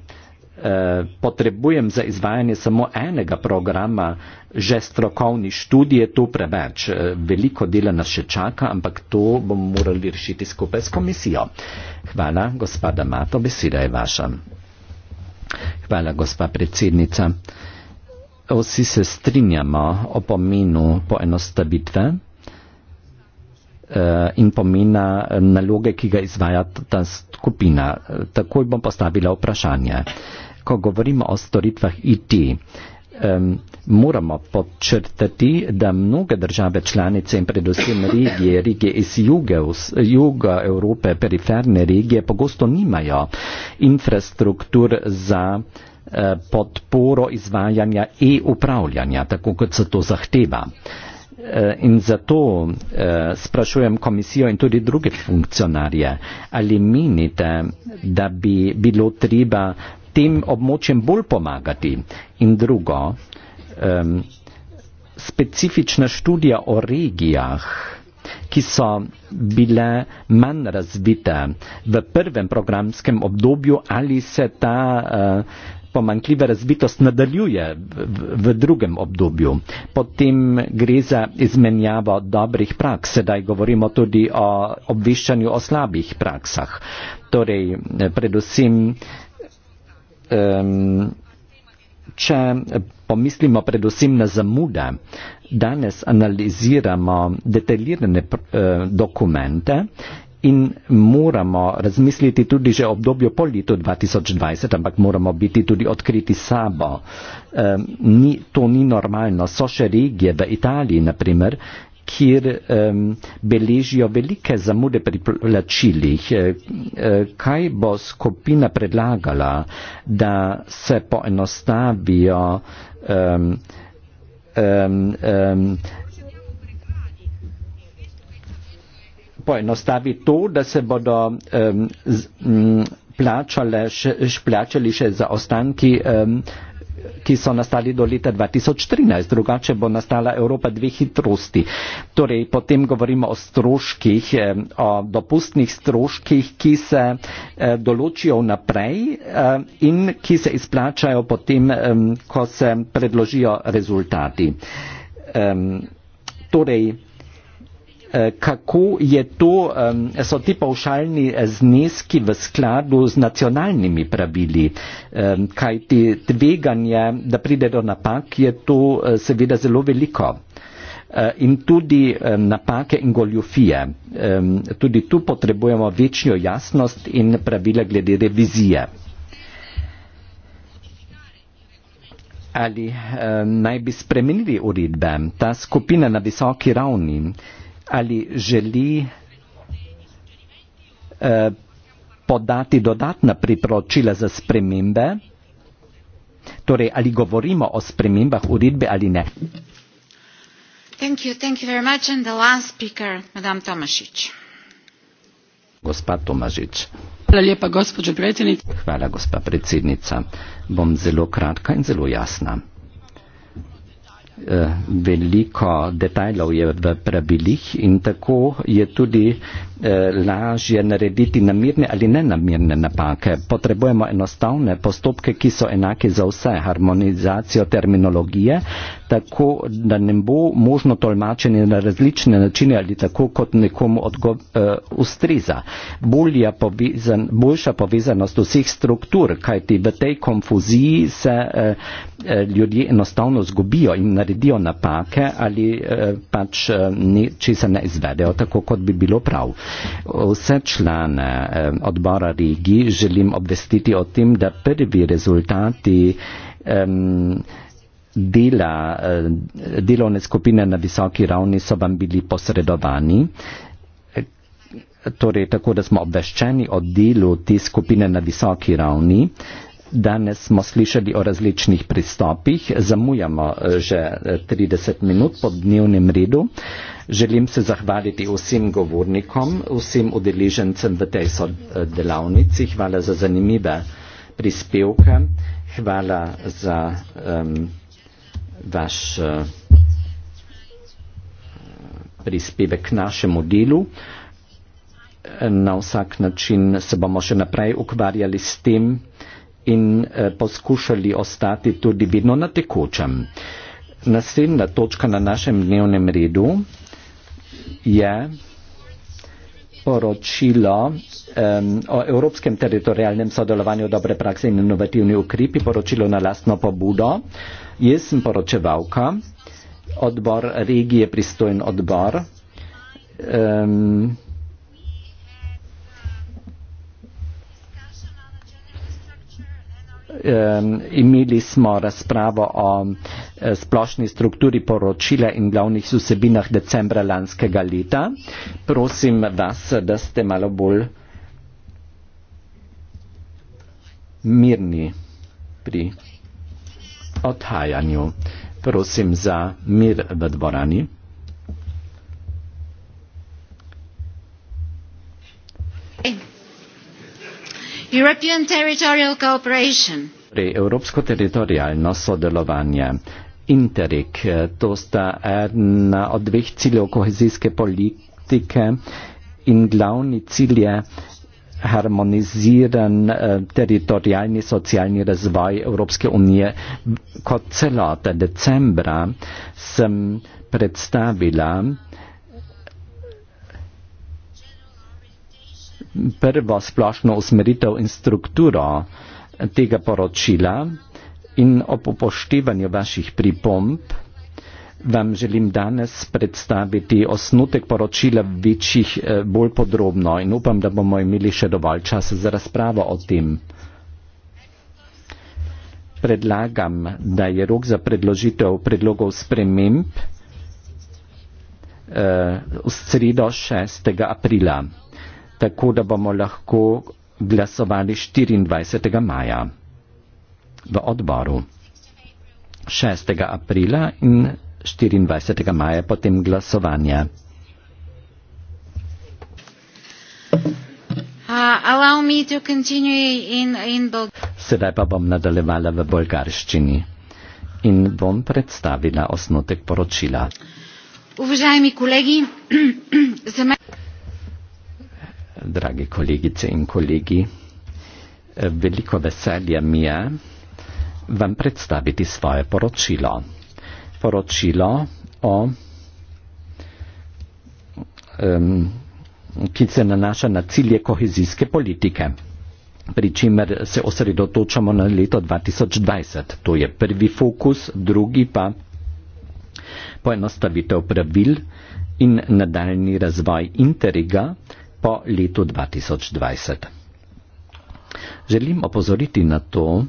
potrebujem za izvajanje samo enega programa, že strokovni študij je to preveč. Eh, veliko dela nas še čaka, ampak to bomo morali rešiti skupaj s komisijo. Hvala, gospoda Mato, beseda je vaša. Hvala, gospa predsednica. Vsi se strinjamo o pomenu poenostavitve eh, in pomena eh, naloge, ki ga izvaja ta skupina. Eh, takoj bom postavila vprašanje. Ko govorimo o storitvah IT, um, moramo podčrtati, da mnoge države članice in predvsem regije, regije iz juga, juga Evrope, periferne regije, pogosto nimajo infrastruktur za eh, podporo izvajanja e-upravljanja, tako kot se to zahteva. Eh, in zato eh, sprašujem komisijo in tudi druge funkcionarje, ali menite, da bi bilo treba tem območjem bolj pomagati. In drugo, um, specifična študija o regijah, ki so bile manj razvite v prvem programskem obdobju ali se ta uh, eh, pomankljiva razvitost nadaljuje v drugem obdobju. Potem gre za izmenjavo dobrih praks, sedaj govorimo tudi o obveščanju o slabih praksah. Torej, eh, predvsem če pomislimo predvsem na zamude, danes analiziramo detaljirane eh, dokumente in moramo razmisliti tudi že obdobju po letu 2020, ampak moramo biti tudi odkriti sabo. Ni, to ni normalno. So še regije v Italiji, naprimer, kjer um, beležijo velike zamude pri plačilih. E, e, kaj bo skupina predlagala, da se poenostavijo um, um, um, poenostavi to, da se bodo um, z, m, plačale, š, š, plačali še za ostanki um, ki so nastali do leta 2013, drugače bo nastala Evropa dve hitrosti. Torej, potem govorimo o stroških, eh, o dopustnih stroških, ki se eh, določijo naprej eh, in ki se izplačajo potem, ko se predložijo rezultati. Torej, Eh, kako je to, so ti paušalni eh, zneski v skladu z nacionalnimi pravili, kaj ti tveganje, da pride do napak, je to eh, seveda zelo veliko. In tudi napake in goljufije. Tudi tu potrebujemo večjo jasnost in pravila glede revizije. Ali eh, naj bi spremenili uredbe, ta skupina na visoki ravni, eh, ali želi eh, podati dodatna priporočila za spremembe, torej ali govorimo o spremembah uredbe ali ne. Thank you, thank you very much. And the last speaker, Madame Tomašić. Gospa Tomašić. Hvala lepa, gospođo predsednica. Hvala, gospa predsednica. Bom zelo kratka in zelo jasna. Eh, veliko detajlov je v pravilih in tako je tudi Eh, lažje narediti namirne ali nenamirne napake. Potrebujemo enostavne postopke, ki so enake za vse, harmonizacijo terminologije, tako da ne bo možno tolmačenje na različne načine ali tako, kot nekomu odgov, uh, eh, ustriza. Povezan, boljša povezanost vseh struktur, kajti v tej konfuziji se uh, ljudje enostavno zgubijo in naredijo napake ali uh, pač uh, ne, česa ne izvedejo, tako kot bi bilo prav vse člane odbora Rigi želim obvestiti o tem, da prvi rezultati um, dela delovne skupine na visoki ravni so vam bili posredovani. Torej, tako da smo obveščeni o delu te skupine na visoki ravni. Danes smo slišali o različnih pristopih, zamujamo eh, že 30 eh, minut po dnevnem redu. Uh, Želim se zahvaliti vsem govornikom, vsem udeležencem v tej eh, delavnici. Hvala za zanimive prispevke. Hvala za um, vaš uh, prispevek k našemu delu. Na vsak način se bomo še naprej ukvarjali s tem in uh, poskušali ostati tudi vedno na tekočem. Naslednja točka na našem dnevnem redu je poročilo um, o evropskem teritorijalnem sodelovanju dobre prakse in inovativni ukrepi, poročilo na lastno pobudo. Jaz sem poročevalka, odbor regije pristojen odbor. Um, imeli smo razpravo o e, splošni strukturi poročila in glavnih vsebinah decembra lanskega leta. Prosim vas, da ste malo bolj mirni pri odhajanju. Prosim za mir v dvorani. Thank you. European territorial cooperation. Torej, Evropsko teritorijalno sodelovanje. Interreg, eh, to sta ena od dveh ciljev kohezijske politike in glavni cilj je harmoniziran eh, teritorijalni socialni razvoj Evropske unije kot celota. Decembra sem predstavila prvo splošno usmeritev in strukturo tega poročila in ob upoštevanju vaših pripomb vam želim danes predstaviti osnutek poročila večjih eh, bolj podrobno in upam, da bomo imeli še dovolj časa za razpravo o tem. Predlagam, da je rok za predložitev predlogov sprememb uh, v sredo 6. aprila tako da bomo lahko glasovali 24. maja v odboru. 6. aprila in 24. maja potem glasovanja. Uh, Sedaj pa bom nadaljevala v bolgarščini in bom predstavila osnotek poročila. Uvažajmi kolegi, za me dragi kolegice in kolegi, veliko veselje mi je vam predstaviti svoje poročilo. Poročilo o um, ki se nanaša na cilje kohezijske politike, pri čimer se osredotočamo na leto 2020. To je prvi fokus, drugi pa poenostavitev pravil in nadaljni razvoj interiga, po letu 2020. Želim opozoriti na to,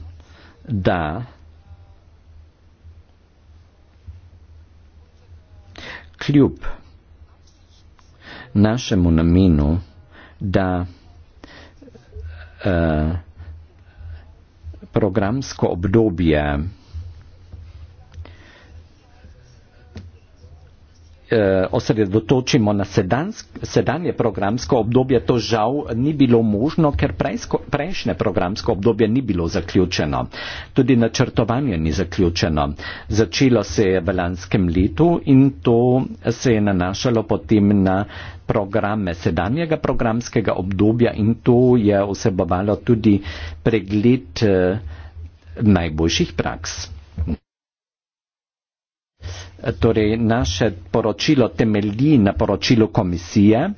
da kljub našemu namenu, da uh, programsko obdobje Eh, osredotočimo na sedansk, sedanje programsko obdobje, to žal ni bilo možno, ker prejsko, prejšnje programsko obdobje ni bilo zaključeno. Tudi načrtovanje ni zaključeno. Začelo se je v lanskem letu in to se je nanašalo potem na programe sedanjega programskega obdobja in to je osebovalo tudi pregled eh, najboljših praks torej naše poročilo temelji na poročilu komisije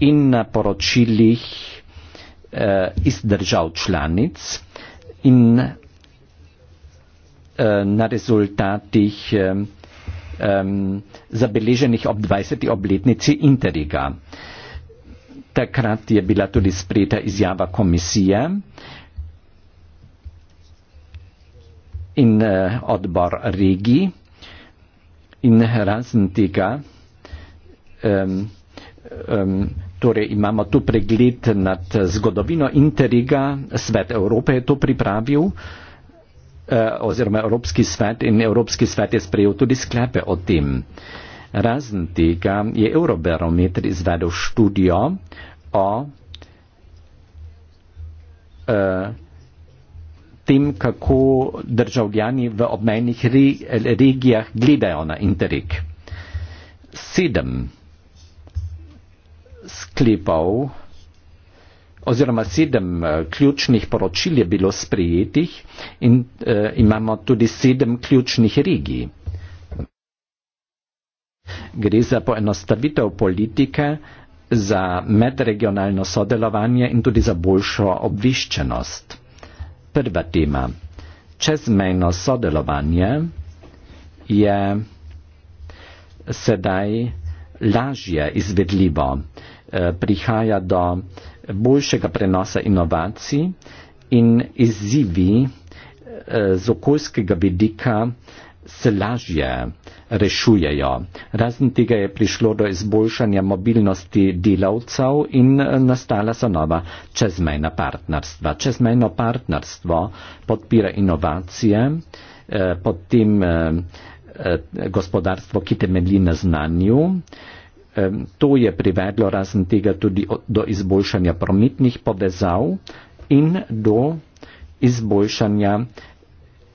in na poročilih eh, iz držav članic in eh, na rezultatih eh, eh, zabeleženih ob 20. obletnici Interiga. Takrat je bila tudi sprejeta izjava komisije in eh, odbor regij in razen tega, um, um, torej imamo tu pregled nad zgodovino interiga, svet Evrope je to pripravil, uh, oziroma Evropski svet in Evropski svet je sprejel tudi sklepe o tem. Razen tega je Eurobarometer izvedel študijo o. Uh, tem, kako državljani v obmejnih regijah gledajo na interreg. Sedem sklepov oziroma sedem eh, ključnih poročil je bilo sprejetih in e, imamo tudi sedem ključnih regij. Gre za poenostavitev politike, za medregionalno sodelovanje in tudi za boljšo obviščenost prva tema. Čezmejno sodelovanje je sedaj lažje izvedljivo, e, prihaja do boljšega prenosa inovacij in izzivi e, z okoljskega vidika se lažje rešujejo. Razen tega je prišlo do izboljšanja mobilnosti delavcev in eh, nastala so nova čezmejna partnerstva. Čezmejno partnerstvo podpira inovacije, eh, potem eh, gospodarstvo, ki temelji na znanju. To je privedlo razen tega tudi do izboljšanja prometnih povezav in do izboljšanja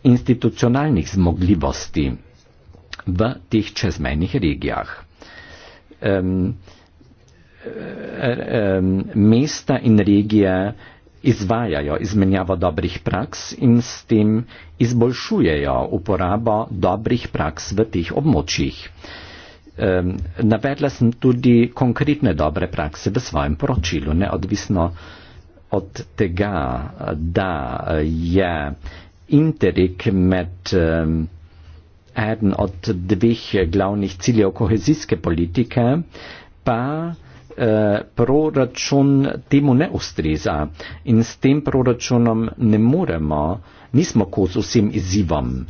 institucionalnih zmogljivosti v teh čezmejnih regijah. Um, um, mesta in regije izvajajo izmenjavo dobrih praks in s tem izboljšujejo uporabo dobrih praks v teh območjih. Um, navedla sem tudi konkretne dobre prakse v svojem poročilu, neodvisno od tega, da je interreg med um, eden od dveh glavnih ciljev kohezijske politike, pa uh, proračun temu ne ustreza in s tem proračunom ne moremo, nismo kos vsem izzivom.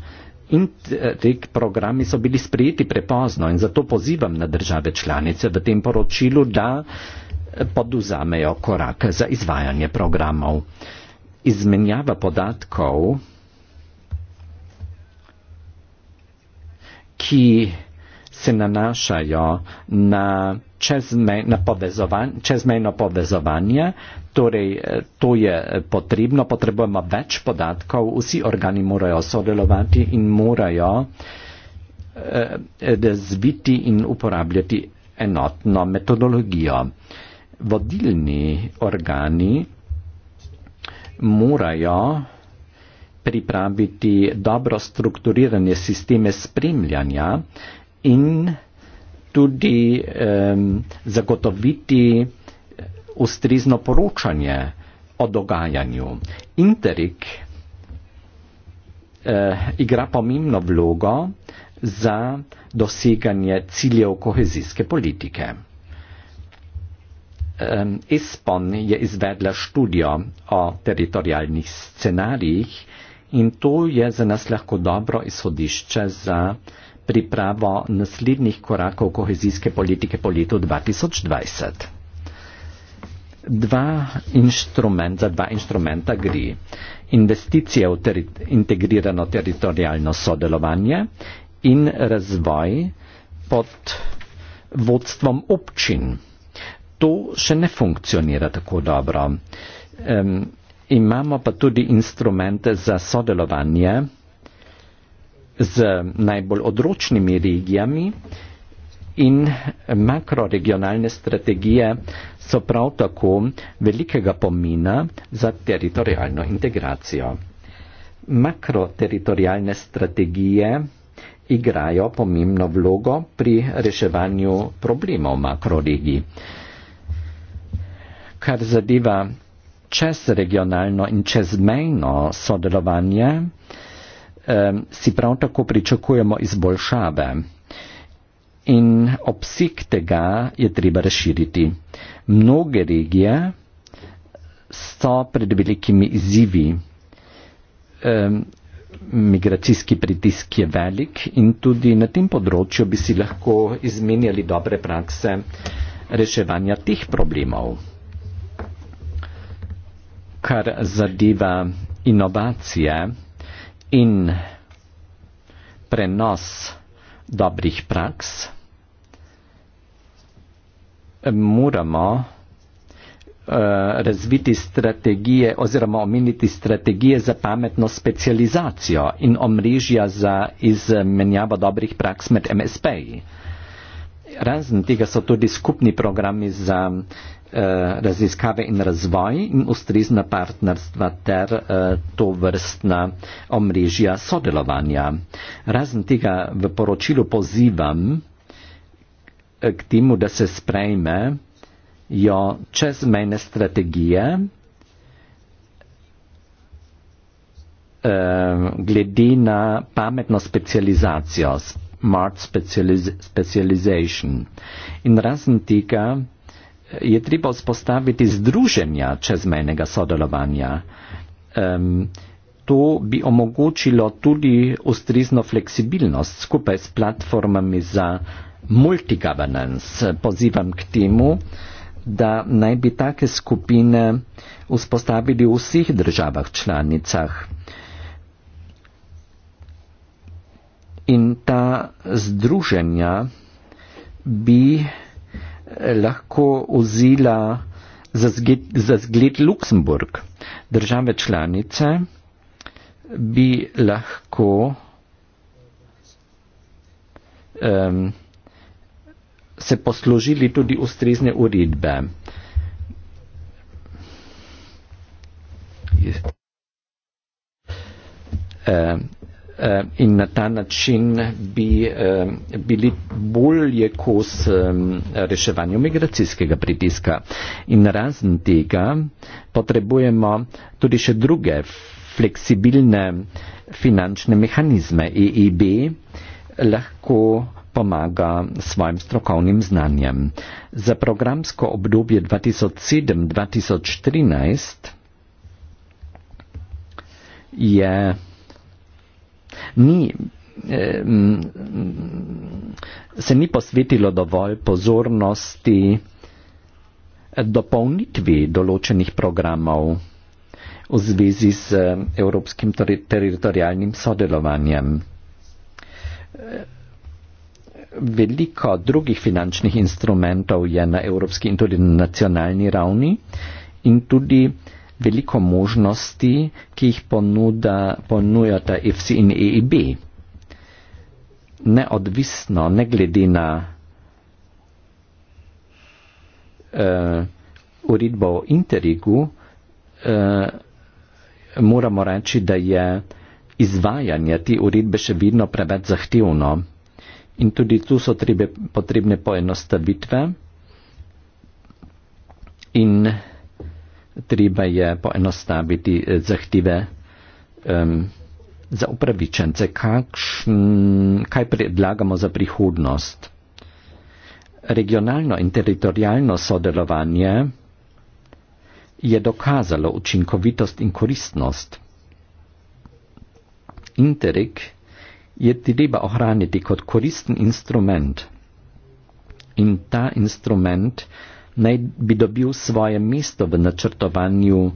In te programi so bili sprejeti prepozno in zato pozivam na države članice v tem poročilu, da eh, poduzamejo korak za izvajanje programov. Izmenjava podatkov ki se nanašajo na, čezme, na povezovan, čezmejno povezovanje, torej eh, to je eh, potrebno, potrebujemo več podatkov, vsi organi morajo sodelovati in morajo eh, razviti eh, in uporabljati enotno metodologijo. Vodilni organi morajo pripraviti dobro strukturirane sisteme spremljanja in tudi um, zagotoviti eh, ustrezno poročanje o dogajanju. Interik uh, igra pomembno vlogo za doseganje ciljev kohezijske politike. ESPON je izvedla študijo o teritorijalnih scenarijih In to je za nas lahko dobro izhodišče za pripravo naslednjih korakov kohezijske politike po letu 2020. Dva inštrument, za dva inštrumenta gre. Investicije v teri, integrirano teritorijalno sodelovanje in razvoj pod vodstvom občin. To še ne funkcionira tako dobro. Um, imamo pa tudi instrumente za sodelovanje z najbolj odročnimi regijami in makroregionalne strategije so prav tako velikega pomena za teritorijalno integracijo. Makroteritorijalne strategije igrajo pomembno vlogo pri reševanju problemov makroregij. Kar zadeva čez regionalno in čez mejno sodelovanje si prav tako pričakujemo izboljšave. In obsik tega je treba razširiti. Mnoge regije so pred velikimi izzivi. Migracijski pritisk je velik in tudi na tem področju bi si lahko izmenjali dobre prakse reševanja teh problemov kar zadeva inovacije in prenos dobrih praks, moramo eh, razviti strategije oziroma omeniti strategije za pametno specializacijo in omrežja za izmenjavo dobrih praks med MSP-ji razen tega so tudi skupni programi za eh, raziskave in razvoj in ustrezna partnerstva ter uh, eh, to vrstna omrežja sodelovanja. Razen tega v poročilu pozivam eh, k temu, da se sprejme jo čezmejne strategije uh, glede na pametno specializacijo smart specializ specialization. In razen tega eh, je treba vzpostaviti združenja čezmejnega sodelovanja. Um, to bi omogočilo tudi ustrezno fleksibilnost skupaj s platformami za multigovernance. Pozivam k temu, da naj bi take skupine vzpostavili v vseh državah članicah. in ta združenja bi eh, lahko vzela za zgled, za zgled Luksemburg. Države članice bi lahko um, se poslužili tudi ustrezne uredbe. Um, Eh, in na ta način bi eh, bili bolje kos reševanju migracijskega pritiska. In razen tega potrebujemo tudi še druge fleksibilne finančne mehanizme. EIB lahko pomaga svojim strokovnim znanjem. Za programsko obdobje 2007-2013 je ni, se ni posvetilo dovolj pozornosti dopolnitvi določenih programov v zvezi z evropskim teritorijalnim sodelovanjem. Veliko drugih finančnih instrumentov je na evropski in tudi na nacionalni ravni in tudi veliko možnosti, ki jih ponuda, ponujata EFSI in EIB. Neodvisno, ne glede na uh, uredbo o interigu, uh, moramo reči, da je izvajanje te uredbe še vedno preveč zahtevno. In tudi tu so trebe, potrebne poenostavitve. In treba je poenostaviti eh, zahteve um, za upravičence, kakšn, kaj predlagamo za prihodnost. Regionalno in teritorijalno sodelovanje je dokazalo učinkovitost in koristnost. Interreg je treba ohraniti kot koristen instrument in ta instrument naj bi dobil svoje mesto v načrtovanju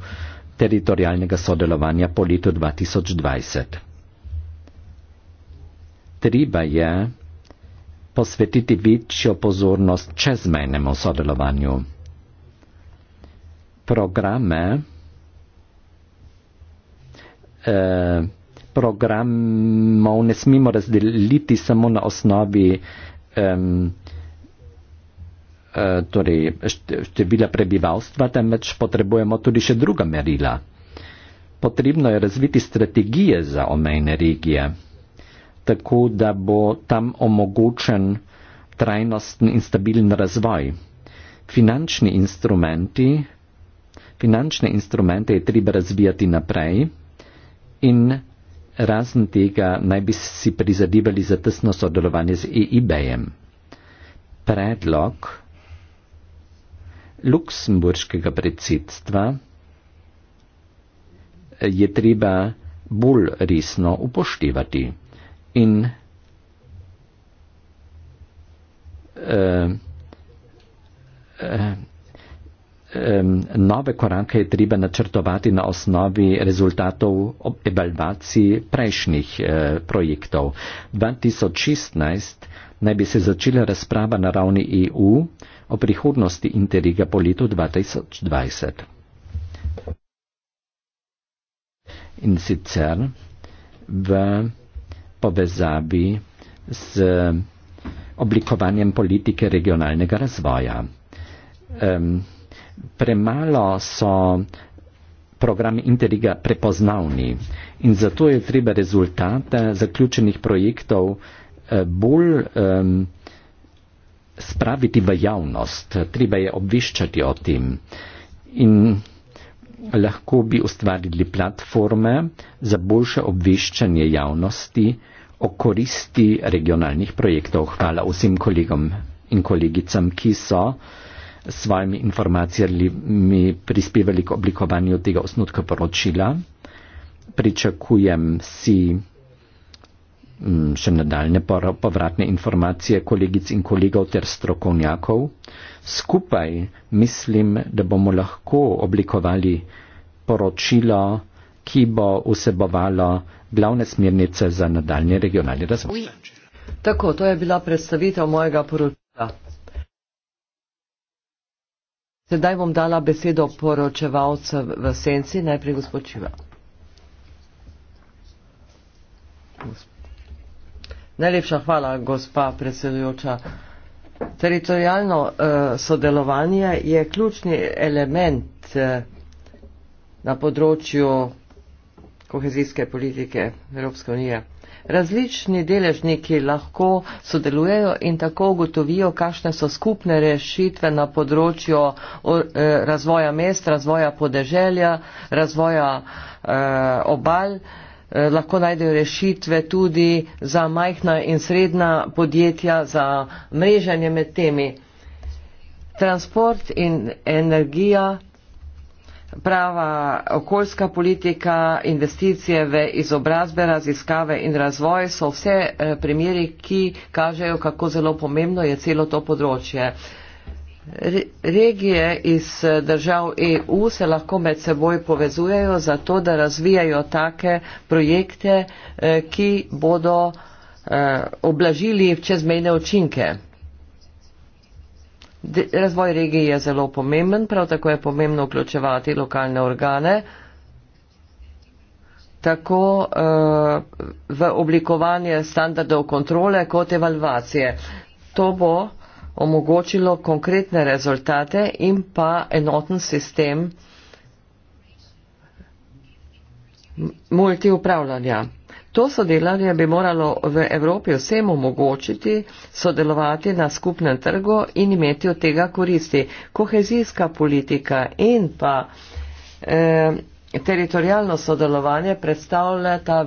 teritorijalnega sodelovanja po letu 2020. Treba je posvetiti večjo pozornost čezmejnemu sodelovanju. Programe, eh, programov ne smemo razdeliti samo na osnovi eh, Eh, torej števila prebivalstva, temveč potrebujemo tudi še druga merila. Potrebno je razviti strategije za omejne regije, tako da bo tam omogočen trajnosten in stabilen razvoj. Finančni instrumenti, finančne instrumente je treba razvijati naprej in razen tega naj bi si prizadevali za tesno sodelovanje z EIB-jem. Predlog luksemburškega predsedstva eh, je treba bolj resno upoštevati in eh, eh, nove korake je treba načrtovati na osnovi rezultatov evalvacij prejšnjih projektov. 2016 naj bi se začela razprava na ravni EU, o prihodnosti Interiga po letu 2020. In sicer v povezavi z oblikovanjem politike regionalnega razvoja. Um, premalo so programi Interiga prepoznavni in zato je treba rezultate zaključenih projektov eh, bolj um, spraviti v javnost, treba je obveščati o tem. In lahko bi ustvarili platforme za boljše obveščanje javnosti o koristi regionalnih projektov. Hvala vsem kolegom in kolegicam, ki so s svojimi informacijami prispevali k oblikovanju tega osnutka poročila. Pričakujem si Mm, še nadaljne povratne informacije kolegic in kolegov ter strokovnjakov. Skupaj mislim, da bomo lahko oblikovali poročilo, ki bo vsebovalo glavne smernice za nadaljne regionalne razvoj. Tako, to je bila predstavitev mojega poročila. Sedaj bom dala besedo poročevalca v senci, najprej gospod Čiva. Gospod. Najlepša hvala, gospa predsedujoča. Teritorijalno uh, sodelovanje je ključni element uh, na področju kohezijske politike Evropske unije. Različni deležniki lahko sodelujejo in tako ugotovijo, kakšne so skupne rešitve na področju eh, razvoja mest, razvoja podeželja, razvoja eh, obalj. Eh, Eh, lahko najdejo rešitve tudi za majhna in srednja podjetja, za mreženje med temi. Transport in energija, prava okoljska politika, investicije v izobrazbe, raziskave in razvoj so vse eh, primeri, ki kažejo, kako zelo pomembno je celo to področje regije iz eh, držav EU se lahko med seboj povezujejo zato, da razvijajo take projekte, eh, ki bodo eh, oblažili čezmejne učinke. Razvoj regije je zelo pomemben, prav tako je pomembno vključevati lokalne organe, tako v oblikovanje standardov kontrole kot evalvacije. To bo omogočilo konkretne rezultate in pa enoten sistem multiupravljanja. To sodelanje bi moralo v Evropi vsem omogočiti sodelovati na skupnem trgu in imeti od tega koristi. Kohezijska politika in pa eh, teritorijalno sodelovanje predstavljata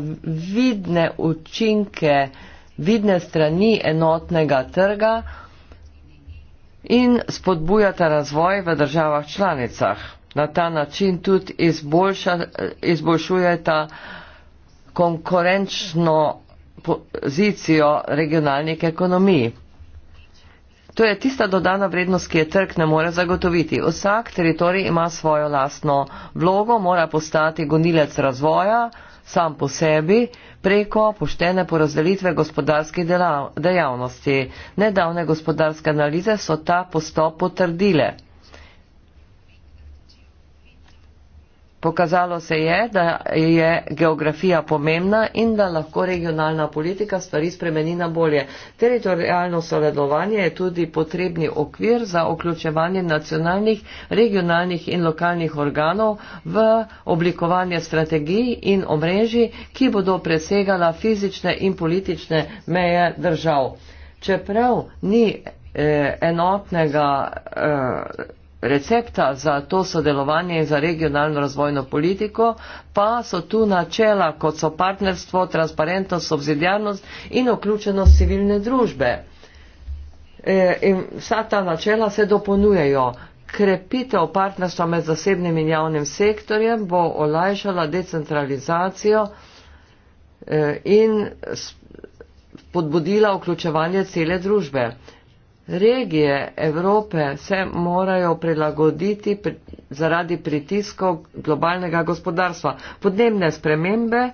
vidne učinke, vidne strani enotnega trga, in spodbujata razvoj v državah članicah. Na ta način tudi izboljša, izboljšujeta konkurenčno pozicijo regionalnih ekonomij. To je tista dodana vrednost, ki je trg ne more zagotoviti. Vsak teritorij ima svojo lastno vlogo, mora postati gonilec razvoja, sam po sebi preko poštene porazdelitve gospodarskih dejavnosti. Nedavne gospodarske analize so ta postop potrdile. Pokazalo se je, da je geografija pomembna in da lahko regionalna politika stvari spremeni na bolje. Teritorijalno sodelovanje je tudi potrebni okvir za vključevanje nacionalnih, regionalnih in lokalnih organov v oblikovanje strategij in omrežij, ki bodo presegala fizične in politične meje držav. Čeprav ni eh, enotnega. Eh, recepta za to sodelovanje in za regionalno razvojno politiko, pa so tu načela, kot so partnerstvo, transparentnost, obzidjarnost in vključenost civilne družbe. E, in vsa ta načela se dopolnjujejo. Krepitev partnerstva med zasebnim in javnim sektorjem bo olajšala decentralizacijo e, in spodbudila vključevanje cele družbe regije Evrope se morajo prilagoditi pri, zaradi pritiskov globalnega gospodarstva. Podnebne spremembe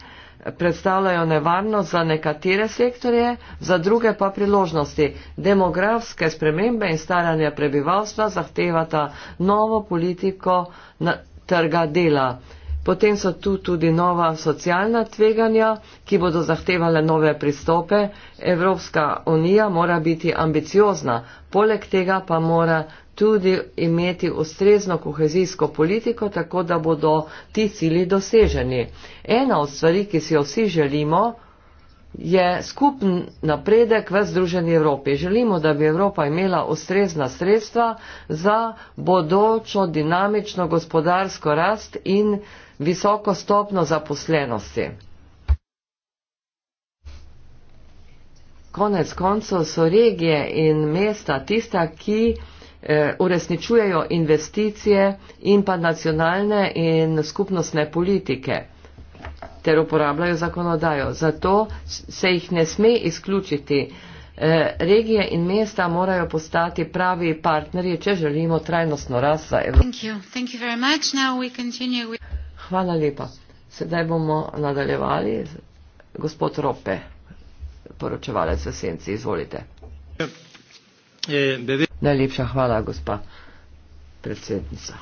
predstavljajo nevarnost za nekatere sektorje, za druge pa priložnosti. Demografske spremembe in staranje prebivalstva zahtevata novo politiko trga dela. Potem so tu tudi nova socialna tveganja, ki bodo zahtevale nove pristope. Evropska unija mora biti ambiciozna, poleg tega pa mora tudi imeti ustrezno kohezijsko politiko, tako da bodo ti cili doseženi. Ena od stvari, ki si jo vsi želimo, je skupen napredek v Združeni Evropi. Želimo, da bi Evropa imela ustrezna sredstva za bodočo dinamično gospodarsko rast in visoko stopno zaposlenosti. Konec koncev so regije in mesta tista, ki eh, uresničujejo investicije in pa nacionalne in skupnostne politike ter uporabljajo zakonodajo. Zato se jih ne sme izključiti. Eh, regije in mesta morajo postati pravi partnerji, če želimo trajnostno rast za Evropo. Thank you. Thank you Hvala lepa. Sedaj bomo nadaljevali. Gospod Rope, poročevalec v senci, izvolite. Najlepša hvala, gospa predsednica.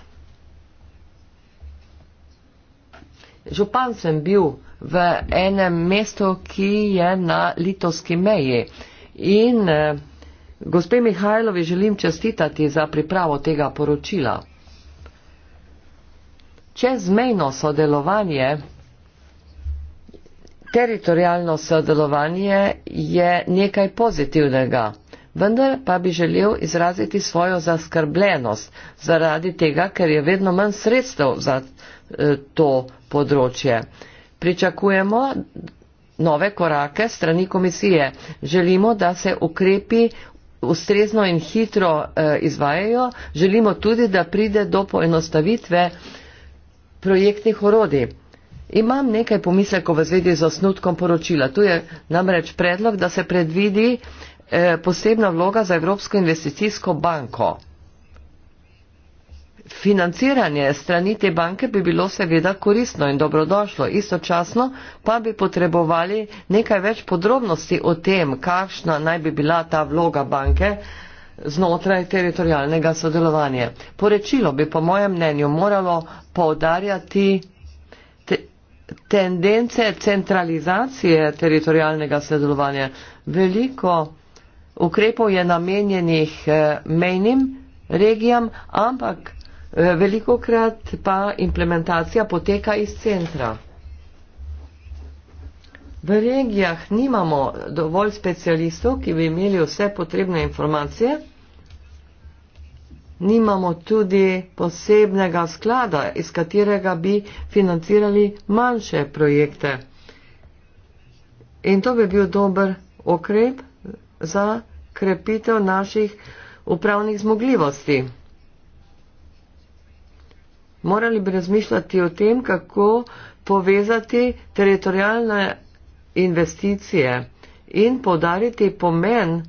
Župan sem bil v enem mestu, ki je na litovski meji. In eh, gospe Mihajlovi želim čestitati za pripravo tega poročila čezmejno sodelovanje, teritorijalno sodelovanje je nekaj pozitivnega. Vendar pa bi želel izraziti svojo zaskrbljenost zaradi tega, ker je vedno manj sredstev za eh, to področje. Pričakujemo nove korake strani komisije. Želimo, da se ukrepi ustrezno in hitro eh, izvajajo. Želimo tudi, da pride do poenostavitve projektnih orodij. Imam nekaj pomislekov v zvedi z osnutkom poročila. Tu je namreč predlog, da se predvidi eh, posebna vloga za Evropsko investicijsko banko. Financiranje strani te banke bi bilo seveda koristno in dobrodošlo, istočasno pa bi potrebovali nekaj več podrobnosti o tem, kakšna naj bi bila ta vloga banke, eh, znotraj teritorijalnega sodelovanja. Porečilo bi po mojem mnenju moralo povdarjati te, tendence centralizacije teritorijalnega sodelovanja. Veliko ukrepov je namenjenih eh, mejnim regijam, ampak eh, velikokrat pa implementacija poteka iz centra. V regijah nimamo dovolj specialistov, ki bi imeli vse potrebne informacije. Nimamo tudi posebnega sklada, iz katerega bi financirali manjše projekte. In to bi bil dober okrep za krepitev naših upravnih zmogljivosti. Morali bi razmišljati o tem, kako povezati teritorijalne investicije in podariti pomen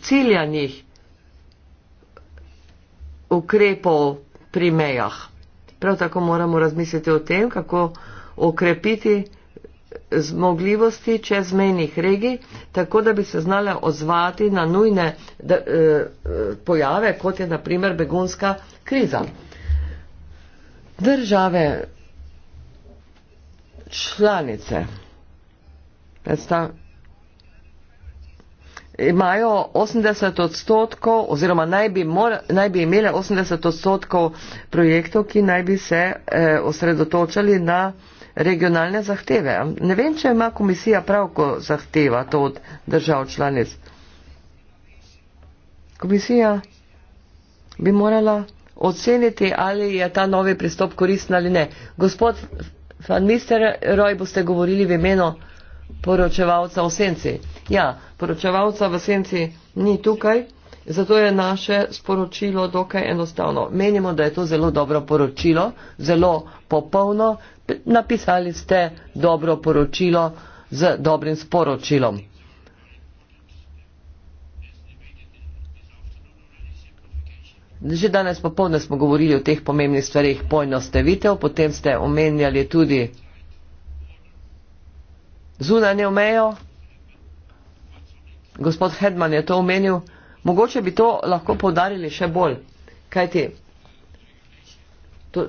ciljanih ukrepov pri mejah. Prav tako moramo razmisliti o tem, kako okrepiti zmogljivosti čezmejnih regij, tako da bi se znala odzvati na nujne e, e, pojave, kot je naprimer begunska kriza. Države članice. Sta, imajo 80 odstotkov oziroma naj bi, mora, naj bi imele 80 odstotkov projektov, ki naj bi se eh, osredotočali na regionalne zahteve. Ne vem, če ima komisija prav, ko zahteva to od držav članic. Komisija bi morala oceniti, ali je ta novi pristop koristen ali ne. Gospod Van Mister Roy, boste govorili v imenu poročevalca v senci. Ja, poročevalca v senci ni tukaj, zato je naše sporočilo dokaj enostavno. Menimo, da je to zelo dobro poročilo, zelo popolno. Napisali ste dobro poročilo z dobrim sporočilom. Že danes popolne smo govorili o teh pomembnih stvarih, pojnostevitev, potem ste omenjali tudi zunanjo mejo. Gospod Hedman je to omenil. Mogoče bi to lahko povdarili še bolj, kajti to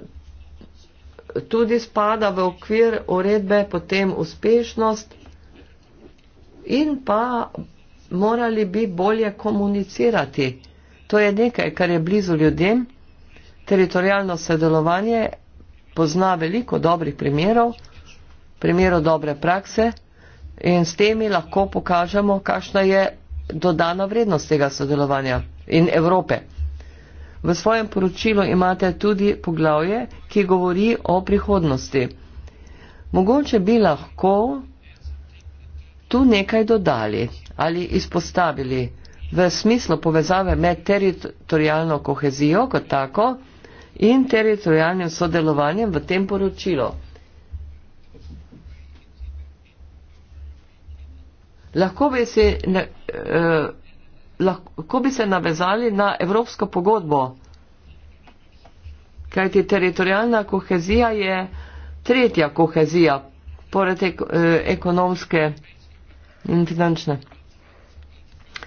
tudi spada v okvir uredbe potem uspešnost in pa morali bi bolje komunicirati. To je nekaj, kar je blizu ljudem. Teritorijalno sodelovanje pozna veliko dobrih primerov primeru dobre prakse in s temi lahko pokažemo, kakšna je dodana vrednost tega sodelovanja in Evrope. V svojem poročilu imate tudi poglavje, ki govori o prihodnosti. Mogoče bi lahko tu nekaj dodali ali izpostavili v smislu povezave med teritorijalno kohezijo kot tako in teritorijalnim sodelovanjem v tem poročilu. lahko bi se, ne, eh, lahko bi se navezali na Evropsko pogodbo, kajti teritorijalna kohezija je tretja kohezija, pored ek, eh, ekonomske in finančne.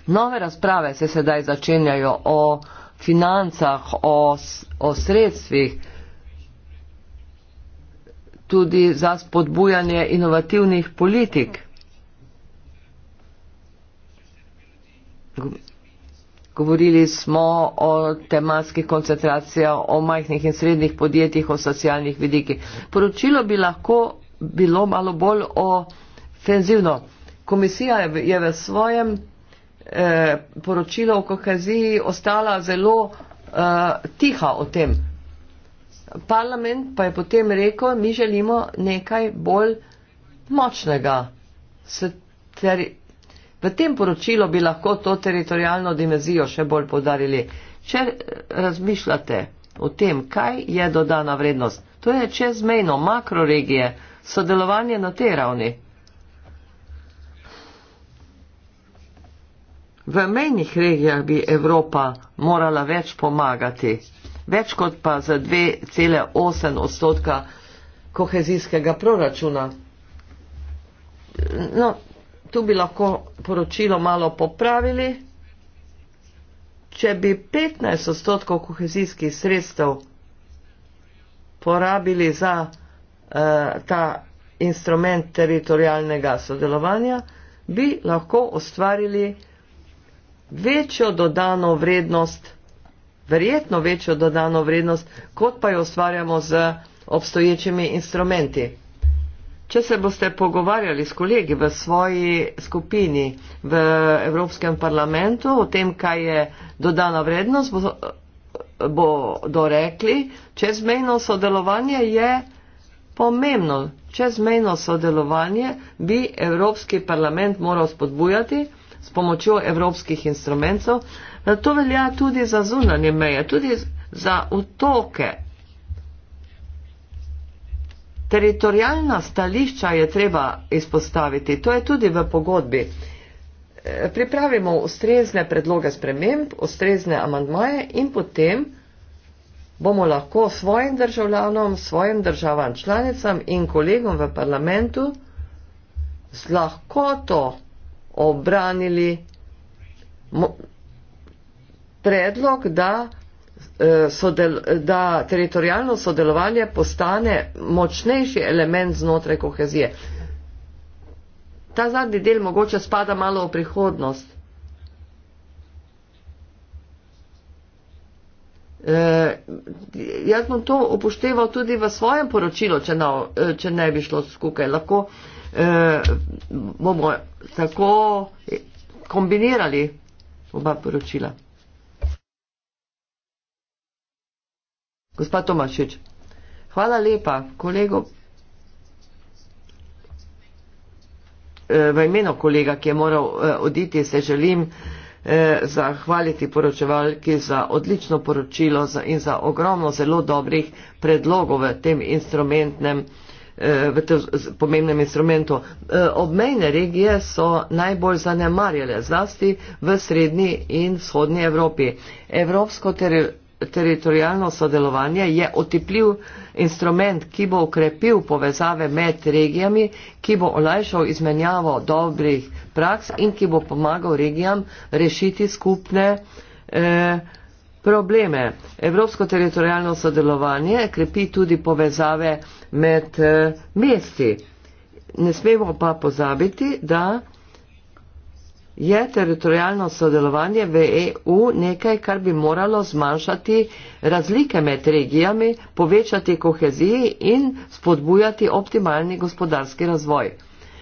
Nove razprave se sedaj začenjajo o financah, o, o sredstvih, tudi za spodbujanje inovativnih politik. Okay. Govorili smo o tematskih koncentracijah, o majhnih in srednjih podjetjih, o socialnih vidikih. Poročilo bi lahko bilo malo bolj ofenzivno. Komisija je v svojem eh, poročilu o koheziji ostala zelo eh, tiha o tem. Parlament pa je potem rekel, mi želimo nekaj bolj močnega. Se, ter, V tem poročilu bi lahko to teritorijalno dimenzijo še bolj podarili. Če eh, razmišljate o tem, kaj je dodana vrednost, to je čezmejno makroregije, sodelovanje na tej ravni. V mejnih regijah bi Evropa morala več pomagati, več kot pa za 2,8 odstotka kohezijskega proračuna. No, tu bi lahko poročilo malo popravili. Če bi 15 odstotkov kohezijskih sredstev porabili za uh, ta instrument teritorijalnega sodelovanja, bi lahko ustvarili večjo dodano vrednost, verjetno večjo dodano vrednost, kot pa jo ustvarjamo z obstoječimi instrumenti. Če se boste pogovarjali s kolegi v svoji skupini v Evropskem parlamentu o tem, kaj je dodana vrednost, bo dorekli, čezmejno sodelovanje je pomembno. Čezmejno sodelovanje bi Evropski parlament moral spodbujati s pomočjo evropskih instrumentov. To velja tudi za zunanje meje, tudi za otoke, Teritorijalna stališča je treba izpostaviti, to je tudi v pogodbi. E, pripravimo ustrezne predloge sprememb, ustrezne amandmaje in potem bomo lahko svojim državljanom, svojim državam, članicam in kolegom v parlamentu z lahkoto obranili predlog, da Eh, sodel, da teritorijalno sodelovanje postane močnejši element znotraj kohezije. Ta zadnji del mogoče spada malo v prihodnost. Eh, jaz bom to upošteval tudi v svojem poročilu, če, na, eh, če ne bi šlo skupaj. Lahko bomo tako kombinirali oba poročila. Gospa Tomašič, hvala lepa, kolego. Eh, v imenu kolega, ki je moral eh, oditi, se želim eh, zahvaliti poročevalki za odlično poročilo in za ogromno zelo dobrih predlogov v tem instrumentnem v tem pomembnem instrumentu. Obmejne regije so najbolj zanemarjale, zlasti v srednji in vzhodnji Evropi. Evropsko teritorijalno sodelovanje je otepljiv instrument, ki bo ukrepil povezave med regijami, ki bo olajšal izmenjavo dobrih praks in ki bo pomagal regijam rešiti skupne eh, probleme. Evropsko teritorijalno sodelovanje krepi tudi povezave med eh, mesti. Ne smemo pa pozabiti, da Je teritorijalno sodelovanje v EU nekaj, kar bi moralo zmanjšati razlike med regijami, povečati koheziji in spodbujati optimalni gospodarski razvoj.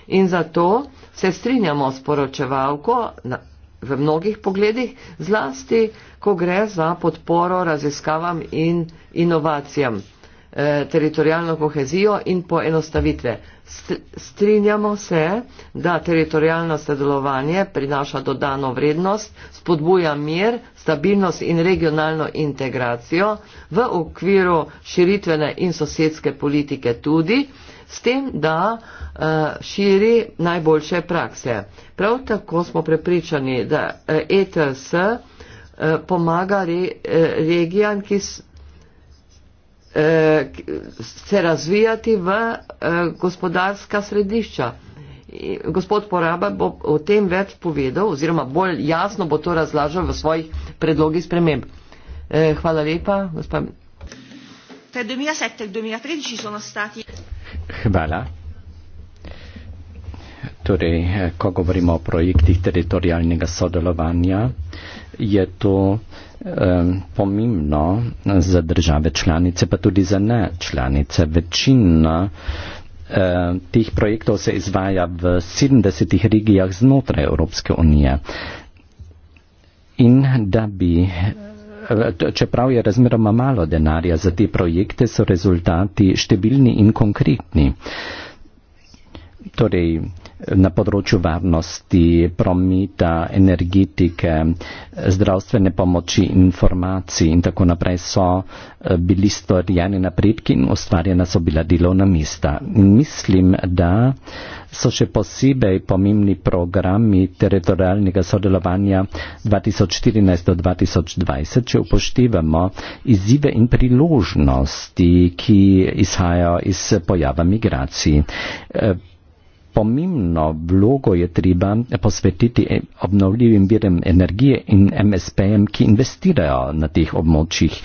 In zato se strinjamo s poročevalko na, v mnogih pogledih, zlasti, ko gre za podporo raziskavam in inovacijam. Eh, teritorijalno kohezijo in poenostavitve. Strinjamo se, da teritorijalno sodelovanje prinaša dodano vrednost, spodbuja mir, stabilnost in regionalno integracijo v okviru širitvene in sosedske politike tudi, s tem, da eh, širi najboljše prakse. Prav tako smo prepričani, da ETS eh, e pomaga regijam, ki Eh, se razvijati v eh, gospodarska središča. Gospod Poraba bo o tem več povedal oziroma bolj jasno bo to razlažal v svojih predlogih sprememb. Eh, hvala lepa, gospod. E hvala. Torej, ko govorimo o projektih teritorijalnega sodelovanja, je to pomembno za države članice, pa tudi za ne članice. Večina eh, teh projektov se izvaja v 70 regijah znotraj Evropske unije. In da bi, čeprav je razmeroma malo denarja za te projekte, so rezultati številni in konkretni. Torej, na području varnosti, promita, energetike, zdravstvene pomoči, informacij in tako naprej so eh, bili storjeni napredki in ustvarjena so bila delovna mesta. Mislim, da so še posebej pomembni programi teritorijalnega sodelovanja 2014 do 2020, če upoštevamo izzive in priložnosti, ki izhajajo iz pojava migracij. Eh, pomembno vlogo je treba eh, posvetiti eh, obnovljivim virem energije in MSP-jem, ki investirajo na teh območjih.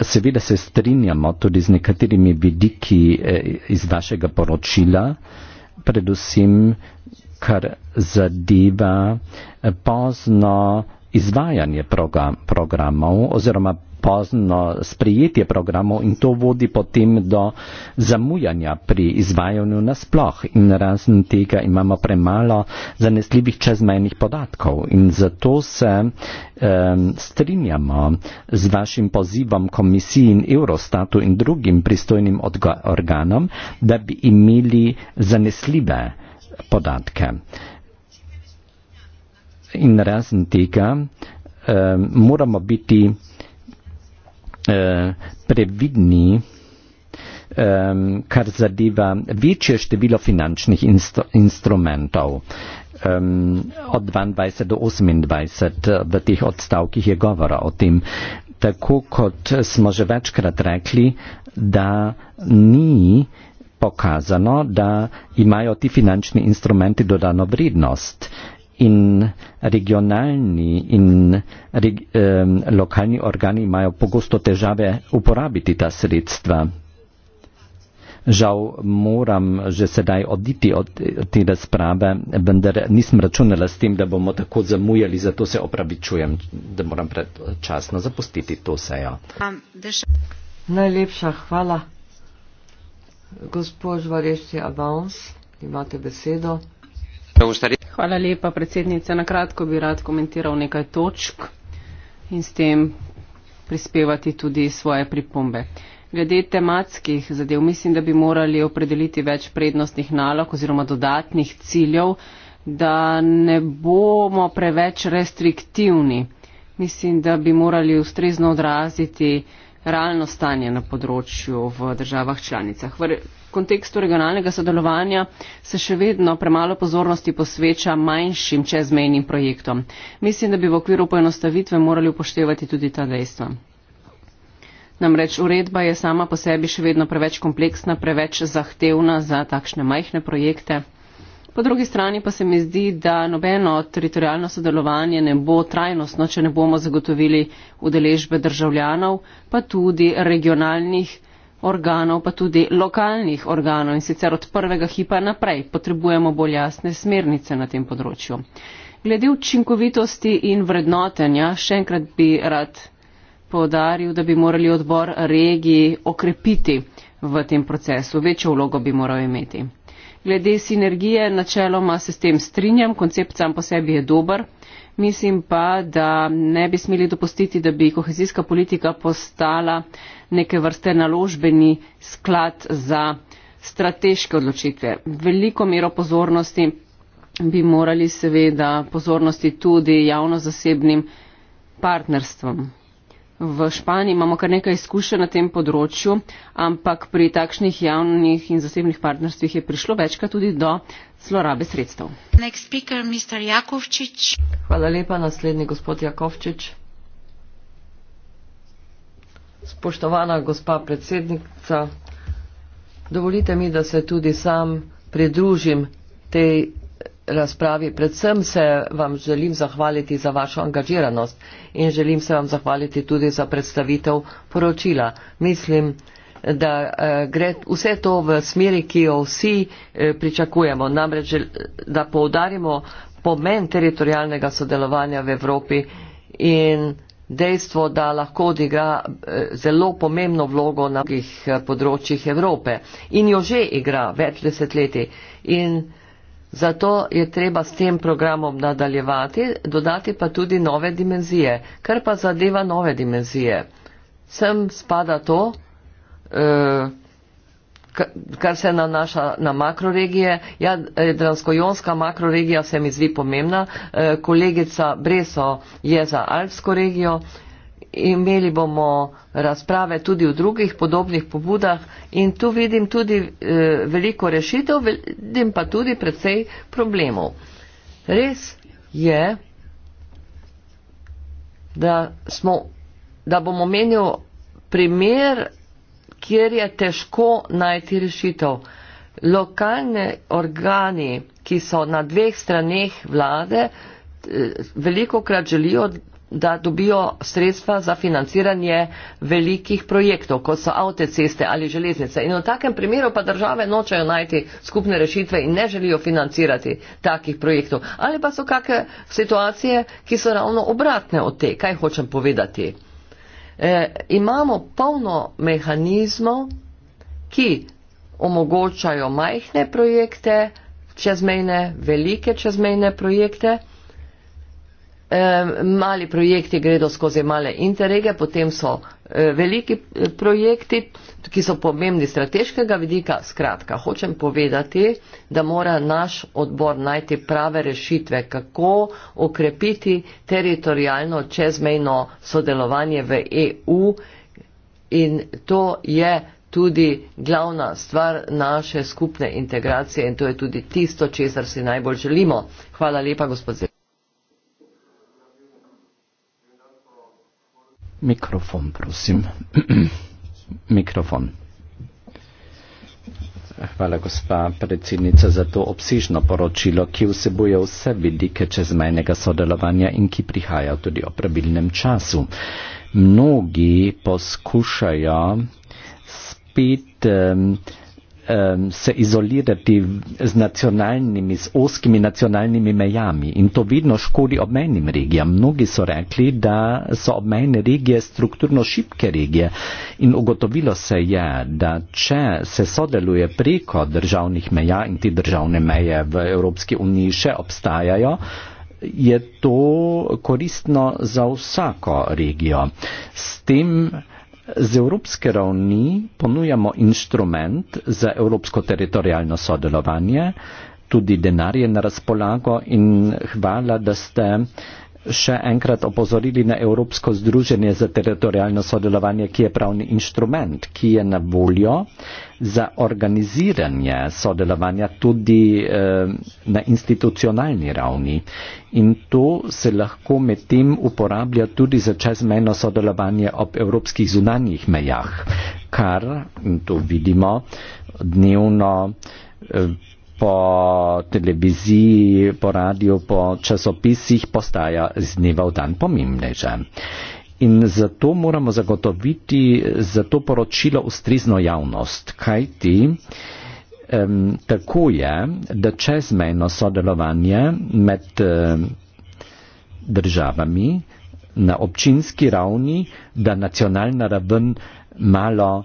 Seveda se strinjamo tudi z nekaterimi vidiki eh, iz vašega poročila, predvsem kar zadeva pozno izvajanje program, programov oziroma pozno sprejetje programov in to vodi potem do zamujanja pri izvajanju nasploh in razen tega imamo premalo zanesljivih čezmejnih podatkov in zato se um, strinjamo z vašim pozivom komisiji in Eurostatu in drugim pristojnim organom, da bi imeli zanesljive podatke. In razen tega um, moramo biti Eh, previdni, um, kar zadeva večje število finančnih instru instrumentov. Um, od 22 do 28 eh, v teh odstavkih je govora o tem, tako kot smo že večkrat rekli, da ni pokazano, da imajo ti finančni instrumenti dodano vrednost in regionalni in reg, um, lokalni organi imajo pogosto težave uporabiti ta sredstva. Žal moram že sedaj oditi od te razprave, vendar nisem računala s tem, da bomo tako zamujali, zato se opravičujem, da moram predčasno zapustiti to sejo. Najlepša hvala. Gospod Žvareši Abans, imate besedo. Hvala lepa, predsednica. Na kratko bi rad komentiral nekaj točk in s tem prispevati tudi svoje pripombe. Glede tematskih zadev mislim, da bi morali opredeliti več prednostnih nalog oziroma dodatnih ciljev, da ne bomo preveč restriktivni. Mislim, da bi morali ustrezno odraziti realno stanje na področju v državah članicah kontekstu regionalnega sodelovanja se še vedno premalo pozornosti posveča manjšim čezmejnim projektom. Mislim, da bi v okviru poenostavitve morali upoštevati tudi ta dejstva. Namreč uredba je sama po sebi še vedno preveč kompleksna, preveč zahtevna za takšne majhne projekte. Po drugi strani pa se mi zdi, da nobeno teritorijalno sodelovanje ne bo trajnostno, če ne bomo zagotovili udeležbe državljanov, pa tudi regionalnih organov, pa tudi lokalnih organov in sicer od prvega hipa naprej potrebujemo bolj jasne smernice na tem področju. Glede učinkovitosti in vrednotenja, še enkrat bi rad povdaril, da bi morali odbor regiji okrepiti v tem procesu, večjo vlogo bi moral imeti. Glede sinergije, načeloma se s tem strinjam, koncept sam po sebi je dober. Mislim pa, da ne bi smeli dopustiti, da bi kohezijska politika postala neke vrste naložbeni sklad za strateške odločitve. Veliko mero pozornosti bi morali seveda pozornosti tudi javno-zasebnim partnerstvom v Španiji imamo kar nekaj izkušenj na tem področju, ampak pri takšnih javnih in zasebnih partnerstvih je prišlo večkrat tudi do zlorabe sredstev. Speaker, Hvala lepa, naslednji gospod Jakovčič. Spoštovana gospa predsednica, dovolite mi, da se tudi sam pridružim tej razpravi. Predvsem se vam želim zahvaliti za vašo angažiranost in želim se vam zahvaliti tudi za predstavitev poročila. Mislim, da eh, gre vse to v smeri, ki jo vsi eh, pričakujemo. Namreč, da poudarimo pomen teritorijalnega sodelovanja v Evropi in dejstvo, da lahko odigra eh, zelo pomembno vlogo na mnogih področjih Evrope in jo že igra več desetletij. Zato je treba s tem programom nadaljevati, dodati pa tudi nove dimenzije. Kar pa zadeva nove dimenzije? Sem spada to, eh, kar se nanaša na makroregije. Ja, eh, Dransko-Jonska makroregija se mi zdi pomembna. Eh, kolegica Breso je za Alpsko regijo imeli bomo razprave tudi v drugih podobnih pobudah in tu vidim tudi e, veliko rešitev, vidim pa tudi predvsej problemov. Res je, da, smo, da bom omenil primer, kjer je težko najti rešitev. Lokalne organi, ki so na dveh straneh vlade, eh, veliko krat želijo da dobijo sredstva za financiranje velikih projektov, kot so avte, ceste ali železnice. In v takem primeru pa države nočejo najti skupne rešitve in ne želijo financirati takih projektov. Ali pa so kakšne situacije, ki so ravno obratne od te, kaj hočem povedati. E, imamo polno mehanizmov, ki omogočajo majhne projekte, čezmejne, velike čezmejne projekte mali projekti gredo skozi male interrege, potem so e, veliki e, projekti, ki so pomembni strateškega vidika. Skratka, hočem povedati, da mora naš odbor najti prave rešitve, kako okrepiti teritorijalno čezmejno sodelovanje v EU in to je tudi glavna stvar naše skupne integracije in to je tudi tisto, česar si najbolj želimo. Hvala lepa, gospod Zemljan. Mikrofon, prosim. Mikrofon. Hvala, gospa predsednica, za to obsižno poročilo, ki vsebuje vse vidike čezmejnega sodelovanja in ki prihaja tudi o pravilnem času. Mnogi poskušajo spet. Um, um, se izolirati z nacionalnimi, z oskimi nacionalnimi mejami in to vidno škodi obmejnim regijam. Mnogi so rekli, da so obmejne regije strukturno šibke regije in ugotovilo se je, da če se sodeluje preko državnih meja in ti državne meje v Evropski uniji še obstajajo, je to koristno za vsako regijo. S tem Z evropske ravni ponujamo instrument za evropsko teritorijalno sodelovanje, tudi denar je na razpolago in hvala, da ste uh, še enkrat opozorili na Evropsko združenje za teritorijalno sodelovanje, ki je pravni inštrument, ki je na voljo za organiziranje sodelovanja tudi eh, na institucionalni ravni. In to se lahko med tem uporablja tudi za čezmejno sodelovanje ob evropskih zunanjih mejah, kar, in to vidimo, dnevno. Eh, po televiziji, po radiju, po časopisih postaja z dneva v dan pomembnejša. In zato moramo zagotoviti za to poročilo ustrezno javnost, kajti um, tako je, da čezmejno sodelovanje med um, državami na občinski ravni, da nacionalna raven malo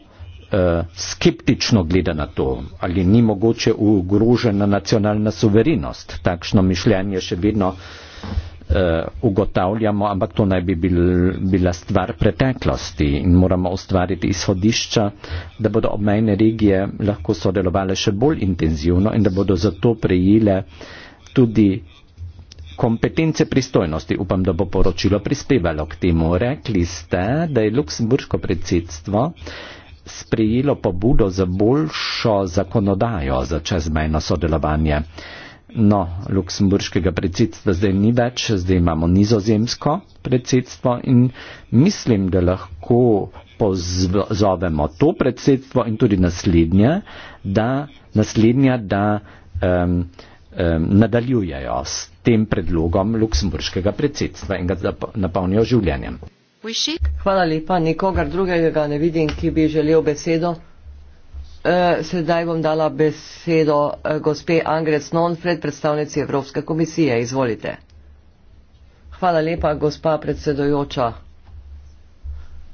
uh, skeptično gleda na to, ali ni mogoče ugrožena nacionalna suverenost. Takšno mišljenje še vedno uh, ugotavljamo, ampak to naj bi bil, bila stvar preteklosti in moramo ustvariti izhodišča, da bodo obmejne regije lahko sodelovale še bolj intenzivno in da bodo zato prejele tudi kompetence pristojnosti. Upam, da bo poročilo prispevalo k temu. Rekli ste, da je Luksemburško predsedstvo uh, sprejelo pobudo za boljšo zakonodajo za čezmejno sodelovanje. No, luksemburškega predsedstva zdaj ni več, zdaj imamo nizozemsko predsedstvo in mislim, da lahko pozovemo to predsedstvo in tudi naslednje, da, naslednje, da um, um, nadaljujejo s tem predlogom luksemburškega predsedstva in ga napolnijo življenjem. Hvala lepa, nikogar drugega ne vidim, ki bi želel besedo. E, sedaj bom dala besedo e, gospe Angres Nonfred, predstavnici Evropske komisije. Izvolite. Hvala lepa, gospa predsedojoča.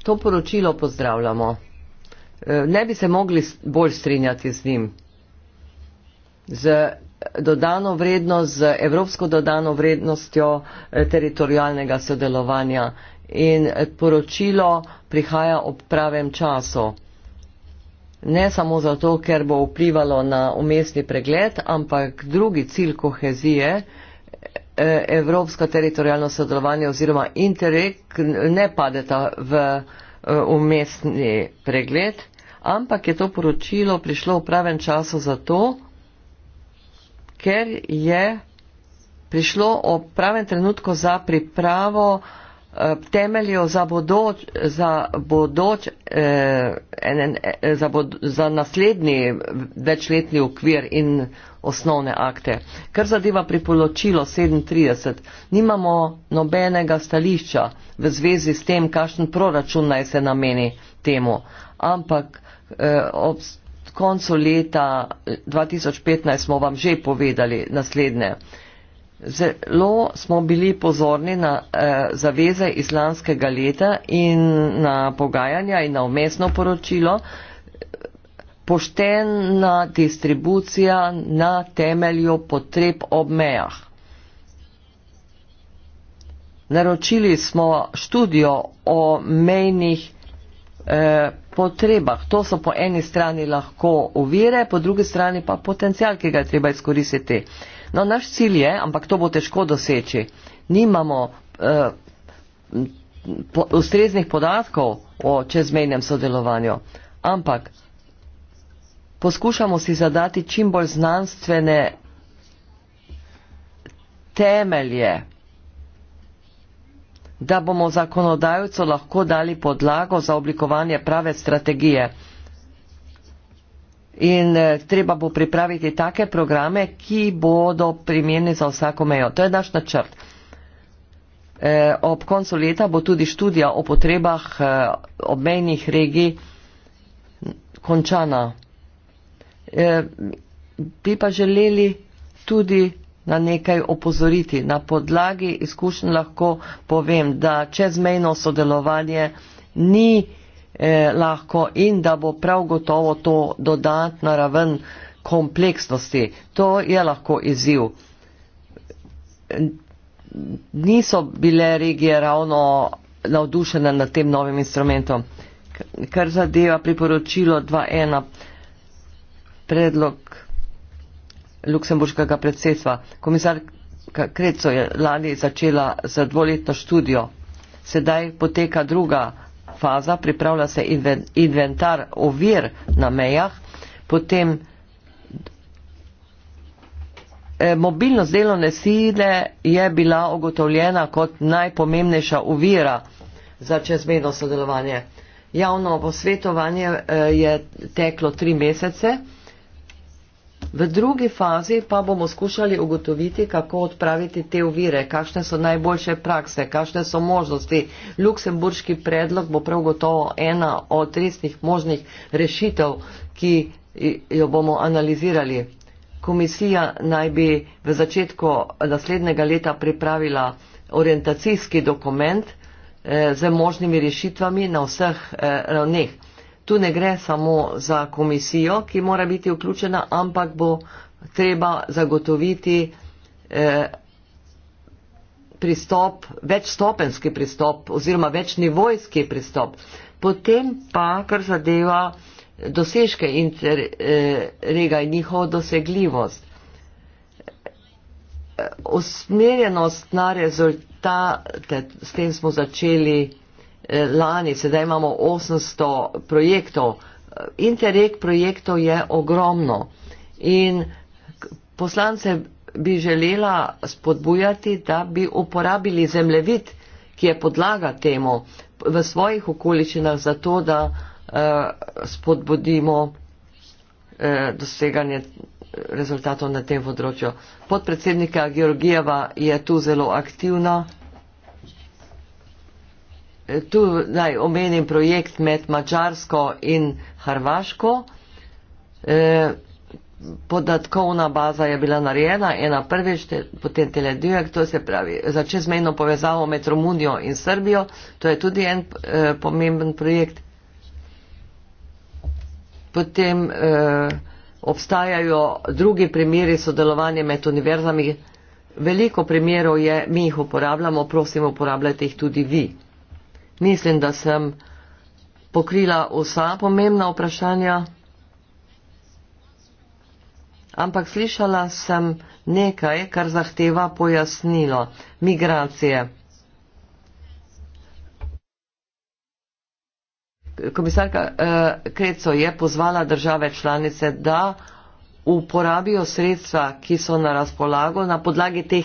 To poročilo pozdravljamo. E, ne bi se mogli bolj strinjati z njim. Z dodano vrednost, z evropsko dodano vrednostjo teritorijalnega sodelovanja in poročilo prihaja ob pravem času. Ne samo zato, ker bo vplivalo na umestni pregled, ampak drugi cilj kohezije, e, evropsko teritorijalno sodelovanje oziroma interreg, ne padeta v e, umestni pregled, ampak je to poročilo prišlo v pravem času zato, ker je prišlo ob pravem trenutku za pripravo Eh, temeljo za bodoč, za bodoč, eh, en, en, eh, za, bod, za naslednji večletni okvir in osnovne akte. Kar zadeva priporočilo 37, nimamo nobenega stališča v zvezi s tem, kakšen proračun naj se nameni temu, ampak eh, ob koncu leta 2015 eh, smo vam že povedali naslednje. Eh, Zelo smo bili pozorni na eh, zaveze izlanskega leta in na pogajanja in na umestno poročilo. Poštena distribucija na temelju potreb ob mejah. Naročili smo študijo o mejnih eh, potrebah. To so po eni strani lahko uvire, po drugi strani pa potencial, ki ga je treba izkoristiti. Eh, No, naš cilj je, ampak to bo težko doseči. Nimamo eh, ustreznih podatkov o čezmejnem sodelovanju, ampak poskušamo si zadati čim bolj znanstvene temelje, da bomo zakonodajcu lahko dali podlago za oblikovanje prave strategije. In eh, treba bo pripraviti take programe, ki bodo primerni za vsako mejo. To je naš načrt. E, ob koncu leta bo tudi študija o potrebah e, obmejnih regij končana. E, bi pa želeli tudi na nekaj opozoriti. Na podlagi izkušenj lahko povem, da čezmejno sodelovanje ni eh, lahko in da bo prav gotovo to dodatna raven kompleksnosti. To je lahko izziv. Niso bile regije ravno navdušene nad tem novim instrumentom. Kar zadeva priporočilo 2.1. predlog Luksemburškega predsedstva. Komisar Kreco je lani začela z dvoletno študijo. Sedaj poteka druga faza, pripravlja se inventar ovir na mejah, potem eh, mobilnost delovne sile je bila ogotovljena kot najpomembnejša ovira za čezmedno sodelovanje. Javno posvetovanje eh, je teklo tri mesece. V drugi fazi pa bomo skušali ugotoviti, kako odpraviti te ovire, kakšne so najboljše prakse, kakšne so možnosti. Luksemburški predlog bo prav gotovo ena od resnih možnih rešitev, ki jo bomo analizirali. Komisija naj bi v začetku naslednjega leta pripravila orientacijski dokument eh, z možnimi rešitvami na vseh eh, ravneh tu ne gre samo za komisijo, ki mora biti vključena, ampak bo treba zagotoviti eh, pristop, večstopenski pristop oziroma večnivojski pristop. Potem pa, kar zadeva dosežke interrega eh, in njihovo dosegljivost, eh, usmerjenost na rezultate, s tem smo začeli Eh, lani, sedaj imamo 800 projektov. Eh, Interreg projektov je ogromno in poslance bi želela spodbujati, da bi uporabili zemljevid, ki je podlaga temu v svojih okoličinah za to, da eh, spodbudimo eh, doseganje eh, rezultatov na tem področju. Podpredsednika Georgijeva je tu zelo aktivna tu naj omenim projekt med Mačarsko in Hrvaško. E, podatkovna baza je bila narejena, ena prvi, šte, potem teledirek, to se pravi za čezmejno povezavo med Romunijo in Srbijo, to je tudi en e, pomemben projekt. Potem e, obstajajo drugi primeri sodelovanja med univerzami. Veliko primerov je, mi jih uporabljamo, prosim uporabljajte jih tudi vi. Mislim, da sem pokrila vsa pomembna vprašanja, ampak slišala sem nekaj, kar zahteva pojasnilo migracije. Komisarka eh, Kreco je pozvala države članice, da uporabijo sredstva, ki so na razpolago na podlagi teh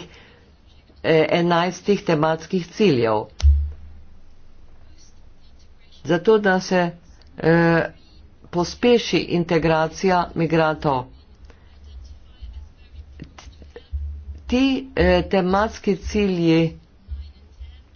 eh, enajstih tematskih ciljev zato da se eh, pospeši integracija migrantov. Ti eh, tematski cilji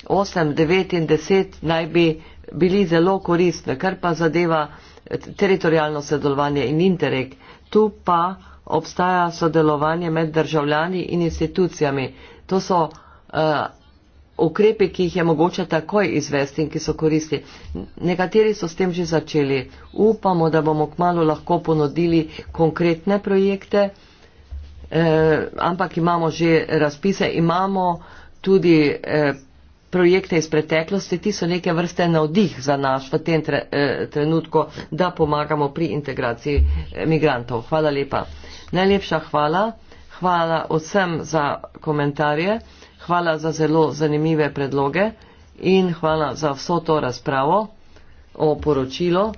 8, 9 in 10 naj bi bili zelo koristne, kar pa zadeva eh, teritorijalno sodelovanje in interreg. Tu pa obstaja sodelovanje med državljani in institucijami. To so eh, ukrepi, ki jih je mogoče takoj izvesti in ki so koristi. Nekateri so s tem že začeli. Upamo, da bomo kmalo lahko ponudili konkretne projekte, eh, ampak imamo že razpise, imamo tudi eh, projekte iz preteklosti, ti so neke vrste navdih za naš v tem tre, eh, trenutku, da pomagamo pri integraciji eh, migrantov. Hvala lepa. Najlepša hvala. Hvala vsem za komentarje. Hvala za zelo zanimive predloge in hvala za vso to razpravo o poročilu.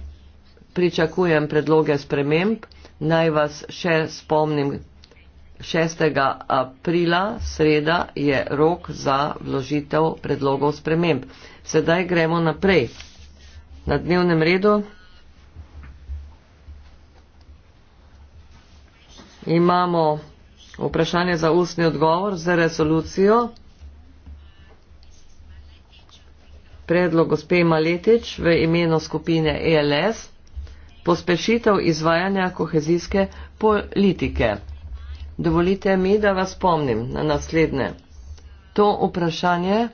Pričakujem predloge sprememb. Naj vas še spomnim, 6. aprila, sreda, je rok za vložitev predlogov sprememb. Sedaj gremo naprej. Na dnevnem redu imamo Vprašanje za ustni odgovor za resolucijo. Predlog gospe Maletič v imenu skupine ELS. Pospešitev izvajanja kohezijske politike. Dovolite mi, da vas spomnim na naslednje. To vprašanje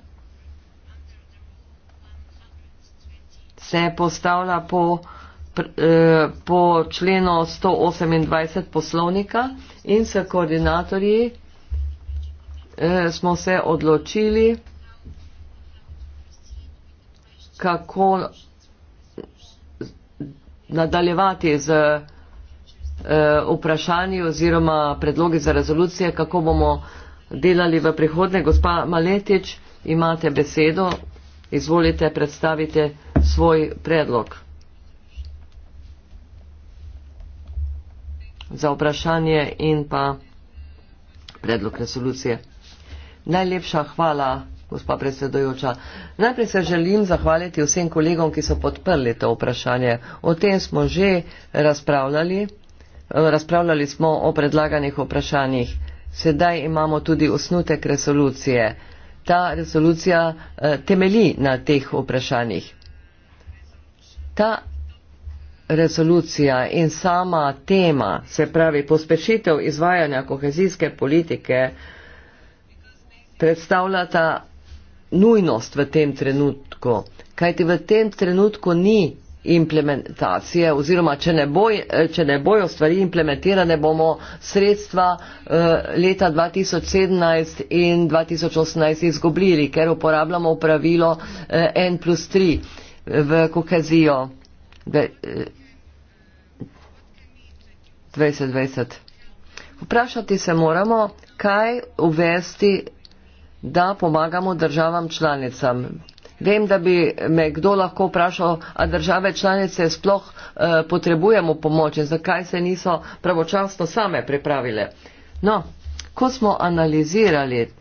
se postavlja po Eh, po členu 128 poslovnika in s koordinatorji eh, smo se odločili, kako nadaljevati z eh, vprašanji oziroma predlogi za rezolucije, kako bomo delali v prihodne. Gospa Maletič, imate besedo, izvolite, predstavite svoj predlog. za vprašanje in pa predlog resolucije. Najlepša hvala, gospa predsedojoča. Najprej se želim zahvaliti vsem kolegom, ki so podprli to vprašanje. O tem smo že razpravljali. Razpravljali smo o predlaganih vprašanjih. Sedaj imamo tudi osnutek resolucije. Ta resolucija eh, temelji na teh vprašanjih. Ta resolucija in sama tema, se pravi pospešitev izvajanja kohezijske politike, predstavljata nujnost v tem trenutku, kajti v tem trenutku ni implementacije oziroma če ne, boj, če ne bojo stvari implementirane, bomo sredstva eh, leta 2017 in 2018 izgubili, ker uporabljamo pravilo eh, N plus 3 v kohezijo. Eh, 2020. Vprašati se moramo, kaj uvesti, da pomagamo državam članicam. Vem, da bi me kdo lahko vprašal, a države članice sploh eh, potrebujemo pomoč in zakaj se niso pravočasno same pripravile. No, ko smo analizirali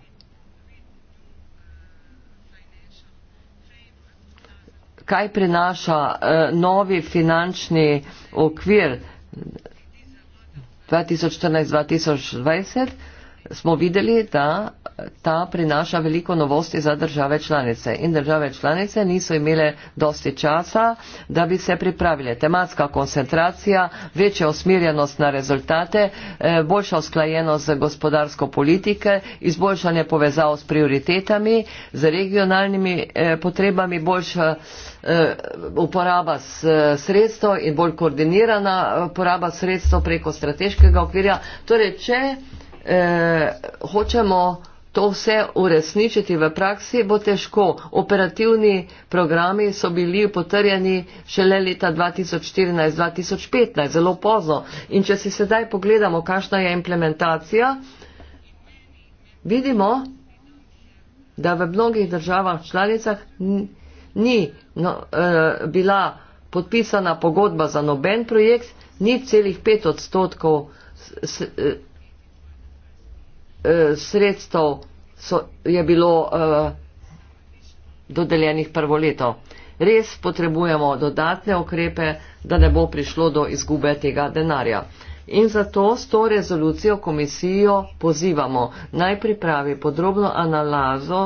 kaj prinaša eh, novi finančni okvir 2014-2020 smo videli, da ta prinaša veliko novosti za države članice. In države članice niso imele dosti časa, da bi se pripravile. Tematska koncentracija, večja osmirjenost na rezultate, eh, boljša usklajenost z gospodarsko politike, izboljšanje povezav s prioritetami, z regionalnimi eh, potrebami, boljša eh, uporaba sredstev in bolj koordinirana uporaba sredstev preko strateškega okvirja. Torej, če eh, hočemo to vse uresničiti v praksi bo težko. Operativni programi so bili potrjeni šele leta 2014-2015, zelo pozno. In če si sedaj pogledamo, kakšna je implementacija, vidimo, da v mnogih državah članicah ni no, e, bila podpisana pogodba za noben projekt, ni celih pet odstotkov. S, s, e, Eh, sredstev so, je bilo uh, dodeljenih prvo leto. Res potrebujemo dodatne okrepe, da ne bo prišlo do izgube tega denarja. In zato s to rezolucijo komisijo pozivamo naj pripravi podrobno analazo,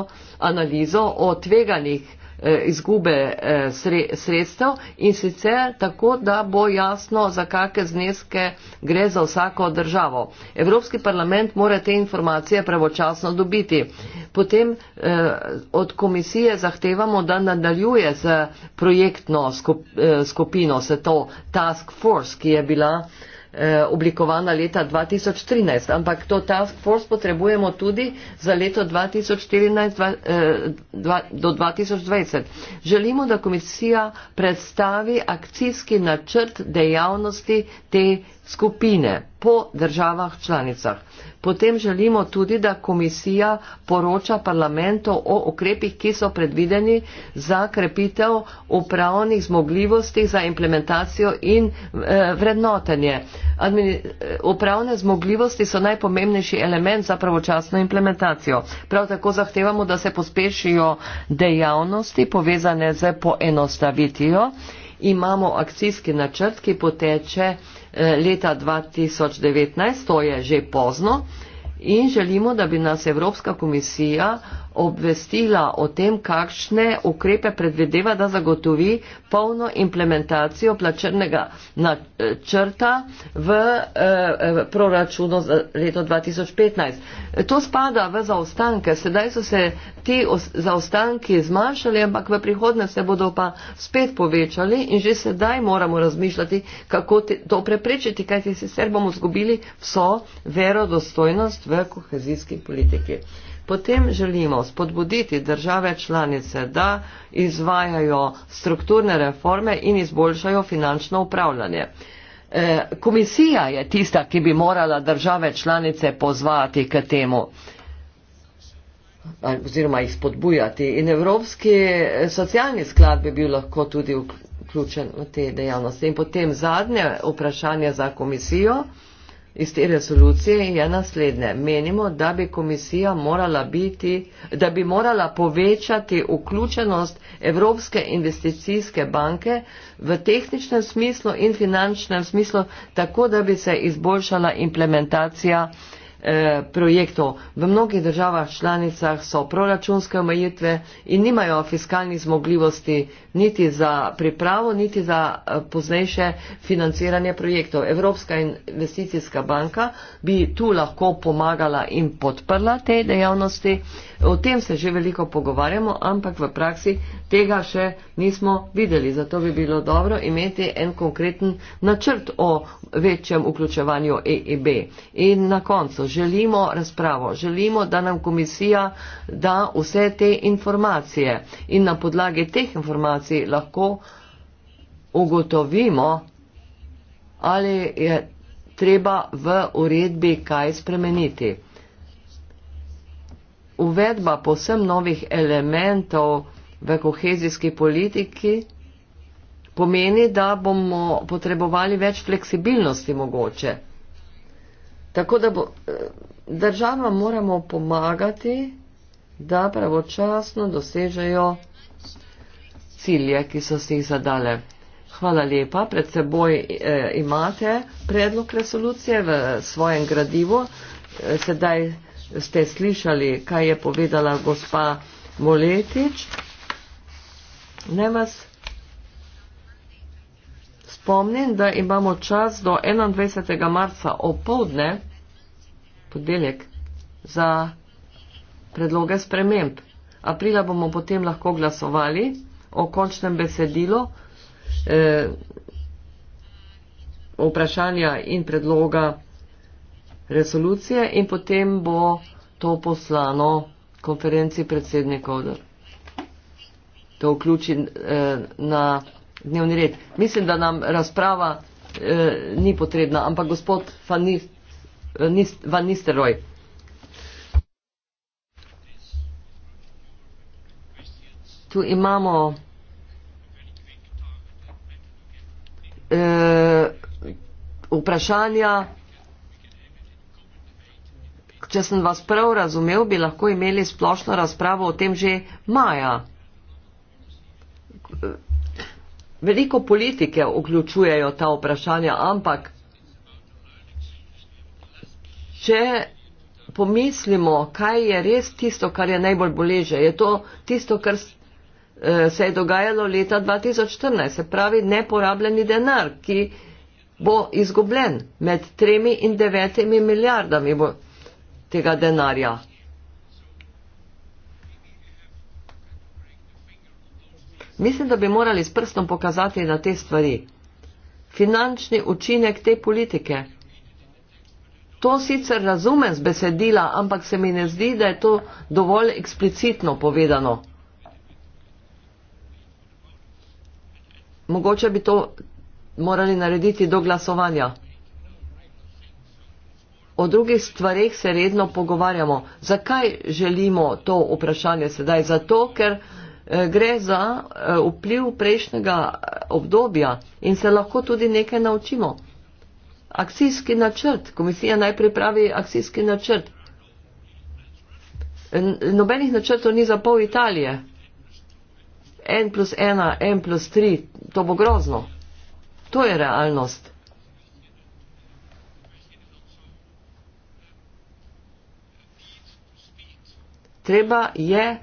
analizo o tveganih Eh, izgube eh, sredstev in sicer tako, da bo jasno, za kakšne zneske gre za vsako državo. Evropski parlament mora te informacije pravočasno dobiti. Potem eh, od komisije zahtevamo, da nadaljuje z projektno skupino, se to task force, ki je bila Eh, oblikovana leta 2013, ampak to task force potrebujemo tudi za leto 2014 eh, do 2020. Želimo, da komisija predstavi akcijski načrt dejavnosti te skupine po državah članicah. Potem želimo tudi, da komisija poroča parlamentu o ukrepih, ki so predvideni za krepitev upravnih zmogljivosti za implementacijo in e, vrednotenje. Admini eh, upravne zmogljivosti so najpomembnejši element za pravočasno implementacijo. Prav tako zahtevamo, da se pospešijo dejavnosti povezane z poenostavitijo. Imamo akcijski načrt, ki poteče Eh, leta 2019, to je že pozno, in želimo, da bi nas Evropska komisija obvestila o tem, kakšne ukrepe predvideva, da zagotovi polno implementacijo plačrnega načrta v eh, eh, proračunu za leto 2015. To spada v zaostanke. Sedaj so se ti zaostanki zmanjšali, ampak v prihodnje se bodo pa spet povečali in že sedaj moramo razmišljati, kako to preprečiti, kajti sicer bomo zgubili vso verodostojnost v kohezijski politiki potem želimo spodbuditi države članice, da izvajajo strukturne reforme in izboljšajo finančno upravljanje. E, komisija je tista, ki bi morala države članice pozvati k temu oziroma jih spodbujati in Evropski e, socialni sklad bi bil lahko tudi vključen v te dejavnosti. In potem zadnje vprašanje za komisijo iz te resolucije je naslednje. Menimo, da bi komisija morala biti, da bi morala povečati vključenost Evropske investicijske banke v tehničnem smislu in finančnem smislu, tako da bi se izboljšala implementacija uh, Eh, projektov. V mnogih državah članicah so proračunske omejitve in nimajo fiskalnih zmogljivosti niti za pripravo, niti za eh, poznejše financiranje projektov. Evropska investicijska banka bi tu lahko pomagala in podprla te dejavnosti. O tem se že veliko pogovarjamo, ampak v praksi tega še nismo videli. Zato bi bilo dobro imeti en konkreten načrt o večjem vključevanju EIB. In na koncu želimo razpravo, želimo, da nam komisija da vse te informacije in na podlagi teh informacij lahko ugotovimo, ali je treba v uredbi kaj spremeniti. Uvedba posem novih elementov v kohezijski politiki pomeni, da bomo potrebovali več fleksibilnosti mogoče. Tako da bo, eh, država moramo pomagati, da pravočasno dosežejo cilje, ki so si jih zadale. Hvala lepa, pred seboj eh, imate predlog resolucije v svojem gradivu. Eh, sedaj ste slišali, kaj je povedala gospa Moletič. Ne vas. Spomnim, da imamo čas do 21. marca opoldne, podeljek, za predloge sprememb. Aprila bomo potem lahko glasovali o končnem besedilu eh, vprašanja in predloga resolucije in potem bo to poslano konferenci predsednikov. To vključi eh, na dnevni red. Mislim, da nam razprava eh, ni potrebna, ampak gospod Van eh, Nisteroj. Tu imamo eh, vprašanja. Če sem vas prav razumel, bi lahko imeli splošno razpravo o tem že maja. Veliko politike vključujejo ta vprašanja, ampak če pomislimo, kaj je res tisto, kar je najbolj boleže, je to tisto, kar eh, se je dogajalo leta 2014, se pravi neporabljeni denar, ki bo izgubljen med 3 in 9 milijardami tega denarja. Mislim, da bi morali s prstom pokazati na te stvari. Finančni učinek te politike. To sicer razumem z besedila, ampak se mi ne zdi, da je to dovolj eksplicitno povedano. Mogoče bi to morali narediti do glasovanja. O drugih stvarih se redno pogovarjamo. Zakaj želimo to vprašanje sedaj? Zato, ker gre za eh, vpliv prejšnjega eh, obdobja in se lahko tudi nekaj naučimo. Akcijski načrt, komisija naj pripravi akcijski načrt. Nobenih načrtov ni za pol Italije. N plus 1, N plus 3, to bo grozno. To je realnost. Treba je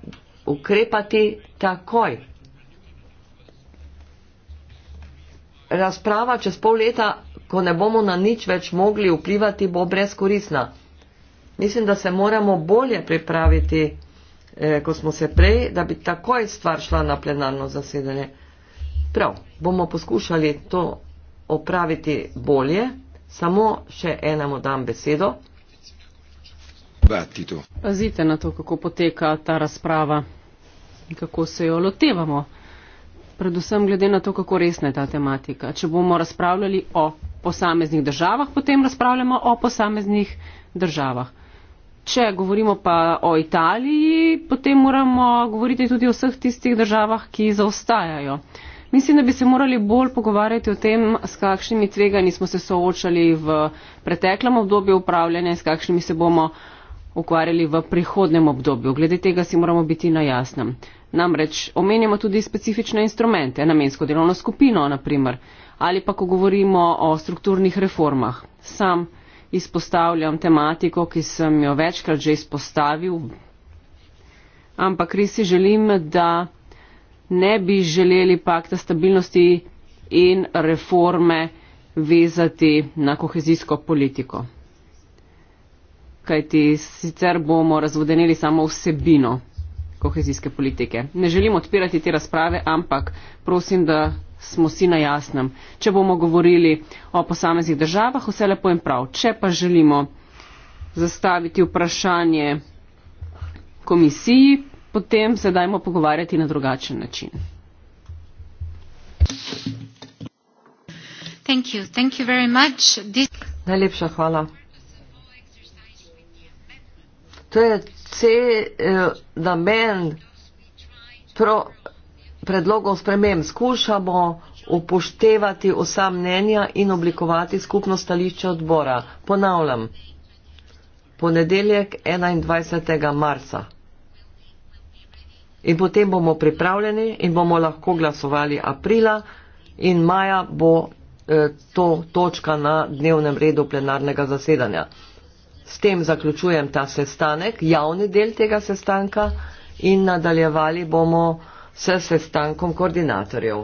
ukrepati takoj. Razprava čez pol leta, ko ne bomo na nič več mogli vplivati, bo brezkorisna. Mislim, da se moramo bolje pripraviti, eh, kot smo se prej, da bi takoj stvar šla na plenarno zasedanje. Prav, bomo poskušali to opraviti bolje, samo še enemu dam besedo dibattito. Pazite na to, kako poteka ta razprava in kako se jo lotevamo. Predvsem glede na to, kako resna je ta tematika. Če bomo razpravljali o posameznih državah, potem razpravljamo o posameznih državah. Če govorimo pa o Italiji, potem moramo govoriti tudi o vseh tistih državah, ki zaostajajo. Mislim, da bi se morali bolj pogovarjati o tem, s kakšnimi tveganji smo se soočali v preteklem obdobju upravljanja in s kakšnimi se bomo ukvarjali v prihodnem obdobju. Glede tega si moramo biti na jasnem. Namreč omenjamo tudi specifične instrumente, namensko delovno skupino, naprimer, ali pa ko govorimo o strukturnih reformah. Sam izpostavljam tematiko, ki sem jo večkrat že izpostavil, ampak res si želim, da ne bi želeli pakta stabilnosti in reforme vezati na kohezijsko politiko kajti sicer bomo razvodenili samo vsebino kohezijske politike. Ne želim odpirati te razprave, ampak prosim, da smo si na jasnem. Če bomo govorili o posameznih državah, vse lepo in prav. Če pa želimo zastaviti vprašanje komisiji, potem se dajmo pogovarjati na drugačen način. Thank you. Thank you very much. This... Najlepša hvala. To je cel eh, namen pro, predlogov sprememb. Skušamo upoštevati vsa mnenja in oblikovati skupno stališče odbora. Ponavljam, ponedeljek 21. marca. In potem bomo pripravljeni in bomo lahko glasovali aprila in maja bo eh, to točka na dnevnem redu plenarnega zasedanja. S tem zaključujem ta sestanek, javni del tega sestanka in nadaljevali bomo s sestankom koordinatorjev.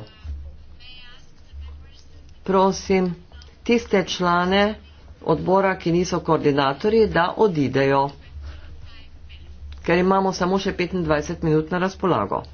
Prosim tiste člane odbora, ki niso koordinatorji, da odidejo, ker imamo samo še 25 minut na razpolago.